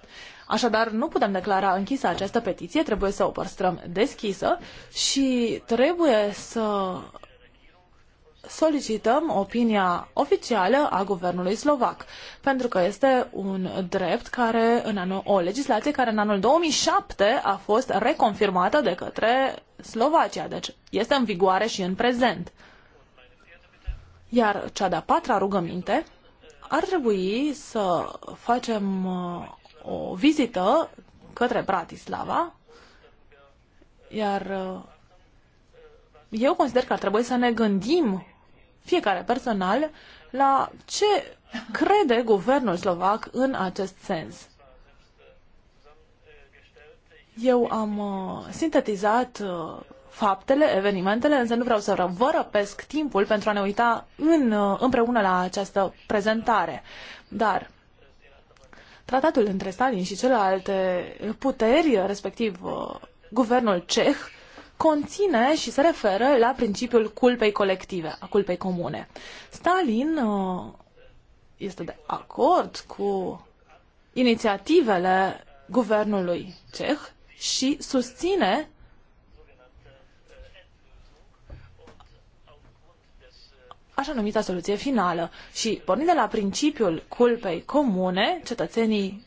Așadar, nu putem declara închisă această petiție, trebuie să o păstrăm deschisă și trebuie să solicităm opinia oficială a guvernului slovac, pentru că este un drept care, în anul, o legislație care în anul 2007 a fost reconfirmată de către Slovacia, deci este în vigoare și în prezent. Iar cea de-a patra rugăminte ar trebui să facem uh, o vizită către Bratislava, iar uh, eu consider că ar trebui să ne gândim fiecare personal la ce crede guvernul slovac în acest sens. Eu am uh, sintetizat uh, faptele, evenimentele, însă nu vreau să vă răpesc timpul pentru a ne uita în, uh, împreună la această prezentare. Dar Tratatul între Stalin și celelalte puteri, respectiv uh, guvernul ceh, conține și se referă la principiul culpei colective, a culpei comune. Stalin uh, este de acord cu inițiativele guvernului ceh și susține așa numita soluție finală. Și pornind de la principiul culpei comune, cetățenii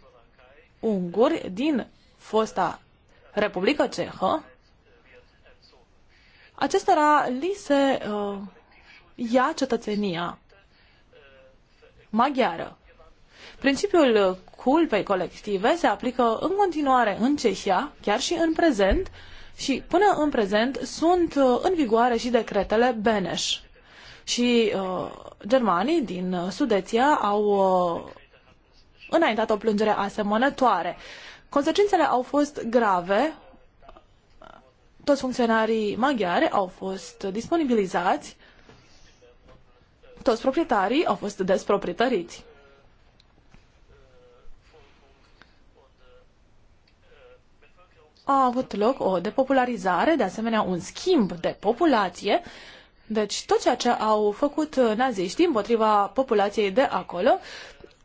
unguri din fosta Republică Cehă, acestora li se uh, ia cetățenia maghiară. Principiul culpei colective se aplică în continuare în Cehia, chiar și în prezent, și până în prezent sunt uh, în vigoare și decretele Beneș. Și uh, germanii din uh, Sudeția au uh, înaintat o plângere asemănătoare. Consecințele au fost grave. Toți funcționarii maghiari au fost disponibilizați. Toți proprietarii au fost desproprietăriți. a avut loc o depopularizare, de asemenea un schimb de populație deci tot ceea ce au făcut uh, naziștii împotriva populației de acolo,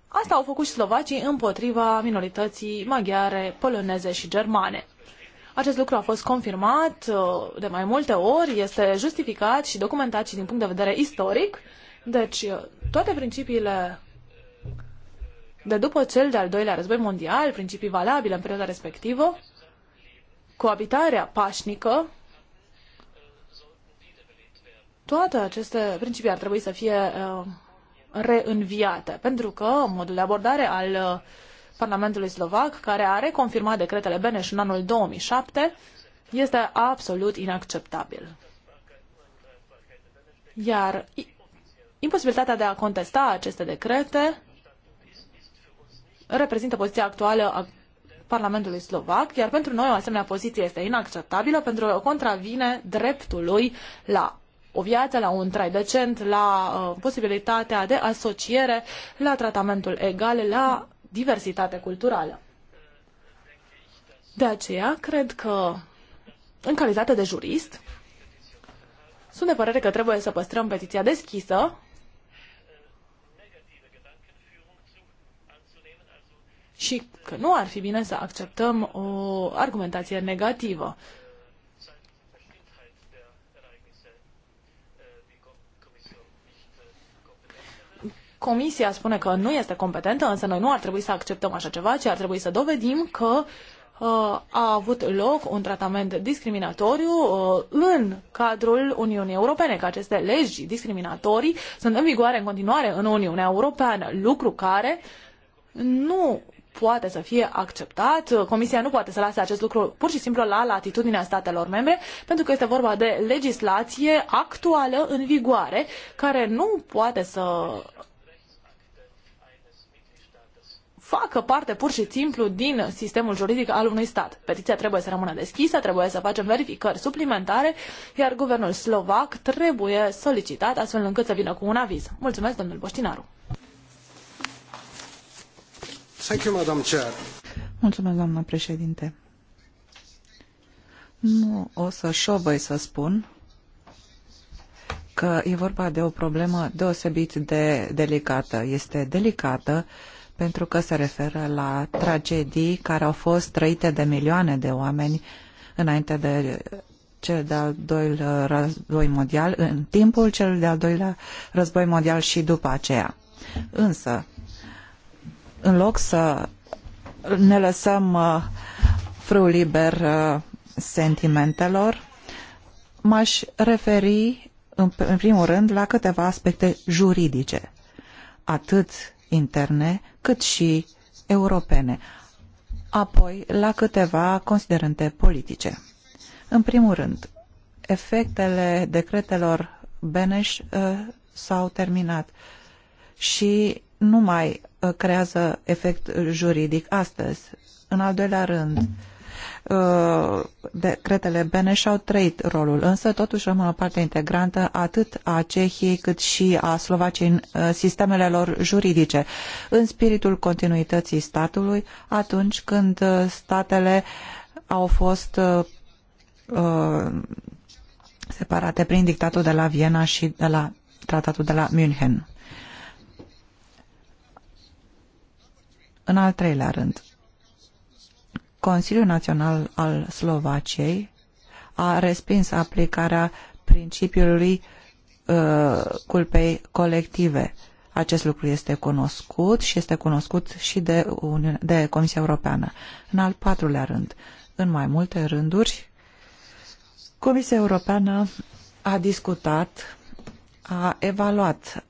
asta au făcut și slovacii împotriva minorității maghiare, poloneze și germane. Acest lucru a fost confirmat uh, de mai multe ori, este justificat și documentat și din punct de vedere istoric. Deci, uh, toate principiile de după cel de-al doilea război mondial, principii valabile în perioada respectivă, coabitarea pașnică toate aceste principii ar trebui să fie uh, reînviate, pentru că modul de abordare al uh, Parlamentului Slovac, care a reconfirmat decretele Beneș în anul 2007, este absolut inacceptabil. Iar imposibilitatea de a contesta aceste decrete reprezintă poziția actuală a Parlamentului Slovac, iar pentru noi o asemenea poziție este inacceptabilă pentru că contravine dreptului la o viață, la un trai decent, la uh, posibilitatea de asociere, la tratamentul egal, la diversitate culturală. De aceea, cred că, în calitate de jurist, sunt de părere că trebuie să păstrăm petiția deschisă și că nu ar fi bine să acceptăm o argumentație negativă. Comisia spune că nu este competentă, însă noi nu ar trebui să acceptăm așa ceva, ci ar trebui să dovedim că uh, a avut loc un tratament discriminatoriu uh, în cadrul Uniunii Europene, că aceste legi discriminatorii sunt în vigoare în continuare în Uniunea Europeană, lucru care nu poate să fie acceptat. Comisia nu poate să lase acest lucru pur și simplu la latitudinea statelor membre, pentru că este vorba de legislație actuală în vigoare, care nu poate să facă parte pur și simplu din sistemul juridic al unui stat. Petiția trebuie să rămână deschisă, trebuie să facem verificări suplimentare, iar guvernul slovac trebuie solicitat astfel încât să vină cu un aviz. Mulțumesc, domnul Boștinaru. Thank you, Madam Chair. Mulțumesc, doamnă președinte. Nu o să șovăi să spun că e vorba de o problemă deosebit de delicată. Este delicată pentru că se referă la tragedii care au fost trăite de milioane de oameni înainte de cel de-al doilea război mondial, în timpul celui de-al doilea război mondial și după aceea. Însă, în loc să ne lăsăm uh, frâul liber uh, sentimentelor, m-aș referi în primul rând la câteva aspecte juridice, atât interne cât și europene, apoi la câteva considerente politice. În primul rând, efectele decretelor Beneș uh, s-au terminat și nu mai uh, creează efect juridic astăzi. În al doilea rând, uh, Uh, decretele Bene și-au trăit rolul, însă totuși rămân o parte integrantă atât a Cehiei cât și a Slovaciei în uh, sistemele lor juridice, în spiritul continuității statului atunci când uh, statele au fost uh, separate prin dictatul de la Viena și de la tratatul de la München. În al treilea rând, Consiliul Național al Slovaciei a respins aplicarea principiului uh, culpei colective. Acest lucru este cunoscut și este cunoscut și de, Uniune, de Comisia Europeană. În al patrulea rând, în mai multe rânduri, Comisia Europeană a discutat, a evaluat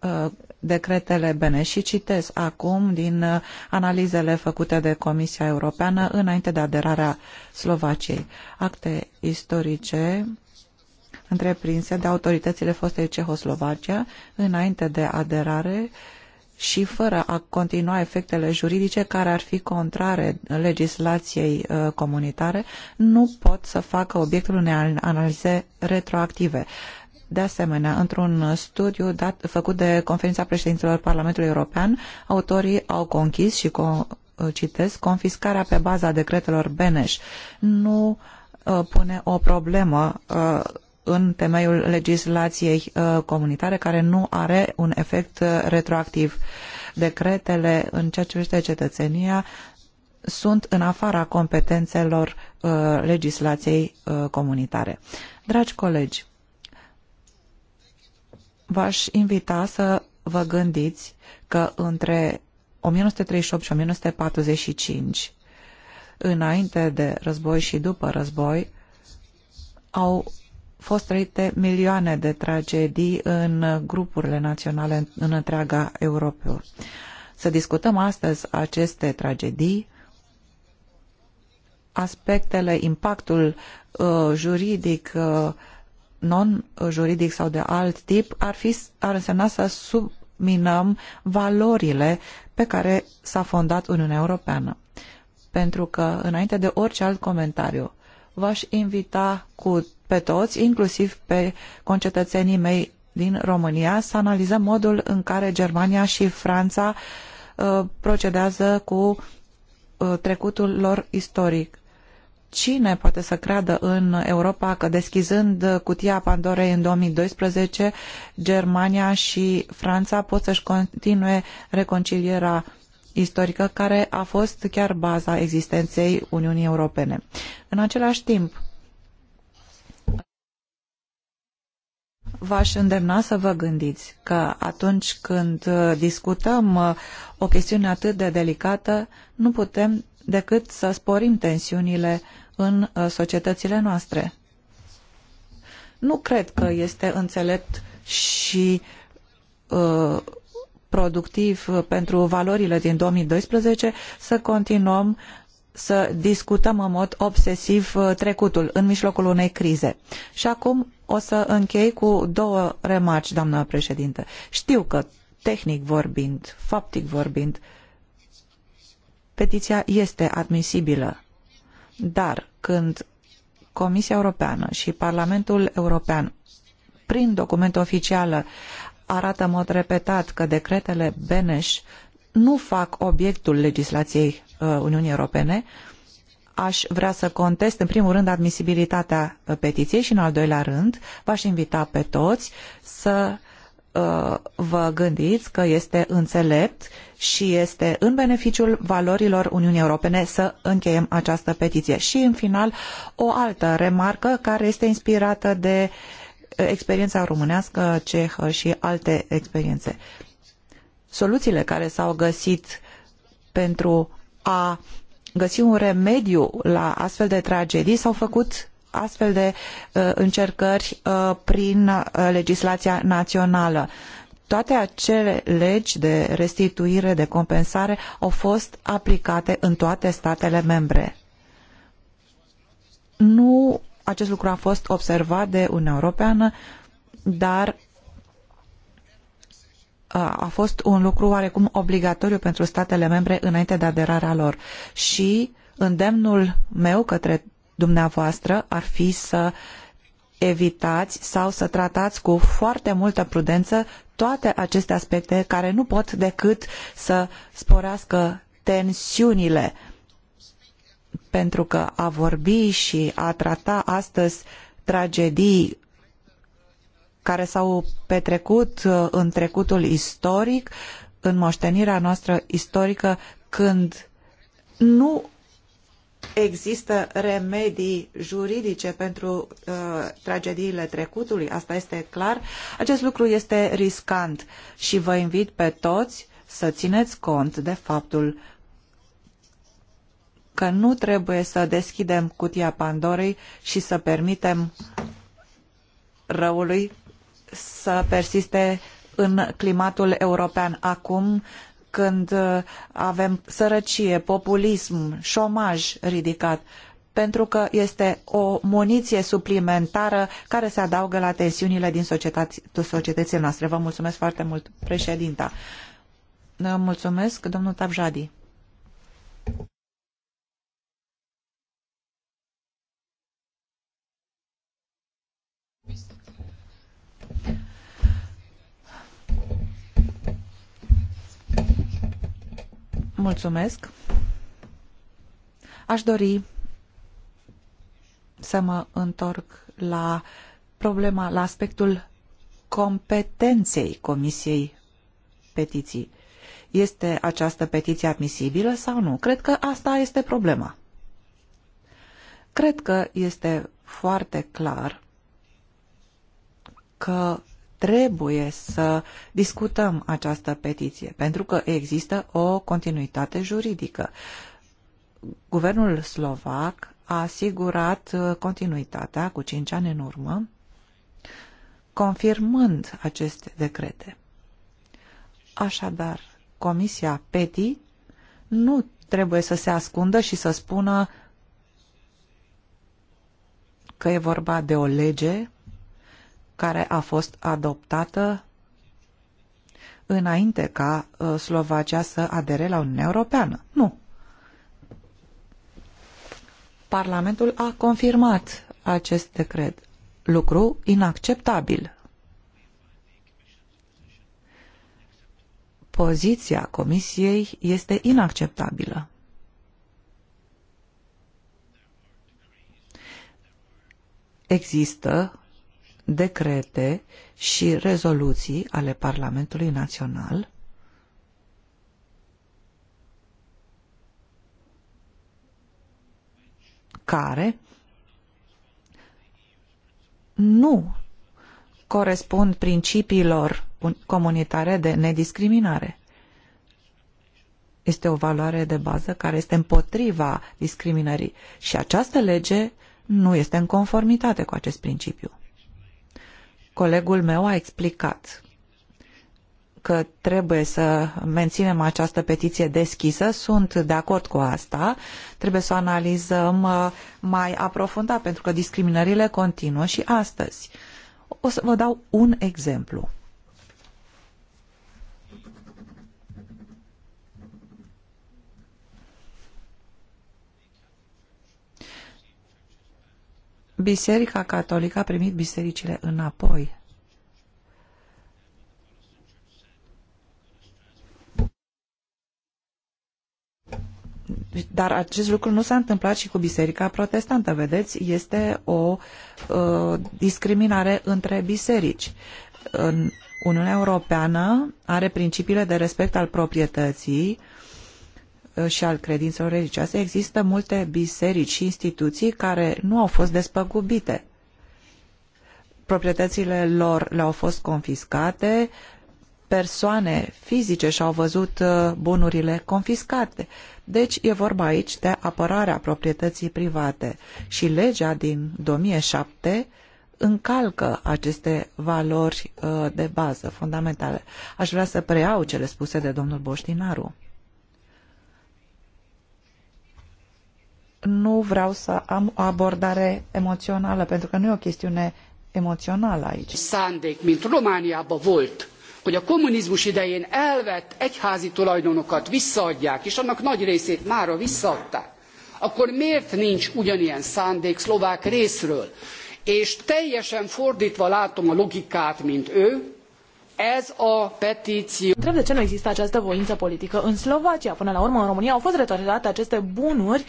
uh, decretele Bene și citesc acum din uh, analizele făcute de Comisia Europeană înainte de aderarea Slovaciei. Acte istorice întreprinse de autoritățile fostei Cehoslovacia înainte de aderare și fără a continua efectele juridice care ar fi contrare legislației uh, comunitare, nu pot să facă obiectul unei analize retroactive. De asemenea, într-un studiu dat, făcut de conferința președinților Parlamentului European, autorii au conchis și co uh, citesc confiscarea pe baza decretelor Beneș nu uh, pune o problemă uh, în temeiul legislației uh, comunitare care nu are un efect uh, retroactiv. Decretele în ceea ce privește cetățenia sunt în afara competențelor uh, legislației comunitare. Dragi colegi, v-aș invita să vă gândiți că între 1938 și 1945, înainte de război și după război, au fost trăite milioane de tragedii în grupurile naționale în întreaga Europă. Să discutăm astăzi aceste tragedii, aspectele, impactul uh, juridic, uh, non-juridic sau de alt tip ar, fi, ar însemna să subminăm valorile pe care s-a fondat Uniunea Europeană. Pentru că, înainte de orice alt comentariu, v-aș invita cu, pe toți, inclusiv pe concetățenii mei din România, să analizăm modul în care Germania și Franța uh, procedează cu uh, trecutul lor istoric Cine poate să creadă în Europa că deschizând cutia Pandorei în 2012, Germania și Franța pot să-și continue reconcilierea istorică care a fost chiar baza existenței Uniunii Europene. În același timp, v-aș îndemna să vă gândiți că atunci când discutăm o chestiune atât de delicată, nu putem decât să sporim tensiunile în uh, societățile noastre. Nu cred că este înțelept și uh, productiv uh, pentru valorile din 2012 să continuăm să discutăm în mod obsesiv trecutul în mijlocul unei crize. Și acum o să închei cu două remarci, doamnă președinte. Știu că, tehnic vorbind, faptic vorbind, petiția este admisibilă. Dar când Comisia Europeană și Parlamentul European, prin documente oficială, arată în mod repetat că decretele Beneș nu fac obiectul legislației uh, Uniunii Europene, aș vrea să contest în primul rând admisibilitatea uh, petiției și în al doilea rând v-aș invita pe toți să Uh, vă gândiți că este înțelept și este în beneficiul valorilor Uniunii Europene să încheiem această petiție. Și în final, o altă remarcă care este inspirată de experiența românească, cehă și alte experiențe. Soluțiile care s-au găsit pentru a găsi un remediu la astfel de tragedii s-au făcut astfel de uh, încercări uh, prin uh, legislația națională. Toate acele legi de restituire, de compensare au fost aplicate în toate statele membre. Nu acest lucru a fost observat de Uniunea Europeană, dar a fost un lucru oarecum obligatoriu pentru statele membre înainte de aderarea lor. Și îndemnul meu către dumneavoastră ar fi să evitați sau să tratați cu foarte multă prudență toate aceste aspecte care nu pot decât să sporească tensiunile. Pentru că a vorbi și a trata astăzi tragedii care s-au petrecut uh, în trecutul istoric, în moștenirea noastră istorică, când nu există remedii juridice pentru uh, tragediile trecutului, asta este clar. Acest lucru este riscant și vă invit pe toți să țineți cont de faptul că nu trebuie să deschidem cutia Pandorei și să permitem răului să persiste în climatul european acum când uh, avem sărăcie, populism, șomaj ridicat, pentru că este o muniție suplimentară care se adaugă la tensiunile din societățile noastre. Vă mulțumesc foarte mult, președinta. Mulțumesc, domnul Tabjadi. Mulțumesc. Aș dori să mă întorc la problema, la aspectul competenței Comisiei Petiții. Este această petiție admisibilă sau nu? Cred că asta este problema. Cred că este foarte clar că trebuie să discutăm această petiție, pentru că există o continuitate juridică. Guvernul slovac a asigurat uh, continuitatea cu cinci ani în urmă, confirmând aceste decrete. Așadar, Comisia PETI nu trebuie să se ascundă și să spună că e vorba de o lege care a fost adoptată înainte ca uh, Slovacia să adere la Uniunea Europeană. Nu. Parlamentul a confirmat acest decret. Lucru inacceptabil. Poziția Comisiei este inacceptabilă. Există decrete și rezoluții ale Parlamentului Național care nu corespund principiilor comunitare de nediscriminare. Este o valoare de bază care este împotriva discriminării și această lege nu este în conformitate cu acest principiu. Colegul meu a explicat că trebuie să menținem această petiție deschisă. Sunt de acord cu asta. Trebuie să o analizăm uh, mai aprofundat, pentru că discriminările continuă și astăzi. O să vă dau un exemplu. Biserica Catolică a primit bisericile înapoi. Dar acest lucru nu s-a întâmplat și cu Biserica Protestantă, vedeți? Este o uh, discriminare între biserici. În Uniunea Europeană are principiile de respect al proprietății, uh, Uh, și al credințelor religioase, există multe biserici și instituții care nu au fost despăgubite. Proprietățile lor le-au fost confiscate, persoane fizice și-au văzut uh, bunurile confiscate. Deci e vorba aici de apărarea proprietății private și legea din 2007 încalcă aceste valori uh, de bază fundamentale. Aș vrea să preiau cele spuse de domnul Boștinaru. nu vreau să am o abordare emoțională, pentru că nu e o chestiune emoțională aici. Szándék, mint Romániában volt, hogy a kommunizmus idején elvett egyházi tulajdonokat visszaadják, és annak nagy részét mára visszaadták, akkor miért nincs ugyanilyen szándék szlovák részről? És teljesen fordítva látom a logikát, mint ő, o petiție. Întreb de ce nu există această voință politică în Slovacia. Până la urmă, în România au fost retornate aceste bunuri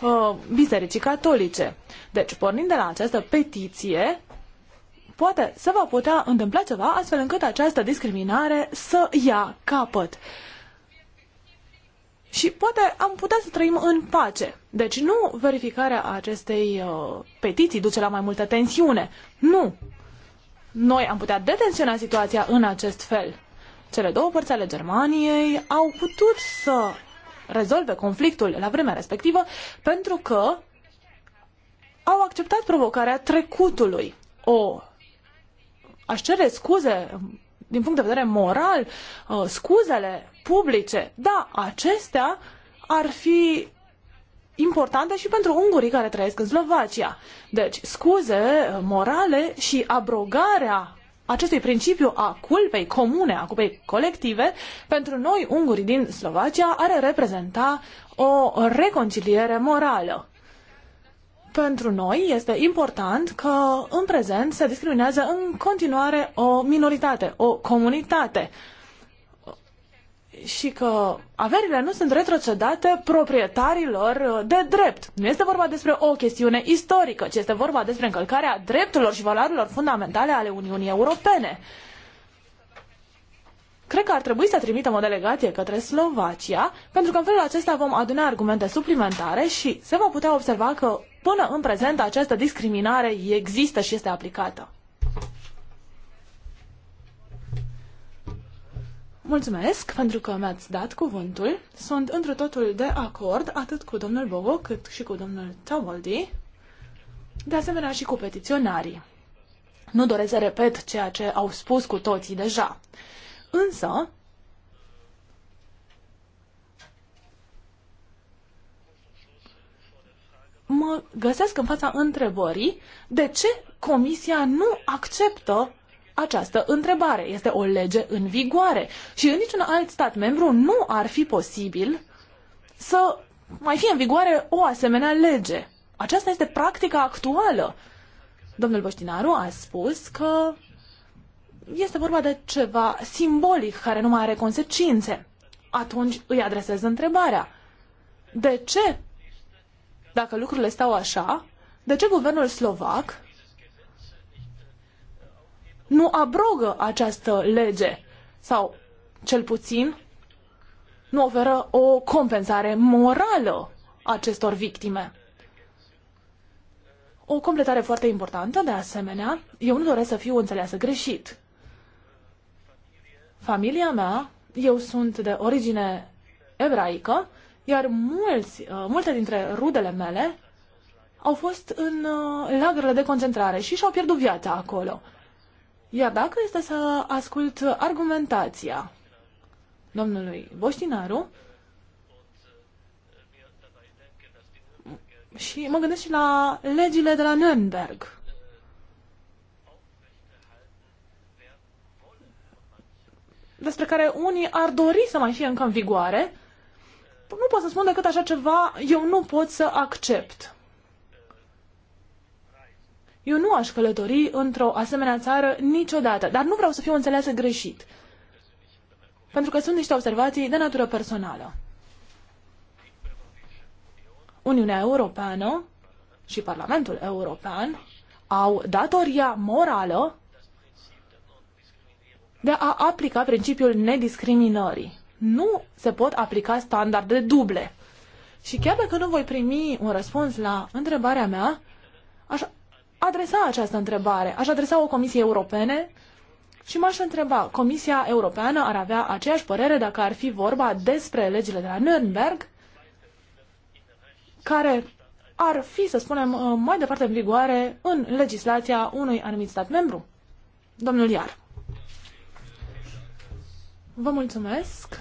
uh, bisericii catolice. Deci, pornind de la această petiție, poate se va putea întâmpla ceva astfel încât această discriminare să ia capăt. Și poate am putea să trăim în pace. Deci nu verificarea acestei uh, petiții duce la mai multă tensiune. Nu. Noi am putea detenționa situația în acest fel. Cele două părți ale Germaniei au putut să rezolve conflictul la vremea respectivă pentru că au acceptat provocarea trecutului. O aș cere scuze din punct de vedere moral, uh, scuzele publice, da, acestea ar fi importantă și pentru ungurii care trăiesc în Slovacia. Deci, scuze morale și abrogarea acestui principiu a culpei comune, a culpei colective, pentru noi ungurii din Slovacia are reprezenta o reconciliere morală. Pentru noi este important că în prezent se discriminează în continuare o minoritate, o comunitate și că averile nu sunt retrocedate proprietarilor uh, de drept. Nu este vorba despre o chestiune istorică, ci este vorba despre încălcarea drepturilor și valorilor fundamentale ale Uniunii Europene. Cred că ar trebui să trimitem o delegație către Slovacia, pentru că în felul acesta vom aduna argumente suplimentare și se va putea observa că până în prezent această discriminare există și este aplicată. Mulțumesc pentru că mi-ați dat cuvântul. Sunt într totul de acord atât cu domnul Bogo cât și cu domnul Tavoldi, de asemenea și cu petiționarii. Nu doresc să repet ceea ce au spus cu toții deja. Însă, mă găsesc în fața întrebării de ce Comisia nu acceptă această întrebare. Este o lege în vigoare și în niciun alt stat membru nu ar fi posibil să mai fie în vigoare o asemenea lege. Aceasta este practica actuală. Domnul Boștinaru a spus că este vorba de ceva simbolic care nu mai are consecințe. Atunci îi adresez întrebarea. De ce, dacă lucrurile stau așa, de ce guvernul slovac nu abrogă această lege sau, cel puțin, nu oferă o compensare morală acestor victime. O completare foarte importantă, de asemenea, eu nu doresc să fiu înțeleasă greșit. Familia mea, eu sunt de origine ebraică, iar mulți, uh, multe dintre rudele mele au fost în uh, lagările de concentrare și și-au pierdut viața acolo. Iar dacă este să ascult argumentația domnului Boștinaru, și mă gândesc și la legile de la Nürnberg. despre care unii ar dori să mai fie încă în vigoare, nu pot să spun decât așa ceva, eu nu pot să accept. Eu nu aș călători într-o asemenea țară niciodată, dar nu vreau să fiu înțeleasă greșit. Pentru că sunt niște observații de natură personală. Uniunea Europeană și Parlamentul European au datoria morală de a aplica principiul nediscriminării. Nu se pot aplica standarde duble. Și chiar dacă nu voi primi un răspuns la întrebarea mea, aș adresa această întrebare. Aș adresa o Comisie Europene și m-aș întreba, Comisia Europeană ar avea aceeași părere dacă ar fi vorba despre legile de la Nürnberg, care ar fi, să spunem, uh, mai departe în vigoare în legislația unui anumit stat membru? Domnul Iar. Vă mulțumesc.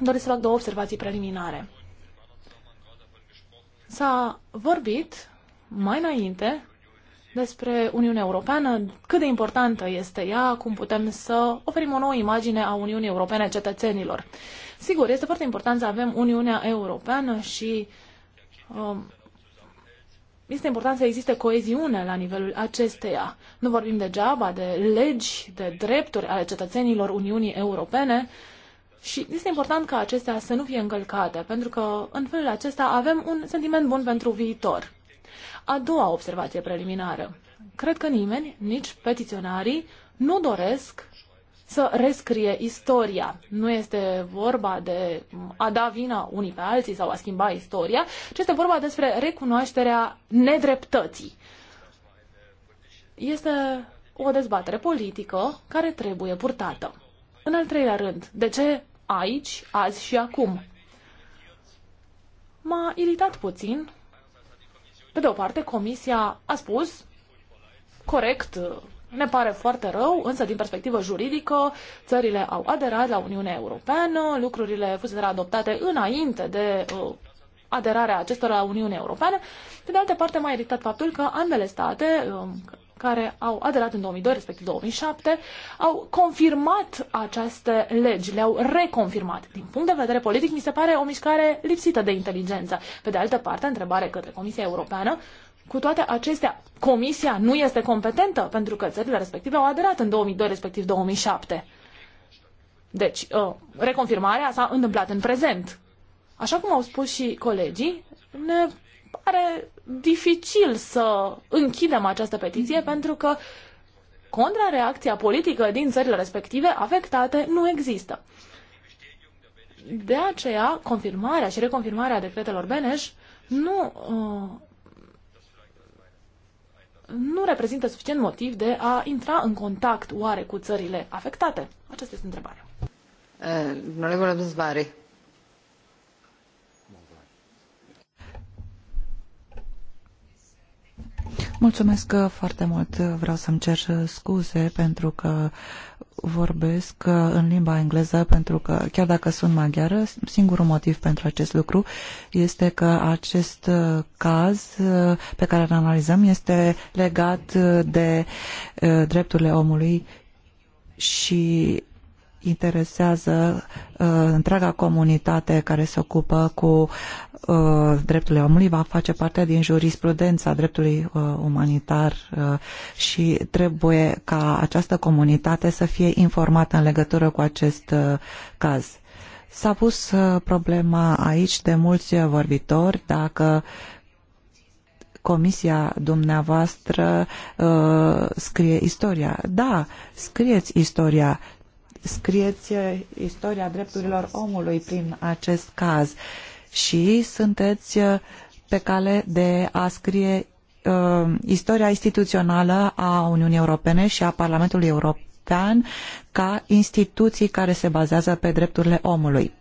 Doresc să fac două observații preliminare. S-a vorbit mai înainte despre Uniunea Europeană, cât de importantă este ea, cum putem să oferim o nouă imagine a Uniunii Europene cetățenilor. Sigur, este foarte important să avem Uniunea Europeană și um, este important să existe coeziune la nivelul acesteia. Nu vorbim degeaba de legi, de drepturi ale cetățenilor Uniunii Europene și este important ca acestea să nu fie încălcate, pentru că în felul acesta avem un sentiment bun pentru viitor a doua observație preliminară. Cred că nimeni, nici petiționarii, nu doresc să rescrie istoria. Nu este vorba de a da vina unii pe alții sau a schimba istoria, ci este vorba despre recunoașterea nedreptății. Este o dezbatere politică care trebuie purtată. În al treilea rând, de ce aici, azi și acum? M-a iritat puțin pe de o parte, Comisia a spus, corect, ne pare foarte rău, însă din perspectivă juridică, țările au aderat la Uniunea Europeană, lucrurile fuseseră adoptate înainte de uh, aderarea acestora la Uniunea Europeană. Pe de altă parte, mai a iritat faptul că ambele state, uh, care au aderat în 2002, respectiv 2007, au confirmat aceste legi, le-au reconfirmat. Din punct de vedere politic, mi se pare o mișcare lipsită de inteligență. Pe de altă parte, întrebare către Comisia Europeană, cu toate acestea, Comisia nu este competentă pentru că țările respective au aderat în 2002, respectiv 2007. Deci, uh, reconfirmarea s-a întâmplat în prezent. Așa cum au spus și colegii, ne pare dificil să închidem această petiție pentru că contrareacția politică din țările respective afectate nu există. De aceea, confirmarea și reconfirmarea decretelor Beneș nu, uh, nu reprezintă suficient motiv de a intra în contact oare cu țările afectate? Aceasta este întrebarea. Uh, Onorevole Zbari. Mulțumesc uh, foarte mult. Vreau să-mi cer uh, scuze pentru că vorbesc uh, în limba engleză, pentru că chiar dacă sunt maghiară, singurul motiv pentru acest lucru este că acest caz pe care îl analizăm este legat de drepturile omului și interesează uh, întreaga comunitate care se ocupă cu uh, drepturile omului, va face parte din jurisprudența dreptului uh, umanitar uh, și trebuie ca această comunitate să fie informată în legătură cu acest uh, caz. S-a pus uh, problema aici de mulți vorbitori dacă comisia dumneavoastră uh, scrie istoria. Da, scrieți istoria scrieți istoria drepturilor omului prin acest caz și sunteți uh, pe cale de a scrie uh, istoria instituțională a Uniunii Europene și a Parlamentului European ca instituții care se bazează pe drepturile omului.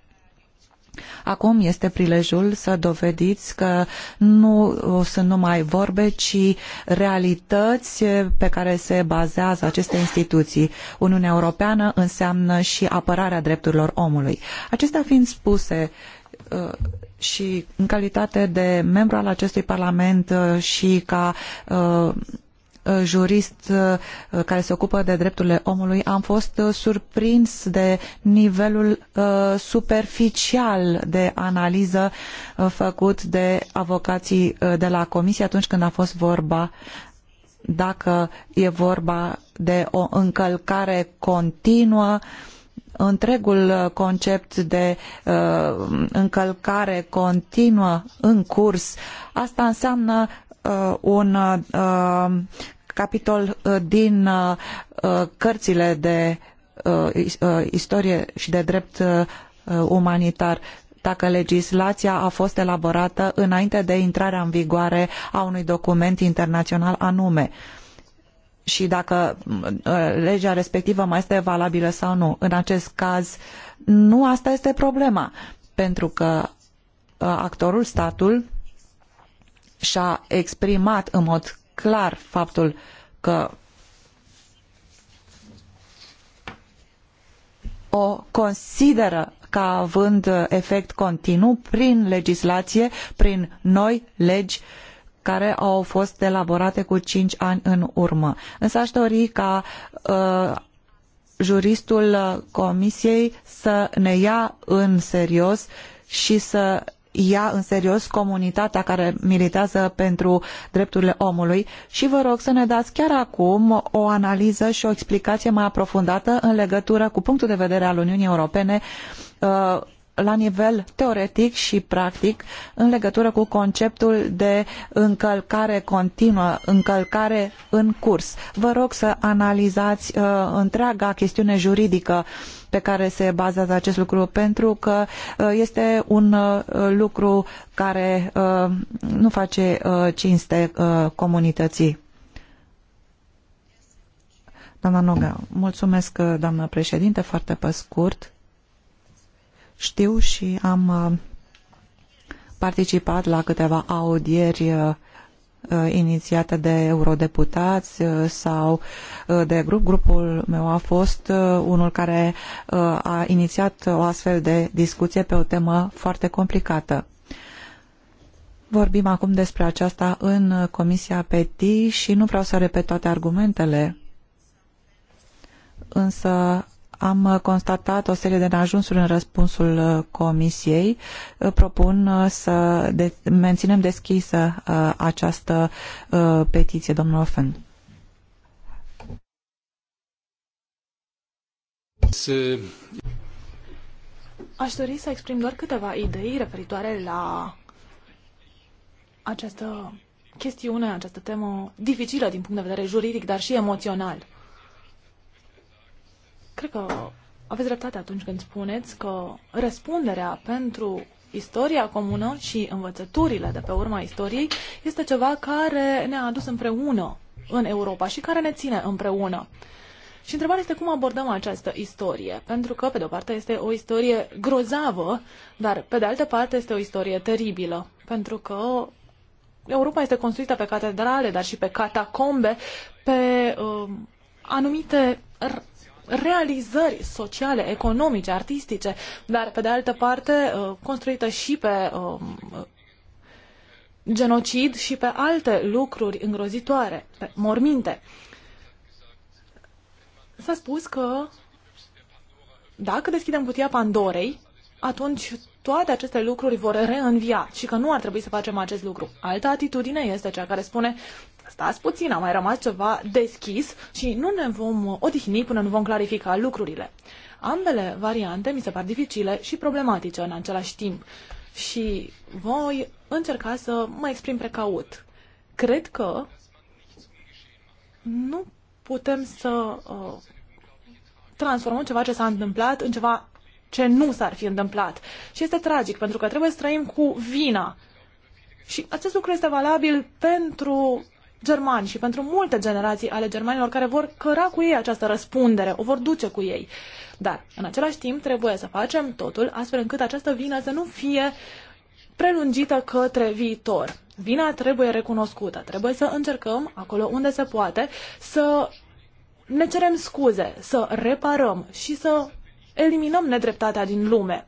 Acum este prilejul să dovediți că nu sunt numai vorbe, ci realități pe care se bazează aceste instituții. Uniunea Europeană înseamnă și apărarea drepturilor omului. Acestea fiind spuse, uh, și în calitate de membru al acestui Parlament uh, și ca uh, jurist uh, care se ocupă de drepturile omului, am fost uh, surprins de nivelul uh, superficial de analiză făcut de avocații de la comisie atunci când a fost vorba dacă e vorba de o încălcare continuă întregul concept de uh, încălcare continuă în curs, asta înseamnă uh, un uh, capitol uh, din uh, uh, cărțile de istorie și de drept umanitar dacă legislația a fost elaborată înainte de intrarea în vigoare a unui document internațional anume și dacă legea respectivă mai este valabilă sau nu. În acest caz, nu asta este problema, pentru că actorul, statul, și-a exprimat în mod clar faptul că o consideră ca având efect continuu prin legislație, prin noi legi care au fost elaborate cu cinci ani în urmă. Însă aș dori ca uh, juristul Comisiei să ne ia în serios și să ia în serios comunitatea care militează pentru drepturile omului și vă rog să ne dați chiar acum o analiză și o explicație mai aprofundată în legătură cu punctul de vedere al Uniunii Europene uh, la nivel teoretic și practic în legătură cu conceptul de încălcare continuă, încălcare în curs. Vă rog să analizați uh, întreaga chestiune juridică uh, pe care se bazează acest lucru, pentru că uh, este un uh, lucru care uh, nu face cinste comunității. Doamna Noga, mulțumesc, doamnă președinte, foarte pe scurt. Știu și am participat la câteva audieri Uh, inițiate de eurodeputați uh, sau uh, de grup. Grupul meu a fost unul care a inițiat o astfel de discuție pe o temă foarte complicată. Vorbim acum despre aceasta în Comisia PETI și nu vreau să repet toate argumentele, însă am uh, constatat o serie de neajunsuri în răspunsul uh, comisiei. Uh, propun să de menținem deschisă această petiție, domnul Ofen. Aș dori să exprim doar câteva idei referitoare la această chestiune, această temă dificilă din punct de vedere juridic, dar și emoțional. Cred că aveți dreptate atunci când spuneți că răspunderea pentru istoria comună și învățăturile de pe urma istoriei este ceva care ne-a adus împreună în Europa și care ne ține împreună. Și întrebarea este cum abordăm această istorie, pentru că, pe de-o parte, este o istorie grozavă, dar, pe de altă parte, este o istorie teribilă, pentru că Europa este construită pe catedrale, dar și pe catacombe, pe uh, anumite realizări sociale, economice, artistice, dar pe de altă parte uh, construită și pe um, genocid și pe alte lucruri îngrozitoare, pe morminte. S-a spus că dacă deschidem cutia Pandorei, atunci toate aceste lucruri vor reînvia și că nu ar trebui să facem acest lucru. Alta atitudine este cea care spune stați puțin, a mai rămas ceva deschis și nu ne vom odihni până nu vom clarifica lucrurile. Ambele variante mi se par dificile și problematice în același timp și voi încerca să mă exprim precaut. Cred că nu putem să uh, transformăm ceva ce s-a întâmplat în ceva ce nu s-ar fi întâmplat. Și este tragic, pentru că trebuie să trăim cu vina. Și acest lucru este valabil pentru germani și pentru multe generații ale germanilor care vor căra cu ei această răspundere, o vor duce cu ei. Dar, în același timp, trebuie să facem totul astfel încât această vină să nu fie prelungită către viitor. Vina trebuie recunoscută, trebuie să încercăm, acolo unde se poate, să ne cerem scuze, să reparăm și să eliminăm nedreptatea din lume.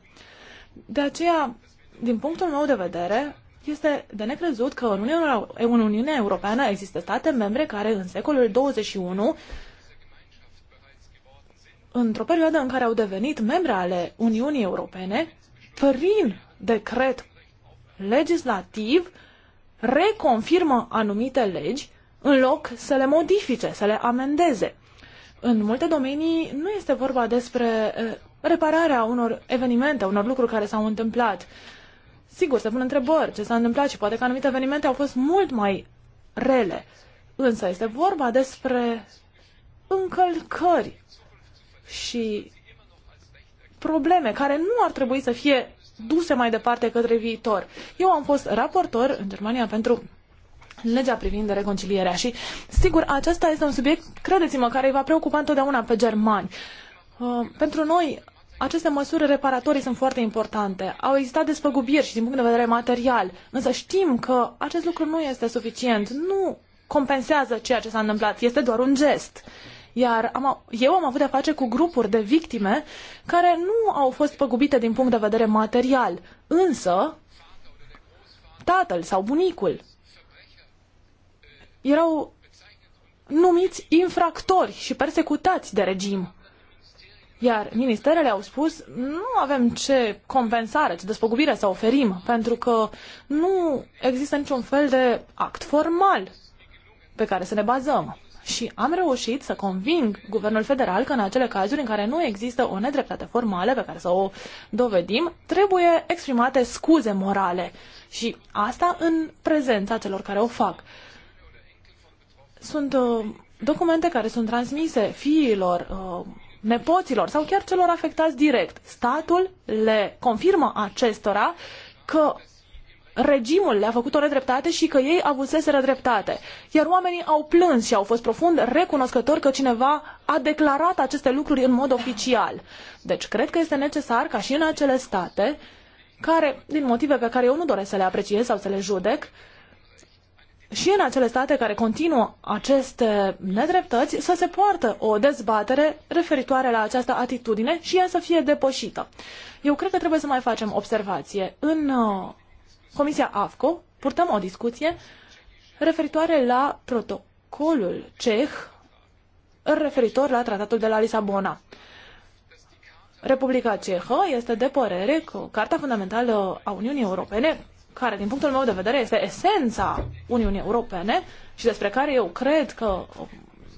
De aceea, din punctul meu de vedere, este de necrezut că în Uniunea, în Uniunea Europeană există state membre care în secolul 21 într-o perioadă în care au devenit membre ale Uniunii Europene, prin decret legislativ, reconfirmă anumite legi în loc să le modifice, să le amendeze. În multe domenii nu este vorba despre repararea unor evenimente, unor lucruri care s-au întâmplat. Sigur, se pun întrebări ce s-a întâmplat și poate că anumite evenimente au fost mult mai rele. Însă este vorba despre încălcări și probleme care nu ar trebui să fie duse mai departe către viitor. Eu am fost raportor în Germania pentru legea privind reconcilierea și, sigur, acesta este un subiect, credeți-mă, care îi va preocupa întotdeauna pe germani. Uh, pentru noi, aceste măsuri reparatorii sunt foarte importante. Au existat despăgubiri și din punct de vedere material, însă știm că acest lucru nu este suficient, nu compensează ceea ce s-a întâmplat, este doar un gest. Iar am, eu am avut de-a face cu grupuri de victime care nu au fost păgubite din punct de vedere material, însă tatăl sau bunicul erau numiți infractori și persecutați de regim. Iar ministerele au spus, nu avem ce compensare, ce despăgubire să oferim, pentru că nu există niciun fel de act formal pe care să ne bazăm. Și am reușit să conving guvernul federal că în acele cazuri în care nu există o nedreptate formală pe care să o dovedim, trebuie exprimate scuze morale. Și asta în prezența celor care o fac sunt uh, documente care sunt transmise fiilor, uh, nepoților sau chiar celor afectați direct. Statul le confirmă acestora că regimul le-a făcut o redreptate și că ei avuseseră dreptate. Iar oamenii au plâns și au fost profund recunoscători că cineva a declarat aceste lucruri în mod oficial. Deci cred că este necesar ca și în acele state care, din motive pe care eu nu doresc să le apreciez sau să le judec, și în acele state care continuă aceste nedreptăți să se poartă o dezbatere referitoare la această atitudine și ea să fie depășită. Eu cred că trebuie să mai facem observație. În uh, Comisia AFCO purtăm o discuție referitoare la protocolul ceh referitor la tratatul de la Lisabona. Republica Cehă este de părere că Carta Fundamentală a Uniunii Europene care, din punctul meu de vedere, este esența Uniunii Europene și despre care eu cred că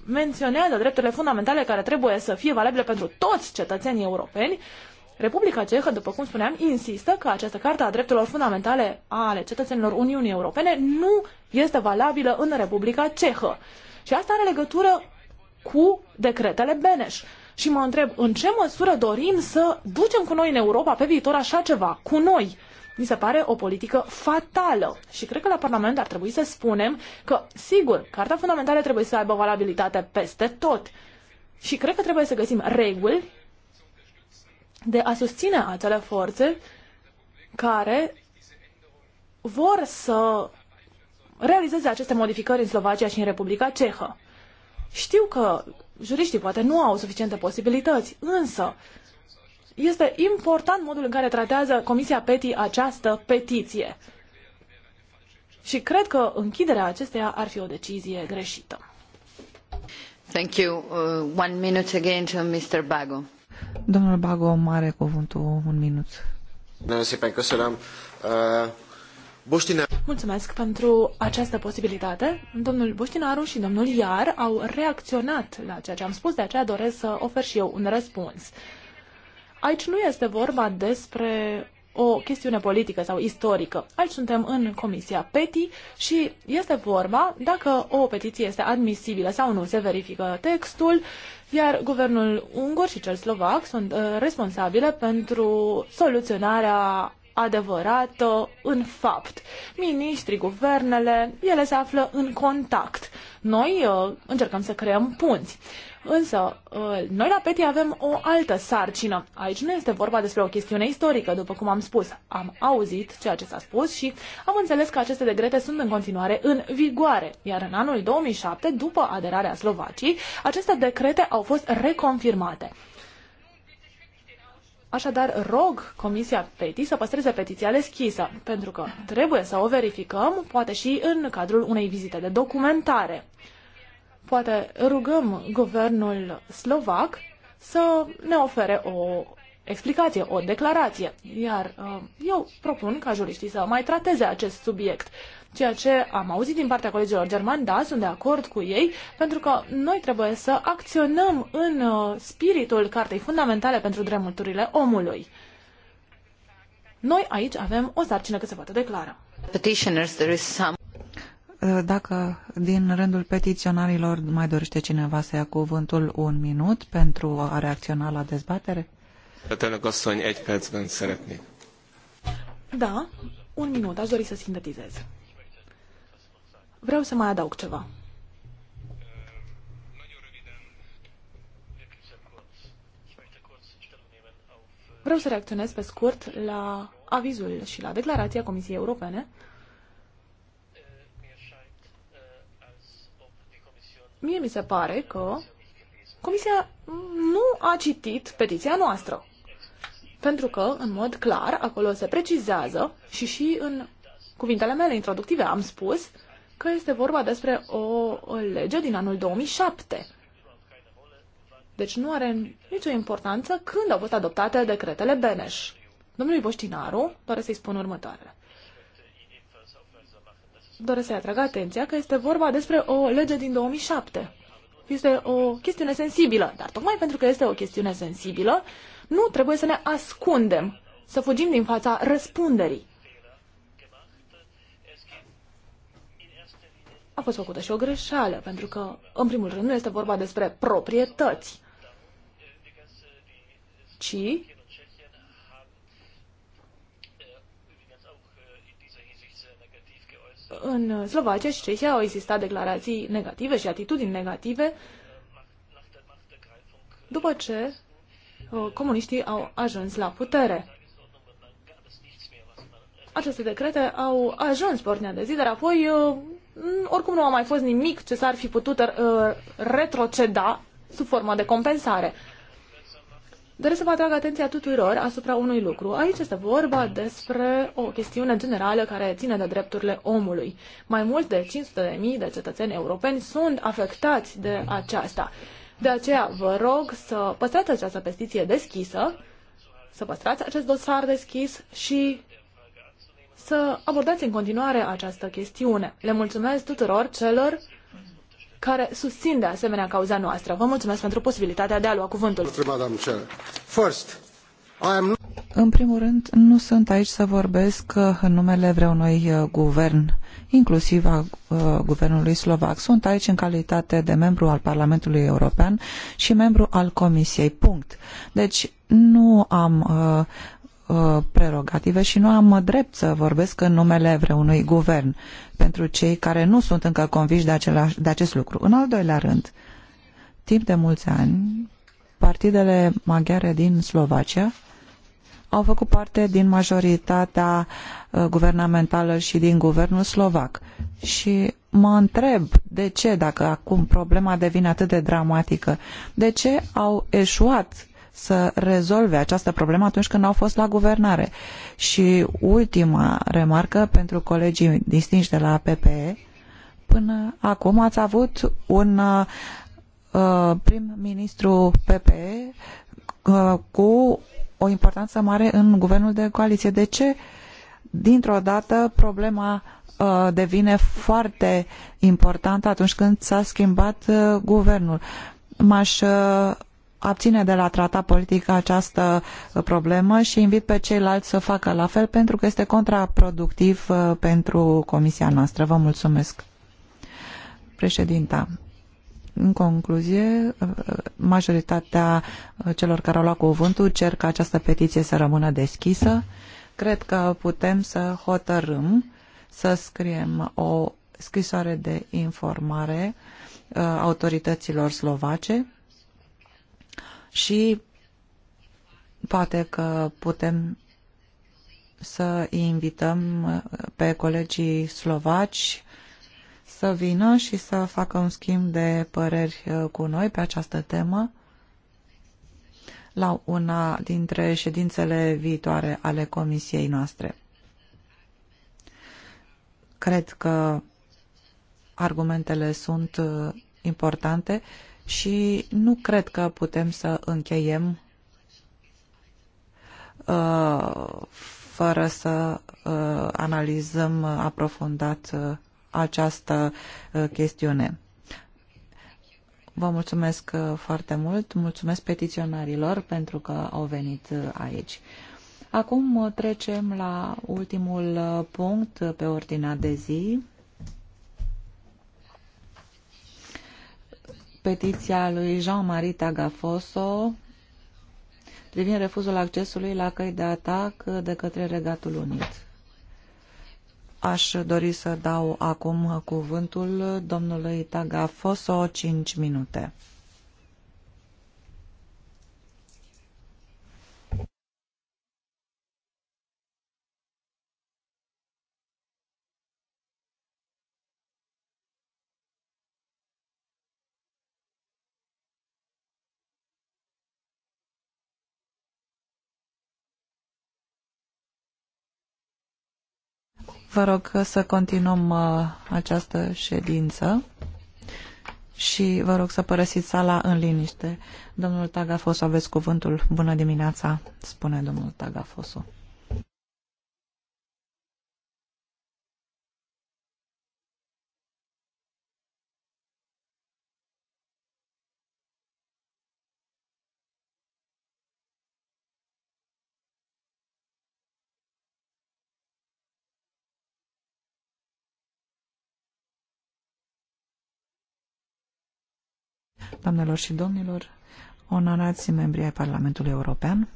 menționează drepturile fundamentale care trebuie să fie valabile pentru toți cetățenii europeni, Republica Cehă, după cum spuneam, insistă că această carte a drepturilor fundamentale ale cetățenilor Uniunii Europene nu este valabilă în Republica Cehă. Și asta are legătură cu decretele Beneș. Și mă întreb, în ce măsură dorim să ducem cu noi în Europa pe viitor așa ceva, cu noi? mi se pare o politică fatală. Și cred că la Parlament ar trebui să spunem că, sigur, Carta Fundamentală trebuie să aibă valabilitate peste tot. Și cred că trebuie să găsim reguli de a susține acele forțe care vor să realizeze aceste modificări în Slovacia și în Republica Cehă. Știu că juriștii poate nu au suficiente posibilități, însă este important modul în care tratează Comisia PETI această petiție. Și cred că închiderea acesteia ar fi o decizie greșită. Thank you. Uh, one minute again to Mr. Bago. Domnul Bago mare cuvântul un minut. Uh, Mulțumesc pentru această posibilitate. Domnul Buștinaru și domnul Iar au reacționat la ceea ce am spus, de aceea doresc să ofer și eu un răspuns. Aici nu este vorba despre o chestiune politică sau istorică. Aici suntem în Comisia PETI și este vorba dacă o petiție este admisibilă sau nu. Se verifică textul, iar guvernul ungur și cel slovac sunt uh, responsabile pentru soluționarea adevărată în fapt. Ministrii, guvernele, ele se află în contact. Noi uh, încercăm să creăm punți. Uh, Însă, uh, noi la PETI avem o altă sarcină. Aici nu este vorba despre o chestiune istorică, după cum am spus. Am auzit ceea ce s-a spus și am înțeles că aceste decrete sunt în continuare în vigoare. Iar în anul 2007, după aderarea Slovaciei, aceste decrete au fost reconfirmate. Așadar, rog Comisia PETI să păstreze petiția deschisă, pentru că trebuie să o verificăm, poate și în cadrul unei vizite de documentare. Poate rugăm guvernul slovac să ne ofere o explicație, o declarație. Iar uh, eu propun ca juriștii să mai trateze acest subiect. Ceea ce am auzit din partea colegilor germani, da, sunt de acord cu ei, pentru că noi trebuie să acționăm în uh, spiritul Cartei Fundamentale pentru Drepturile Omului. Noi aici avem o sarcină cât se poate declară. Petitioners, there is some... Eh, dacă din rândul petiționarilor mai dorește cineva să ia cuvântul un minut pentru a reacționa la dezbatere? Da, un minut, aș dori să sintetizez. Vreau să mai adaug ceva. Vreau să reacționez pe scurt la avizul și la declarația Comisiei Europene mie mi se pare că Comisia nu a citit petiția noastră. Pentru că, în mod clar, acolo se precizează și și în cuvintele mele introductive am spus că este vorba despre o, lege din anul 2007. Deci nu are nicio importanță când au fost adoptate decretele Beneș. Domnului Boștinaru, doresc să-i spun următoarele doresc să-i atrag atenția că este vorba despre o lege din 2007. Este o chestiune sensibilă, dar tocmai pentru că este o chestiune sensibilă, nu trebuie să ne ascundem, să fugim din fața răspunderii. A fost făcută și o greșeală, pentru că, în primul rând, nu este vorba despre proprietăți, ci în Slovacia și Cehia au existat declarații negative și atitudini negative după ce uh, comuniștii au ajuns la putere. Aceste decrete au ajuns pe ordinea de zi, dar apoi uh, oricum nu a mai fost nimic ce s-ar fi putut uh, retroceda sub formă de compensare. Doresc să vă atrag atenția tuturor asupra unui lucru. Aici este vorba despre o chestiune generală care ține de drepturile omului. Mai mult de 500.000 de cetățeni europeni sunt afectați de aceasta. De aceea vă rog să păstrați această petiție deschisă, să păstrați acest dosar deschis și să abordați în continuare această chestiune. Le mulțumesc tuturor celor care susțin de asemenea cauza noastră. Vă mulțumesc pentru posibilitatea de a lua cuvântul. În primul rând, nu sunt aici să vorbesc uh, în numele vreunui uh, guvern, inclusiv a uh, guvernului slovac. Sunt aici în calitate de membru al Parlamentului European și membru al Comisiei. Punct. Deci nu am Uh, prerogative și nu am drept să vorbesc în numele vreunui guvern pentru cei care nu sunt încă conviși de, același, de acest lucru. În al doilea rând, timp de mulți ani, partidele maghiare din Slovacia au făcut parte din majoritatea uh, guvernamentală și din guvernul slovac. Și mă întreb de ce, dacă acum problema devine atât de dramatică, de ce au eșuat să rezolve această problemă atunci când au fost la guvernare. Și ultima remarcă pentru colegii distinși de la PPE, până acum ați avut un uh, prim-ministru PPE uh, cu o importanță mare în guvernul de coaliție. De ce dintr-o dată problema uh, devine foarte importantă atunci când s-a schimbat uh, guvernul? M-aș uh, abține de la trata politic această uh, problemă și invit pe ceilalți să facă la fel pentru că este contraproductiv uh, pentru comisia noastră. Vă mulțumesc. Președinta, în concluzie, uh, majoritatea celor care au luat cuvântul cer ca această petiție să rămână deschisă. Cred că putem să hotărâm să scriem o scrisoare de informare autorităților slovace și poate că putem să invităm pe colegii slovaci să vină și să facă un schimb de păreri uh, cu noi pe această temă la una dintre ședințele viitoare ale comisiei noastre. Cred că argumentele sunt uh, importante și nu cred că putem să încheiem uh, fără să uh, analizăm aprofundat uh, această chestiune. Vă mulțumesc foarte mult, mulțumesc petiționarilor pentru că au venit aici. Acum trecem la ultimul punct pe ordinea de zi. petiția lui Jean-Marie Tagafoso privind refuzul accesului la căi de atac de către Regatul Unit. Aș dori să dau acum cuvântul domnului Tagafoso 5 minute. Vă rog să continuăm uh, această ședință și vă rog să părăsiți sala în liniște. Domnul Tagafosu, aveți cuvântul. Bună dimineața, spune domnul Tagafosu. Doamnelor și domnilor, onorați membri ai Parlamentului European,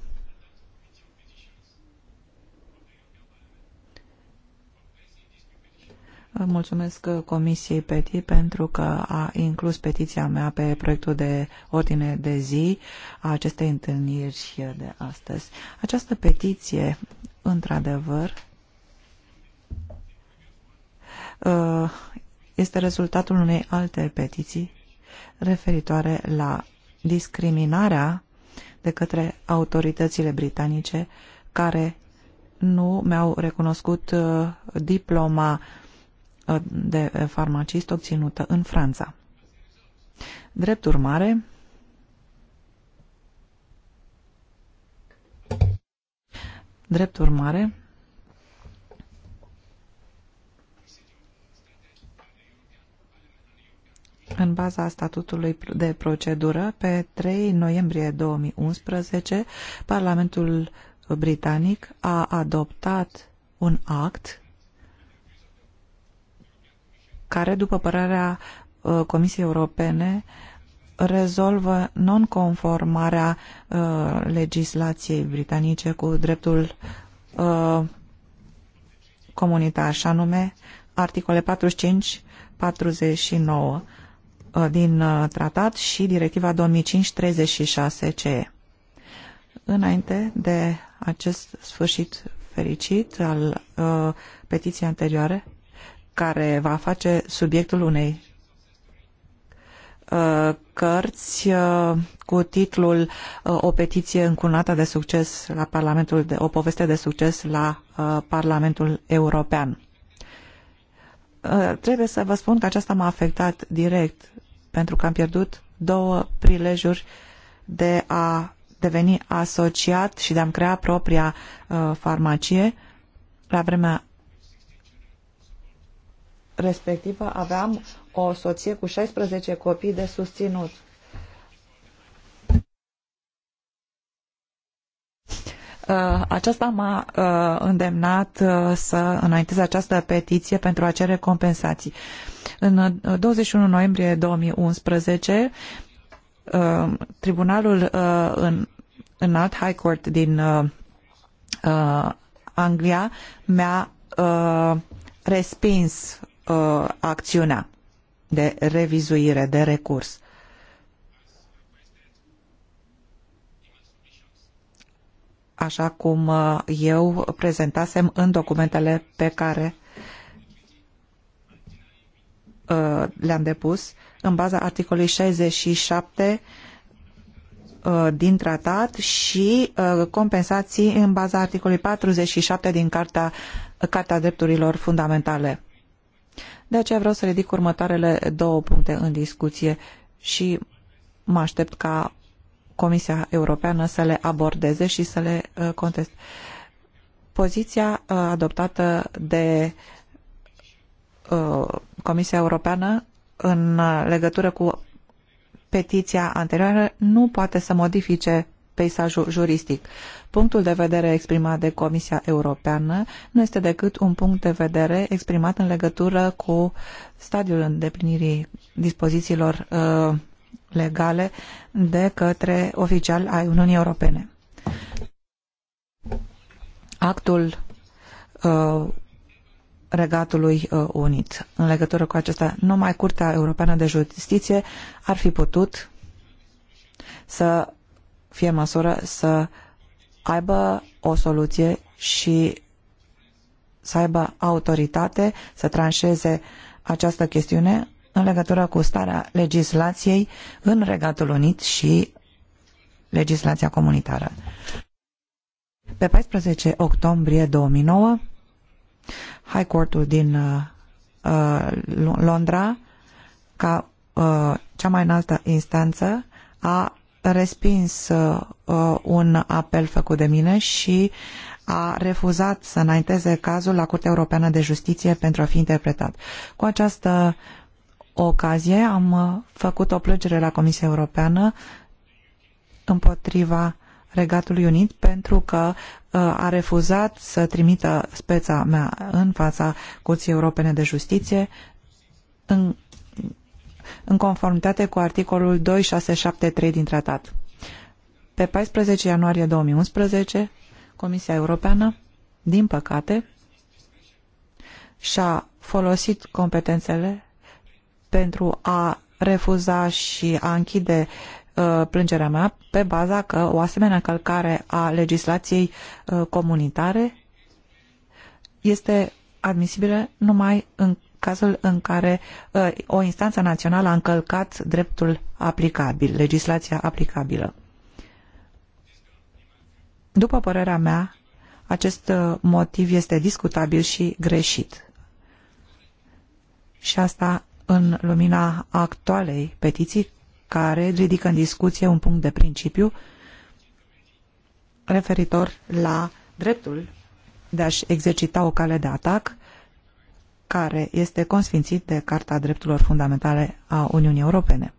Mulțumesc Comisiei PETI pentru că a inclus petiția mea pe proiectul de ordine de zi a acestei întâlniri de astăzi. Această petiție, într-adevăr, uh, este rezultatul unei alte petiții referitoare la discriminarea de către autoritățile britanice care nu mi-au recunoscut uh, diploma uh, de uh, farmacist obținută în Franța. Drept urmare, drept urmare, În baza statutului de procedură, pe 3 noiembrie 2011, Parlamentul Britanic a adoptat un act care, după părerea uh, Comisiei Europene, rezolvă nonconformarea uh, legislației britanice cu dreptul uh, comunitar, și anume articole 45-49. Uh, din uh, tratat și directiva 2536CE. Înainte de acest sfârșit fericit al uh, petiției anterioare, care va face subiectul unei uh, cărți cu titlul O petiție încunată de succes la Parlamentul de, o poveste de succes la Parlamentul European. Trebuie să vă spun că aceasta m-a afectat direct pentru că am pierdut două prilejuri de a deveni asociat și de a-mi crea propria uh, farmacie. La vremea respectivă aveam o soție cu 16 copii de susținut Uh, aceasta m-a uh, îndemnat uh, să înaintez această petiție pentru a cere compensații. În 21 noiembrie 2011, tribunalul în, înalt High Court din Anglia mi-a respins acțiunea de revizuire, de recurs. așa cum uh, eu prezentasem în documentele pe care uh, le-am depus în baza articolului 67 uh, din tratat și compensații în baza articolului 47 din Carta, Carta Drepturilor Fundamentale. De aceea vreau să ridic următoarele două puncte în discuție și mă aștept ca Comisia Europeană să le abordeze și să le uh, conteste. Poziția uh, adoptată de uh, Comisia Europeană în legătură cu petiția anterioară nu poate să modifice peisajul juristic. Punctul de vedere exprimat de Comisia Europeană nu este decât un punct de vedere exprimat în legătură cu stadiul îndeplinirii dispozițiilor uh, legale de către oficial ai Uniunii Europene. Actul uh, Regatului uh, Unit. În legătură cu acesta, numai Curtea Europeană de Justiție ar fi putut să fie măsură să aibă o soluție și să aibă autoritate să tranșeze această chestiune în legătură cu starea legislației în Regatul Unit și legislația comunitară. Pe 14 octombrie 2009, High Court-ul din uh, uh, Londra, ca uh, cea mai înaltă instanță, a respins uh, un apel făcut de mine și a refuzat să înainteze cazul la Curtea Europeană de Justiție pentru a fi interpretat. Cu această ocazie am uh, făcut o plângere la Comisia Europeană împotriva Regatului Unit pentru că uh, a refuzat să trimită speța mea în fața Curții Europene de Justiție în, în conformitate cu articolul 2673 din tratat. Pe 14 ianuarie 2011, Comisia Europeană, din păcate, și-a folosit competențele pentru a refuza și a închide uh, plângerea mea pe baza că o asemenea încălcare a legislației uh, comunitare este admisibilă numai în cazul în care uh, o instanță națională a încălcat dreptul aplicabil, legislația aplicabilă. După părerea mea, acest motiv este discutabil și greșit. Și asta în lumina actualei petiții care ridică în discuție un punct de principiu referitor la dreptul de a-și exercita o cale de atac care este consfințit de Carta Drepturilor Fundamentale a Uniunii Europene.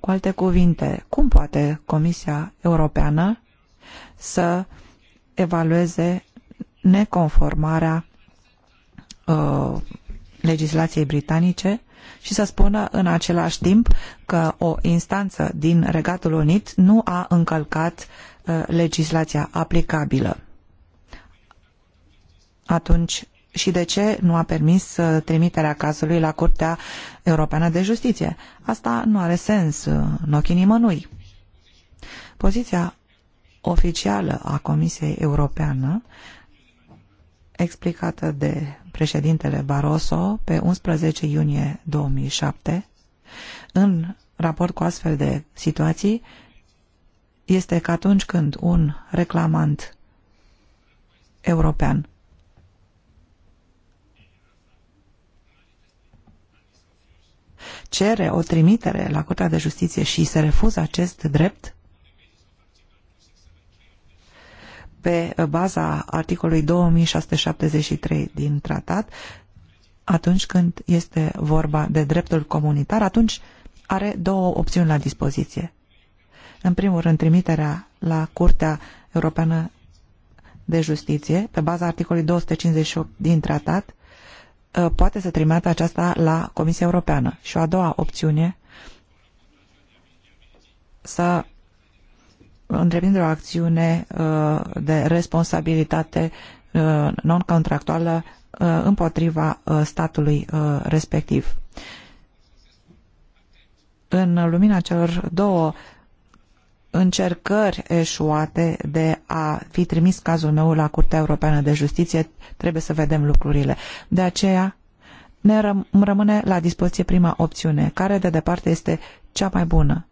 Cu alte cuvinte, cum poate Comisia Europeană să evalueze neconformarea uh, legislației britanice și să spună în același timp că o instanță din Regatul Unit nu a încălcat uh, legislația aplicabilă. Atunci, și de ce nu a permis uh, trimiterea cazului la Curtea Europeană de Justiție? Asta nu are sens uh, în ochii nimănui. Poziția oficială a Comisiei Europeană explicată de președintele Barroso pe 11 iunie 2007, în raport cu astfel de situații, este că atunci când un reclamant european cere o trimitere la Curtea de Justiție și se refuză acest drept, pe baza articolului 2673 din tratat, atunci când este vorba de dreptul comunitar, atunci are două opțiuni la dispoziție. În primul rând, trimiterea la Curtea Europeană de Justiție, pe baza articolului 258 din tratat, ă, poate să trimite aceasta la Comisia Europeană. Și o a doua opțiune, să întreprinde o acțiune uh, de responsabilitate uh, non-contractuală uh, împotriva statului respectiv. În lumina celor două încercări eșuate de a fi trimis cazul meu la Curtea Europeană de Justiție, trebuie să vedem lucrurile. De aceea ne răm rămâne la dispoziție prima opțiune, care de departe este cea mai bună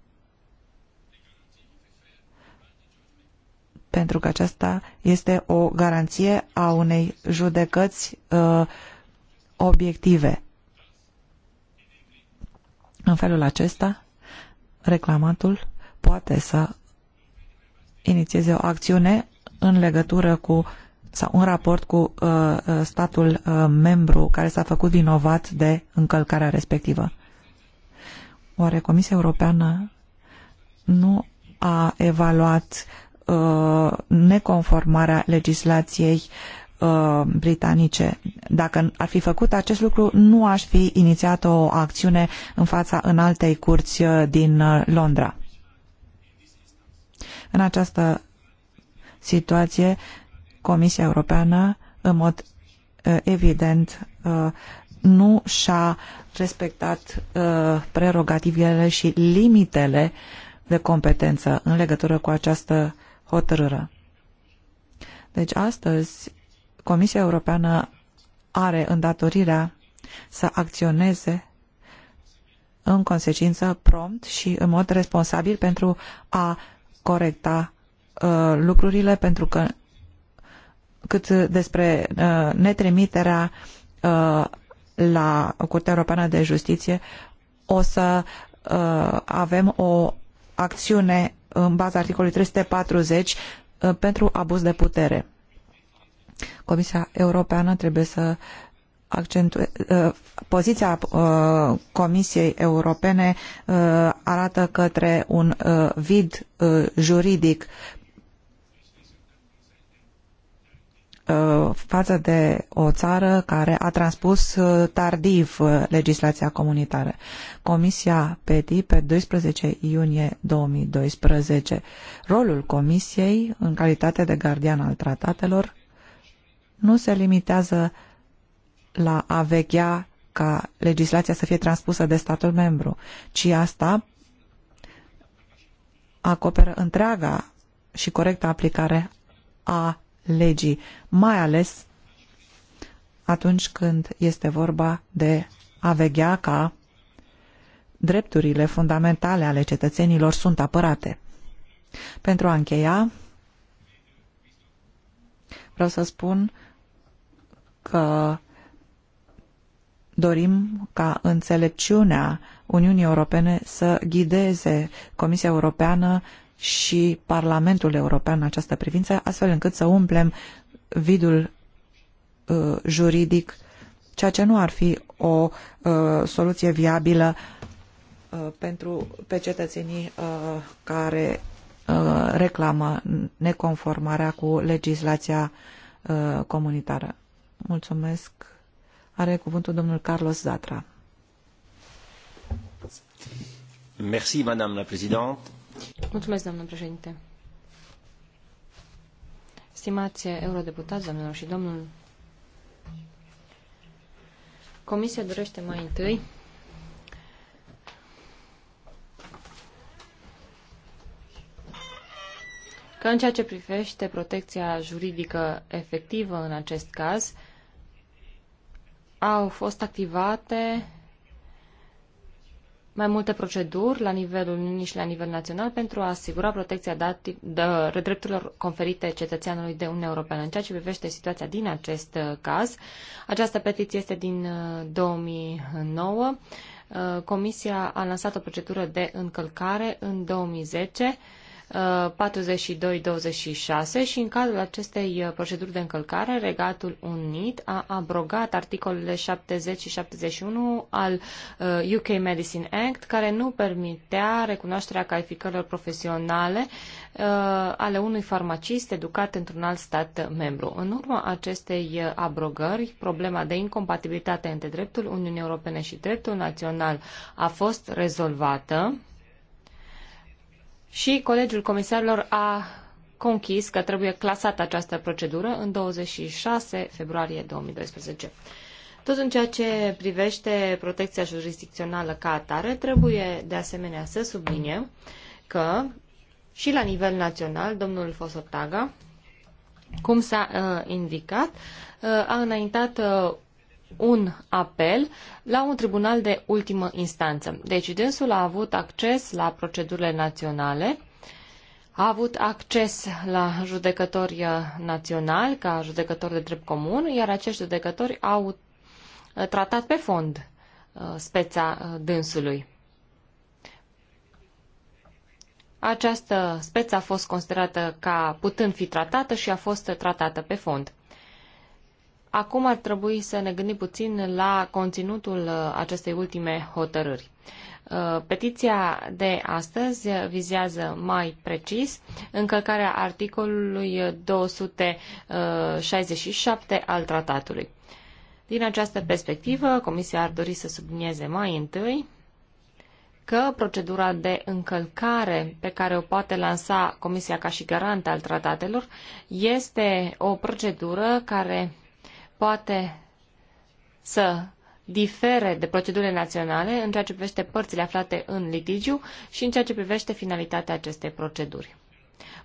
pentru că aceasta este o garanție a unei judecăți uh, obiective. În felul acesta, reclamatul poate să inițieze o acțiune în legătură cu sau în raport cu uh, uh statul uh, membru care s-a făcut vinovat de încălcarea respectivă. Oare Comisia Europeană nu a evaluat Uh, neconformarea legislației uh, britanice. Dacă ar fi făcut acest lucru, nu aș fi inițiat o acțiune în fața altei curți uh, din Londra. În această situație, Comisia Europeană, în mod evident, nu și-a respectat prerogativele și limitele de competență în legătură cu această hotărâre. Deci astăzi Comisia Europeană are îndatorirea să acționeze în consecință prompt și în mod responsabil pentru a corecta uh, lucrurile, pentru că cât despre uh, netrimiterea uh, la Curtea Europeană de Justiție, o să uh, avem o acțiune în baza articolului 340 uh, pentru abuz de putere. Comisia Europeană trebuie să accentue, uh, poziția uh, Comisiei Europene arată către un vid juridic Uh, față de o țară care a transpus uh, tardiv uh, legislația comunitară. Comisia PETI pe 12 iunie 2012. Rolul Comisiei, în calitate de gardian al tratatelor, nu se limitează la a veghea ca legislația să fie transpusă de statul membru, ci asta acoperă întreaga și corectă aplicare a legii, mai ales atunci când este vorba de a veghea ca drepturile fundamentale ale cetățenilor sunt apărate. Pentru a încheia, vreau să spun că dorim ca înțelepciunea Uniunii Europene să ghideze Comisia Europeană și Parlamentul European în această privință, astfel încât să umplem vidul uh, juridic, ceea ce nu ar fi o uh, soluție viabilă uh, pentru pe cetățenii uh, care uh, reclamă neconformarea cu legislația uh, comunitară. Mulțumesc. Are cuvântul domnul Carlos Zatra. Merci, madame la présidente. Mulțumesc, doamnă președinte. Stimați eurodeputați, doamnelor și domnul, Comisia dorește mai întâi că în ceea ce privește protecția juridică efectivă în acest caz, au fost activate mai multe proceduri la nivelul Uniunii și la nivel național pentru a asigura protecția de, drepturilor conferite cetățeanului de Uniunea Europeană. În ceea ce privește situația din acest uh, caz, această petiție este din 2009. Uh, uh, Comisia a lansat o procedură de încălcare în 2010 42-26 și în cadrul acestei uh, proceduri de încălcare, Regatul Unit a abrogat articolele 70 și 71 al UK uh, Medicine Act, care nu permitea recunoașterea calificărilor profesionale uh, ale unui farmacist educat într-un alt stat membru. În urma acestei abrogări, problema de incompatibilitate între dreptul Uniunii Europene și dreptul național a fost rezolvată și Colegiul Comisarilor a conchis că trebuie clasată această procedură în 26 februarie 2012. Tot în ceea ce privește protecția jurisdicțională ca atare, trebuie de asemenea să subliniem că și la nivel național, domnul Fosotaga, cum s-a uh, indicat, uh, a înaintat uh, un apel la un tribunal de ultimă instanță. Deci dânsul a avut acces la procedurile naționale, a avut acces la judecători uh, naționali ca judecători de drept comun, iar acești judecători au uh, tratat pe fond uh, speța dânsului. Această speță a fost considerată ca putând fi tratată și a fost tratată pe fond. Acum ar trebui să ne gândim puțin la conținutul uh, acestei ultime hotărâri. Uh, petiția de astăzi vizează mai precis încălcarea articolului 267 uh, al tratatului. Din această perspectivă, Comisia ar dori să sublinieze mai întâi că procedura de încălcare pe care o poate lansa Comisia ca și garant al tratatelor este o procedură care poate să difere de procedurile naționale în ceea ce privește părțile aflate în litigiu și în ceea ce privește finalitatea acestei proceduri.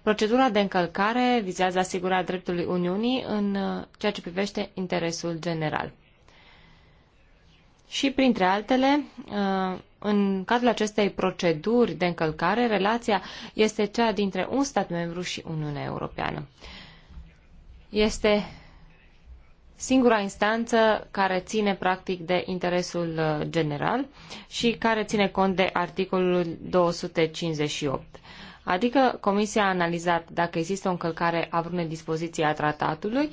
Procedura de încălcare vizează asigurarea dreptului Uniunii în uh, ceea ce privește interesul general. Și, printre altele, uh, în cadrul acestei proceduri de încălcare, relația este cea dintre un stat membru și Uniunea Europeană. Este singura instanță care ține practic de interesul uh, general și care ține cont de articolul 258. Adică Comisia a analizat dacă există o încălcare a vreunei dispoziții a tratatului uh,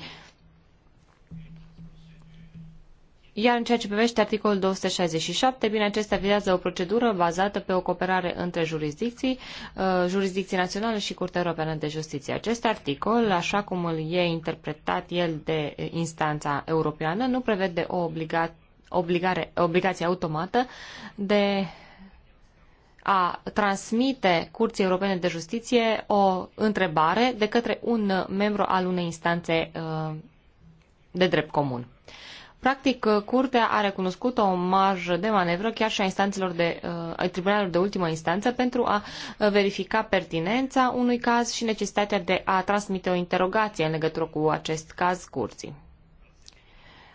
iar în ceea ce privește articolul 267, bine, acesta vizează o procedură bazată pe o cooperare între jurisdicții, uh, jurisdicții naționale și Curtea Europeană de Justiție. Acest articol, așa cum îl e interpretat el de instanța europeană, nu prevede o obliga obligare, obligație automată de a transmite Curții Europene de Justiție o întrebare de către un membru al unei instanțe uh, de drept comun. Practic, uh, Curtea a recunoscut o marjă de manevră chiar și a instanțelor de, uh, a tribunalelor de ultimă instanță pentru a uh, verifica pertinența unui caz și necesitatea de a transmite o interogație în legătură cu acest caz curții.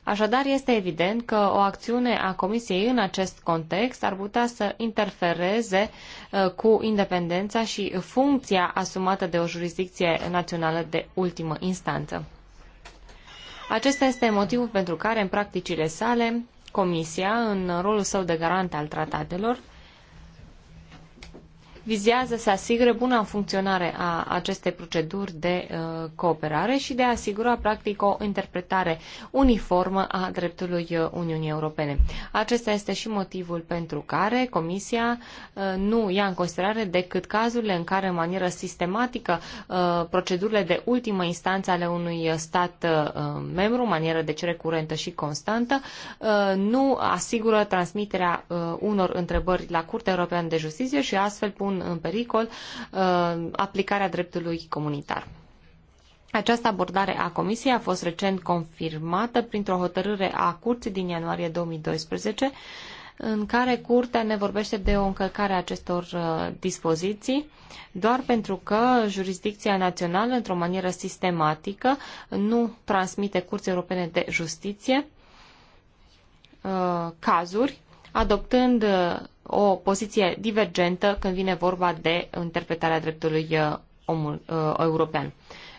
Așadar, este evident că o acțiune a Comisiei în acest context ar putea să interfereze cu independența și funcția asumată de o jurisdicție națională de ultimă instanță. Acesta este motivul pentru care, în practicile sale, Comisia, în rolul său de garant al tratatelor, vizează să asigure buna funcționare a acestei proceduri de uh, cooperare și de a asigura practic o interpretare uniformă a dreptului uh, Uniunii Europene. Acesta este și motivul pentru care Comisia uh, nu ia în considerare decât cazurile în care în manieră sistematică procedurile de ultimă instanță ale unui stat membru, în manieră deci curentă și constantă, nu asigură transmiterea unor întrebări la Curtea Europeană de Justiție și astfel pun pun în pericol uh, aplicarea dreptului comunitar. Această abordare a Comisiei a fost recent confirmată printr-o hotărâre a Curții din ianuarie 2012, în care Curtea ne vorbește de o încălcare a acestor uh, dispoziții, doar pentru că jurisdicția națională, într-o manieră sistematică, nu transmite Curții Europene de Justiție uh, cazuri, adoptând o poziție divergentă când vine vorba de interpretarea dreptului uh, omul, uh, european.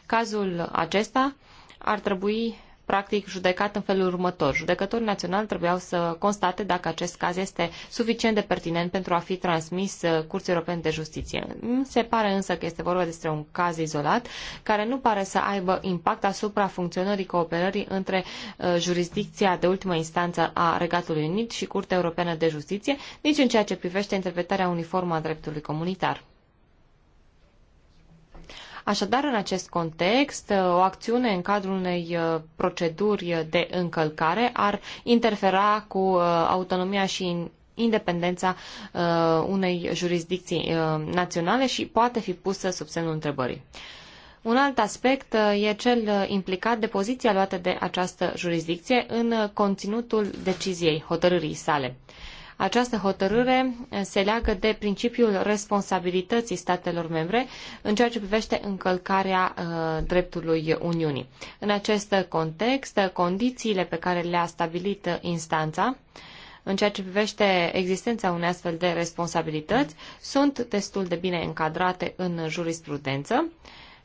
Cazul acesta ar trebui practic judecat în felul următor. Judecătorii naționali trebuiau să constate dacă acest caz este suficient de pertinent pentru a fi transmis uh, Curții Europene de Justiție. Mi se pare însă că este vorba despre un caz izolat care nu pare să aibă impact asupra funcționării cooperării între uh, jurisdicția de ultimă instanță a Regatului Unit și Curtea Europeană de Justiție, nici în ceea ce privește interpretarea uniformă a dreptului comunitar. Așadar, în acest context, o acțiune în cadrul unei uh, proceduri de încălcare ar interfera cu uh, autonomia și independența uh, unei jurisdicții naționale și poate fi pusă sub semnul întrebării. Un alt aspect e cel implicat de poziția luată de această jurisdicție în conținutul deciziei, hotărârii sale. Această hotărâre se leagă de principiul responsabilității statelor membre în ceea ce privește încălcarea uh, dreptului Uniunii. În acest context, condițiile pe care le-a stabilit instanța în ceea ce privește existența unei astfel de responsabilități, sunt destul de bine încadrate în jurisprudență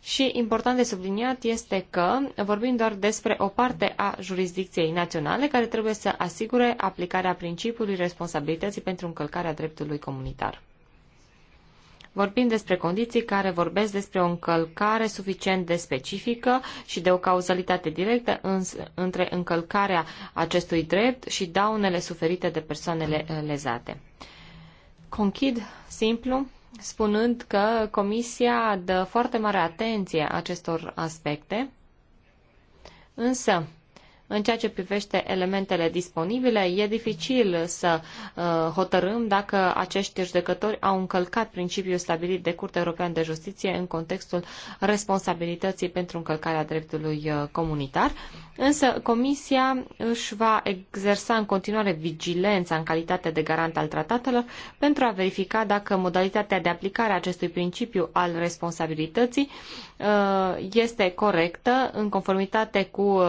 și important de subliniat este că vorbim doar despre o parte a jurisdicției naționale care trebuie să asigure aplicarea principiului responsabilității pentru încălcarea dreptului comunitar. Vorbim despre condiții care vorbesc despre o încălcare suficient de specifică și de o cauzalitate directă în, între încălcarea acestui drept și daunele suferite de persoanele eh, lezate. Conchid simplu spunând că Comisia dă foarte mare atenție acestor aspecte, însă în ceea ce privește elementele disponibile, e dificil să uh, hotărâm dacă acești judecători au încălcat principiul stabilit de Curtea Europeană de Justiție în contextul responsabilității pentru încălcarea dreptului uh, comunitar. Însă Comisia își va exersa în continuare vigilența în calitate de garant al tratatelor pentru a verifica dacă modalitatea de aplicare a acestui principiu al responsabilității uh, este corectă în conformitate cu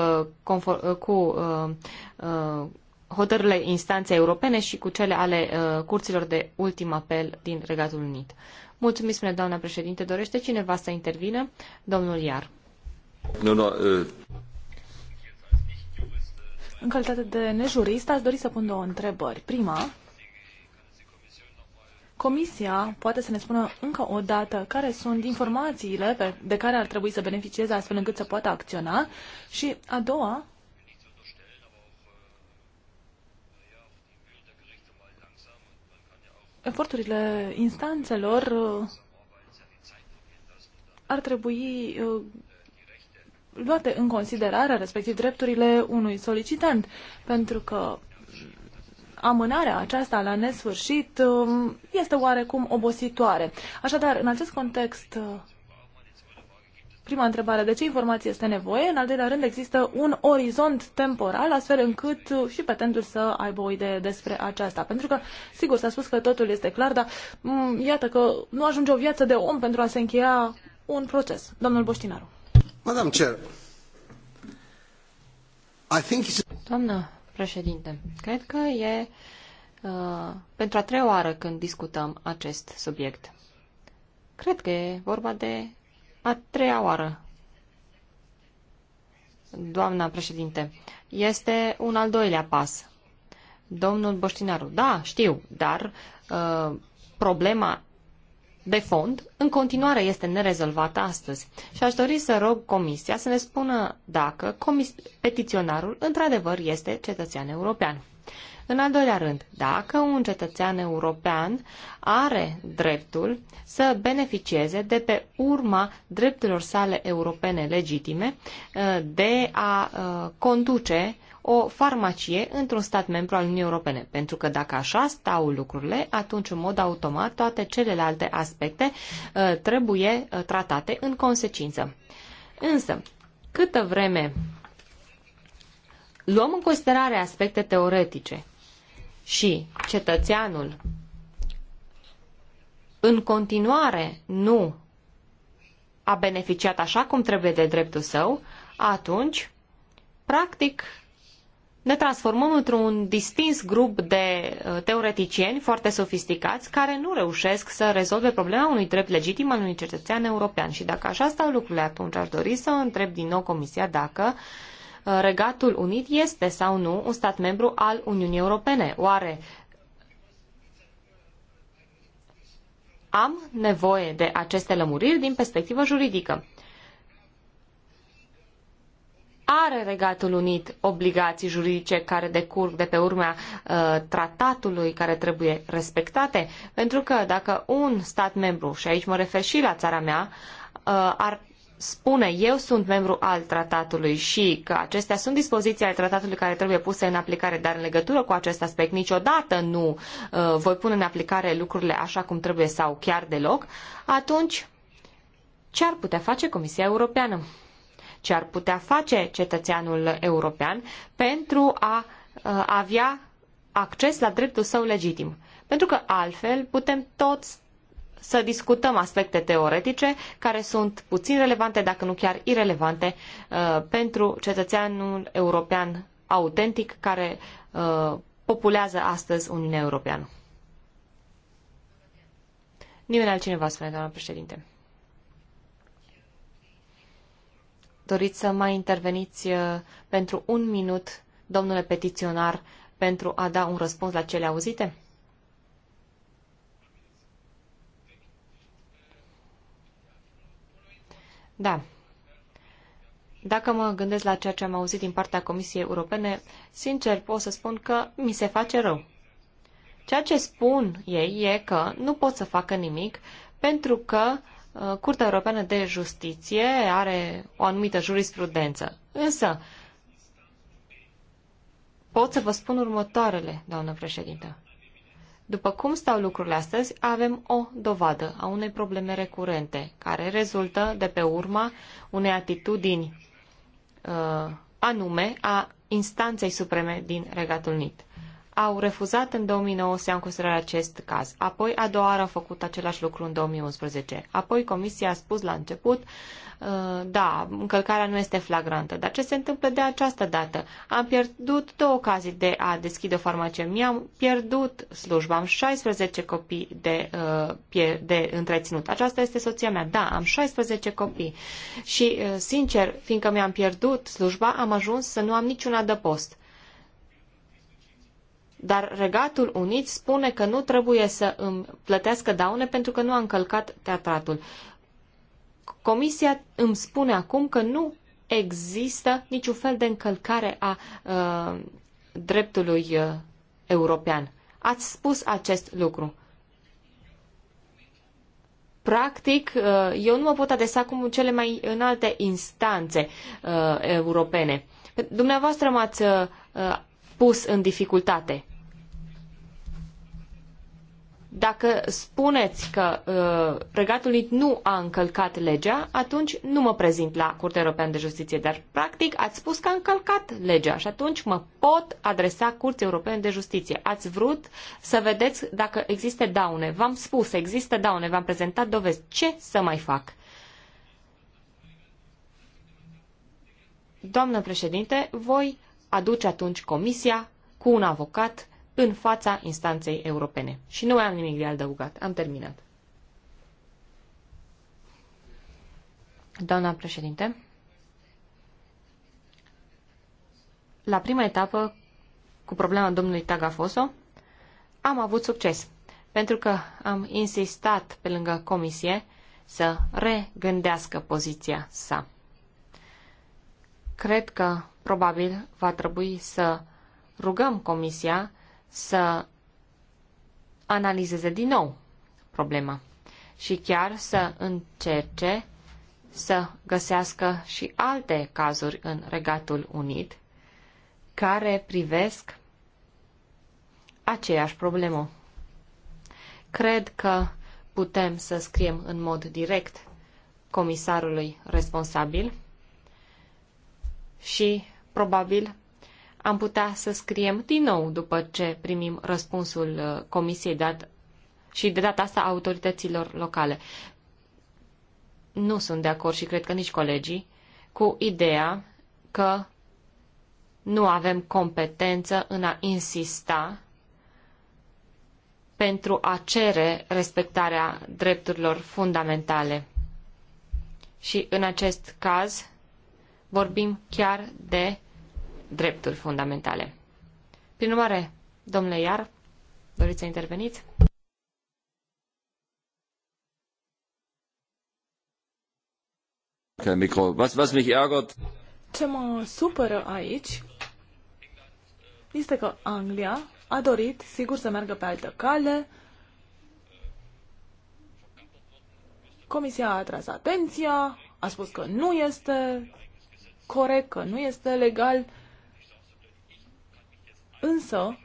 conform, cu uh, uh, hotărârile instanței europene și cu cele ale uh, curților de ultim apel din Regatul Unit. Mulțumim, spune doamna președinte. Dorește cineva să intervină? Domnul Iar. Nu, nu, uh... În calitate de nejurist, aș dori să pun două întrebări. Prima, Comisia poate să ne spună încă o dată care sunt informațiile pe, de care ar trebui să beneficieze astfel încât să poată acționa și a doua, eforturile instanțelor uh, ar trebui uh, luate în considerare, respectiv drepturile unui solicitant, pentru că amânarea aceasta la nesfârșit um, este oarecum obositoare. Așadar, în acest context uh, Prima întrebare, de ce informație este nevoie? În al doilea rând, există un orizont temporal, astfel încât uh, și petentul să aibă o idee despre aceasta. Pentru că, sigur, s-a spus că totul este clar, dar mm, iată că nu ajunge o viață de om pentru a se încheia un proces. Domnul Boștinaru. Madam Chair, I think Doamnă președinte, cred că e uh, pentru a treia oară când discutăm acest subiect. Cred că e vorba de a treia oară, doamna președinte, este un al doilea pas. Domnul Boștinaru, da, știu, dar uh, problema de fond în continuare este nerezolvată astăzi. Și aș dori să rog Comisia să ne spună dacă petiționarul într-adevăr este cetățean european. În al doilea rând, dacă un cetățean european are dreptul să beneficieze de pe urma drepturilor sale europene legitime uh, de a uh, conduce o farmacie într-un stat membru al Uniunii Europene. Pentru că dacă așa stau lucrurile, atunci în mod automat toate celelalte aspecte uh, trebuie tratate în consecință. Însă, câtă vreme luăm în considerare aspecte teoretice, și cetățeanul în continuare nu a beneficiat așa cum trebuie de dreptul său, atunci, practic, ne transformăm într-un distins grup de uh, teoreticieni foarte sofisticați care nu reușesc să rezolve problema unui drept legitim al unui cetățean european. Și dacă așa stau lucrurile, atunci aș dori să întreb din nou Comisia dacă uh, Uh, Regatul Unit este sau nu un stat membru al Uniunii Europene. Oare am nevoie de aceste lămuriri din perspectivă juridică? Are Regatul Unit obligații juridice care decurg de pe urmea uh, tratatului care trebuie respectate? Pentru că dacă un stat membru, și aici mă refer și la țara mea, uh, ar spune eu sunt membru al tratatului și că acestea sunt dispoziții ale tratatului care trebuie puse în aplicare, dar în legătură cu acest aspect niciodată nu uh, voi pune în aplicare lucrurile așa cum trebuie sau chiar deloc, atunci ce ar putea face Comisia Europeană? Ce ar putea face cetățeanul european pentru a uh, avea acces la dreptul său legitim? Pentru că altfel putem tot să discutăm aspecte teoretice care sunt puțin relevante, dacă nu chiar irelevante, uh, pentru cetățeanul european autentic care uh, populează astăzi Uniunea Europeană. Nimeni altcineva spune, doamna președinte. Doriți să mai interveniți uh, pentru un minut, domnule petiționar, pentru a da un răspuns la cele auzite? Da. Dacă mă gândesc la ceea ce am auzit din partea Comisiei Europene, sincer pot să spun că mi se face rău. Ceea ce spun ei e că nu pot să facă nimic pentru că uh, Curtea Europeană de Justiție are o anumită jurisprudență. Însă, pot să vă spun următoarele, doamnă președintă. După cum stau lucrurile astăzi, avem o dovadă a unei probleme recurente, care rezultă de pe urma unei atitudini uh, anume a instanței supreme din Regatul Unit au refuzat în 2009 să ia în considerare acest caz. Apoi, a doua oară, au făcut același lucru în 2011. Apoi, Comisia a spus la început, uh, da, încălcarea nu este flagrantă. Dar ce se întâmplă de această dată? Am pierdut două ocazii de a deschide o farmacie. Mi-am pierdut slujba. Am 16 copii de, uh, de întreținut. Aceasta este soția mea. Da, am 16 copii. Și, uh, sincer, fiindcă mi-am pierdut slujba, am ajuns să nu am niciun adăpost. Dar Regatul Unit spune că nu trebuie să îmi plătească daune pentru că nu a încălcat teatratul. Comisia îmi spune acum că nu există niciun fel de încălcare a uh, dreptului uh, european. Ați spus acest lucru. Practic, uh, eu nu mă pot adresa cum cele mai înalte instanțe uh, europene. Dumneavoastră m-ați uh, uh, pus în dificultate. Dacă spuneți că uh, Regatul Unit nu a încălcat legea, atunci nu mă prezint la Curtea Europeană de Justiție, dar practic ați spus că a încălcat legea și atunci mă pot adresa Curții Europene de Justiție. Ați vrut să vedeți dacă există daune. V-am spus, există daune, v-am prezentat dovezi. Ce să mai fac? Doamnă președinte, voi aduce atunci comisia cu un avocat în fața instanței europene. Și nu mai am nimic de adăugat. Am terminat. Doamna președinte, la prima etapă, cu problema domnului Tagafoso, am avut succes, pentru că am insistat pe lângă comisie să regândească poziția sa. Cred că probabil va trebui să rugăm comisia să analizeze din nou problema și chiar să încerce să găsească și alte cazuri în Regatul Unit care privesc aceeași problemă. Cred că putem să scriem în mod direct comisarului responsabil și probabil am putea să scriem din nou după ce primim răspunsul uh, comisiei dat și de data asta autorităților locale. Nu sunt de acord și cred că nici colegii cu ideea că nu avem competență în a insista pentru a cere respectarea drepturilor fundamentale. Și în acest caz vorbim chiar de drepturi fundamentale. Prin urmare, domnule Iar, doriți să interveniți? Micro, Was, was mich ärgert? Ce mă supără aici este că Anglia a dorit, sigur, să meargă pe altă cale. Comisia a atras atenția, a spus că nu este corect, că nu este legal Însă,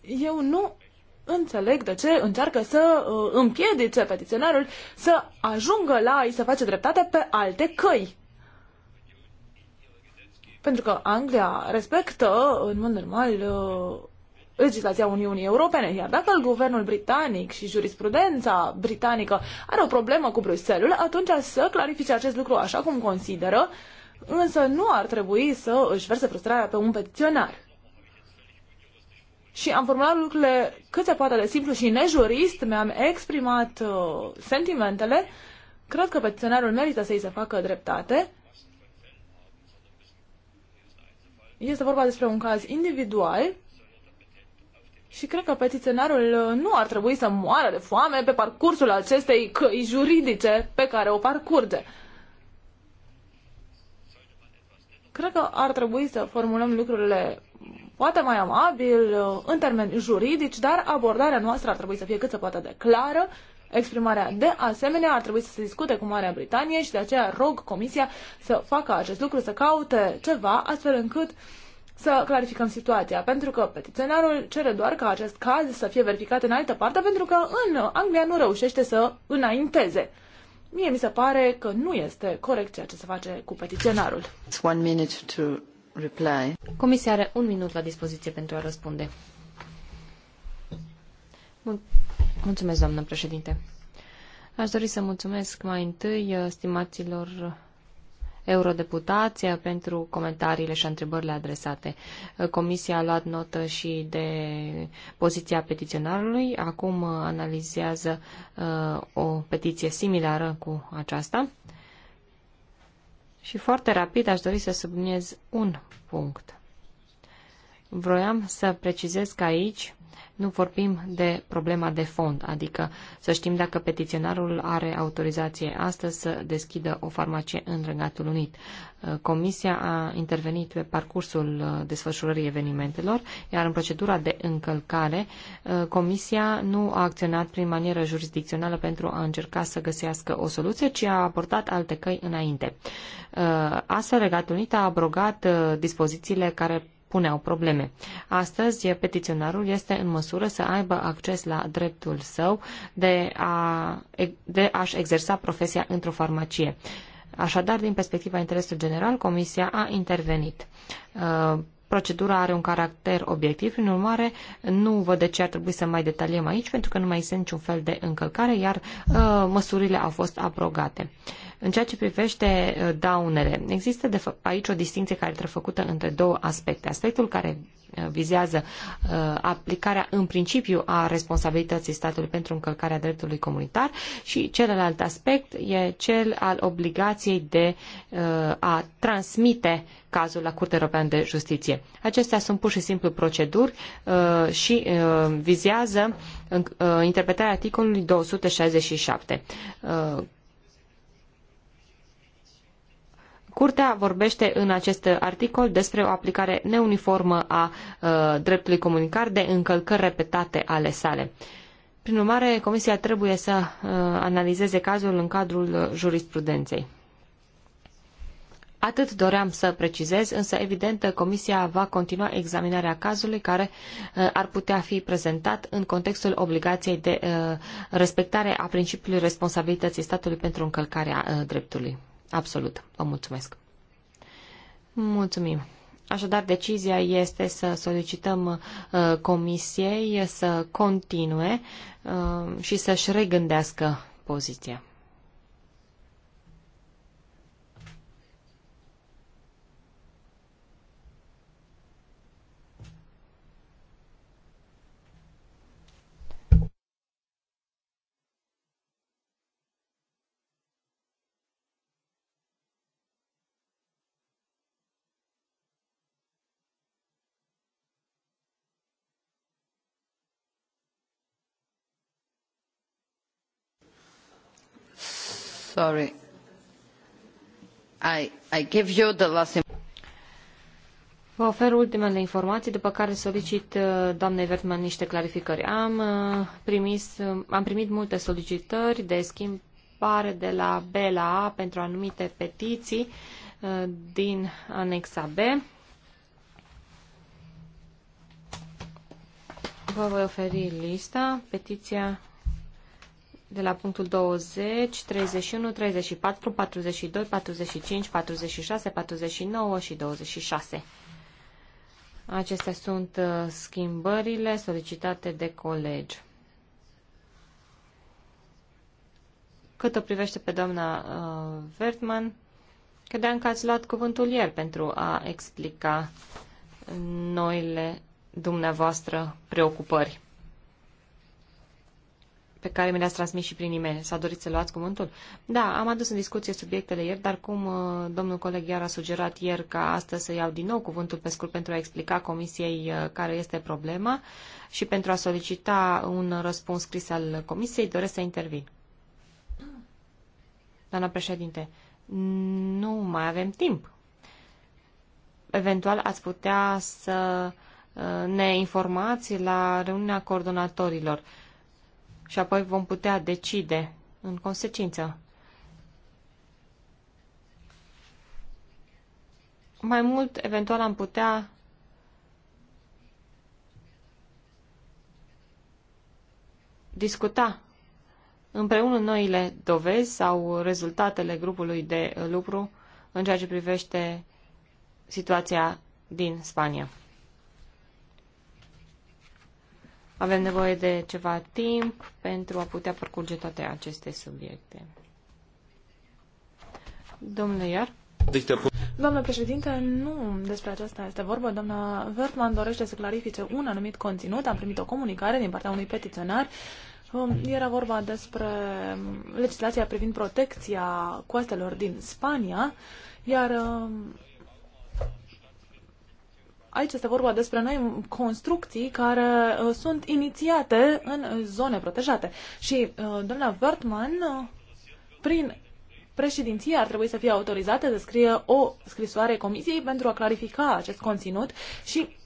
eu nu înțeleg de ce încearcă să uh, împiedice petiționarul să ajungă la ei, să face dreptate pe alte căi. Pentru că Anglia respectă, în mod normal, uh, legislația Uniunii Europene, iar dacă guvernul britanic și jurisprudența britanică are o problemă cu Bruxelles, atunci să clarifice acest lucru așa cum consideră uh, însă nu ar trebui să își verse frustrarea pe un petiționar. Și am formulat lucrurile cât se poate de simplu și nejurist, mi-am exprimat uh, sentimentele. Cred că petiționarul merită să-i se facă dreptate. Este vorba despre un caz individual și cred că petiționarul uh, nu ar trebui să moară de foame pe parcursul acestei căi juridice pe care o parcurge. cred că ar trebui să formulăm lucrurile poate mai amabil, uh, în termeni juridici, dar abordarea noastră ar trebui să fie cât se poate de clară. Exprimarea de asemenea ar trebui să se discute cu Marea Britanie și de aceea rog Comisia să facă acest lucru, să caute ceva astfel încât să clarificăm situația, pentru că petiționarul cere doar ca acest caz să fie verificat în altă parte, pentru că în Anglia nu reușește să înainteze. Mie mi se pare că nu este corect ceea ce se face cu petiționarul. One minute to reply. Comisia are un minut la dispoziție pentru a răspunde. Mulțumesc, doamnă președinte. Aș dori să mulțumesc mai întâi uh, stimaților eurodeputați pentru comentariile și întrebările adresate. Comisia a luat notă și de poziția petiționarului. Acum uh, analizează uh, o petiție similară cu aceasta. Și foarte rapid aș dori să subliniez un punct. Vroiam să precizez că aici nu vorbim de problema de fond, adică să știm dacă petiționarul are autorizație astăzi să deschidă o farmacie în Regatul Unit. Uh, Comisia a intervenit pe parcursul uh, desfășurării evenimentelor, iar în procedura de încălcare, uh, Comisia nu a acționat prin manieră jurisdicțională pentru a încerca să găsească o soluție, ci a abordat alte căi înainte. Astfel, Regatul Unit a abrogat dispozițiile care puneau probleme. Astăzi, petiționarul este în măsură să aibă acces la dreptul său de, a, de a-și exersa profesia într-o farmacie. Așadar, din perspectiva interesului general, Comisia a intervenit. Uh, procedura are un caracter obiectiv, prin urmare, nu văd de ce ar trebui să mai detaliem aici, pentru că nu mai sunt niciun fel de încălcare, iar uh, măsurile au fost abrogate. În ceea ce privește uh, daunele, există de aici o distinție care trebuie făcută între două aspecte. Aspectul care uh, vizează uh, aplicarea în principiu a responsabilității statului pentru încălcarea dreptului comunitar și celălalt aspect e cel al obligației de uh, a transmite cazul la Curtea Europeană de Justiție. Acestea sunt pur și simplu proceduri uh, și uh, vizează interpretarea articolului 267. Curtea vorbește în acest articol despre o aplicare neuniformă a uh, dreptului comunicar de încălcări repetate ale sale. Prin urmare, Comisia trebuie să uh, analizeze cazul în cadrul jurisprudenței. Atât doream să precizez, însă evident Comisia va continua examinarea cazului care uh, ar putea fi prezentat în contextul obligației de uh, respectare a principiului responsabilității statului pentru încălcarea uh, dreptului absolut. Vă mulțumesc. Mulțumim. Așadar, decizia este să solicităm uh, comisiei să continue uh, și să-și regândească poziția. Sorry. Vă ofer ultimele informații, după care solicit uh, doamnei Vertman niște clarificări. Am, uh, primis, uh, am primit multe solicitări de schimbare de la B la A pentru anumite petiții din anexa B. Vă voi oferi lista, petiția de la punctul 20, 31, 34, 42, 45, 46, 49 și 26. Acestea sunt uh, schimbările solicitate de colegi. Cât o privește pe doamna uh, Wertmann, credeam că ați luat cuvântul ieri pentru a explica noile dumneavoastră preocupări pe care mi le-ați transmis și prin e-mail. S-a dorit să luați cuvântul? Da, am adus în discuție subiectele ieri, dar cum uh, domnul coleg iar a sugerat ieri ca astăzi să iau din nou cuvântul pe scurt pentru a explica comisiei uh, care este problema și pentru a solicita un răspuns scris al comisiei, doresc să intervin. Doamna președinte, nu mai avem timp. Eventual ați putea să uh, ne informați la reuniunea coordonatorilor și apoi vom putea decide în consecință. Mai mult, eventual, am putea discuta împreună noile dovezi sau rezultatele grupului de lucru în ceea ce privește situația din Spania. Avem nevoie de ceva timp pentru a putea parcurge toate aceste subiecte. Domnule Iar? Doamnă președinte, nu despre aceasta este vorba. Doamna Vertman dorește să clarifice un anumit conținut. Am primit o comunicare din partea unui petiționar. Um, era vorba despre legislația privind protecția coastelor din Spania, iar um, Aici este vorba despre noi construcții care uh, sunt inițiate în zone protejate. Și uh, doamna Wertmann, uh, prin președinție ar trebui să fie autorizată să scrie o scrisoare comisiei pentru a clarifica acest conținut și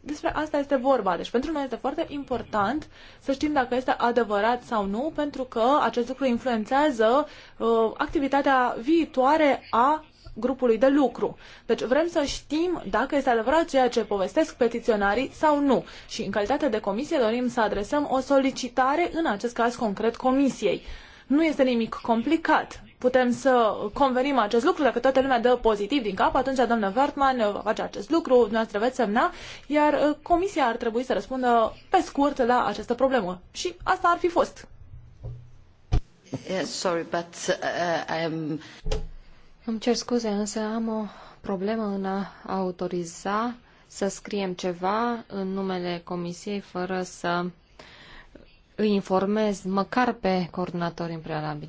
despre asta este vorba. Deci pentru noi este foarte important să știm dacă este adevărat sau nu, pentru că acest lucru influențează uh, activitatea viitoare a grupului de lucru. Deci vrem să știm dacă este adevărat ceea ce povestesc petiționarii sau nu. Și în calitate de comisie dorim să adresăm o solicitare, în acest caz concret, comisiei. Nu este nimic complicat. Putem să convenim acest lucru. Dacă toată lumea dă pozitiv din cap, atunci doamna Wertmann va face acest lucru, dumneavoastră veți semna, iar uh, comisia ar trebui să răspundă pe scurt la această problemă. Și asta ar fi fost. Yeah, sorry, but, uh, îmi cer scuze, însă am o problemă în a autoriza să scriem ceva în numele comisiei fără să îi informez măcar pe coordonatori în prealabil.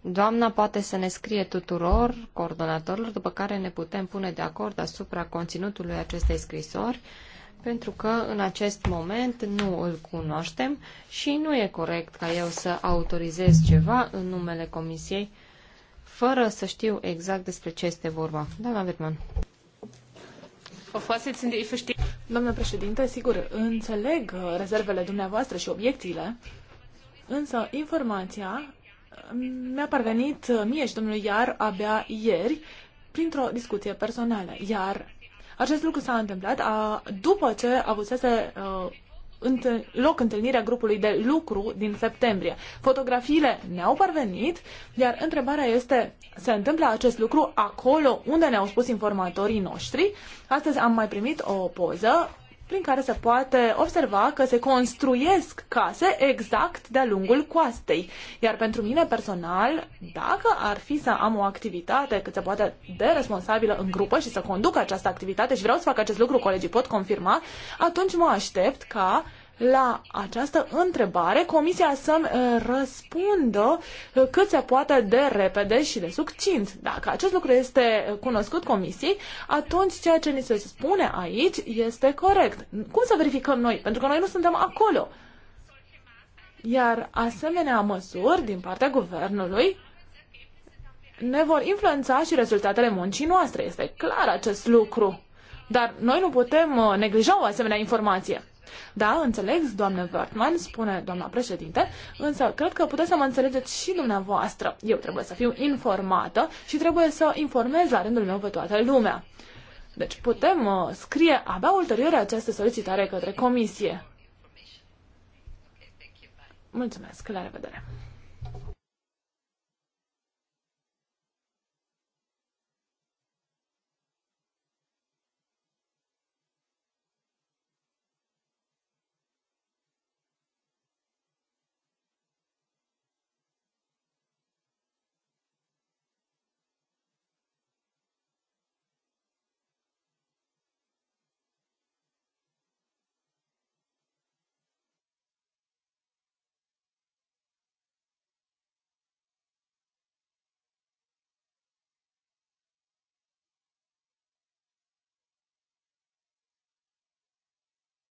Doamna poate să ne scrie tuturor coordonatorilor, după care ne putem pune de acord asupra conținutului acestei scrisori pentru că în acest moment nu îl cunoaștem și nu e corect ca eu să autorizez ceva în numele Comisiei fără să știu exact despre ce este vorba. Doamna Bergman. Doamna președinte, sigur, înțeleg uh, rezervele dumneavoastră și obiecțiile, însă informația uh, mi-a parvenit uh, mie și domnului Iar abia ieri printr-o discuție personală, iar acest lucru s-a întâmplat a, după ce avusese uh, întă- loc întâlnirea grupului de lucru din septembrie. Fotografiile ne-au parvenit, iar întrebarea este, se întâmplă acest lucru acolo unde ne-au spus informatorii noștri? Astăzi am mai primit o poză prin care se poate observa că se construiesc case exact de-a lungul coastei. Iar pentru mine personal, dacă ar fi să am o activitate cât se poate de responsabilă în grupă și să conduc această activitate și vreau să fac acest lucru, colegii pot confirma, atunci mă aștept ca uh, la această întrebare, Comisia să-mi uh, răspundă uh, cât se poate de repede și de succint. Dacă acest lucru este cunoscut Comisiei, atunci ceea ce ni se spune aici este corect. Cum să verificăm noi? Pentru că noi nu suntem acolo. Iar asemenea măsuri din partea guvernului ne vor influența și rezultatele muncii noastre. Este clar acest lucru. Dar noi nu putem uh, neglija o asemenea informație. Da, înțeleg, doamne Wertmann, spune doamna președinte, însă cred că puteți să mă înțelegeți și dumneavoastră. Eu trebuie să fiu informată și trebuie să informez la rândul meu pe toată lumea. Deci putem uh, scrie abia ulterior această solicitare către comisie. Mulțumesc, la revedere!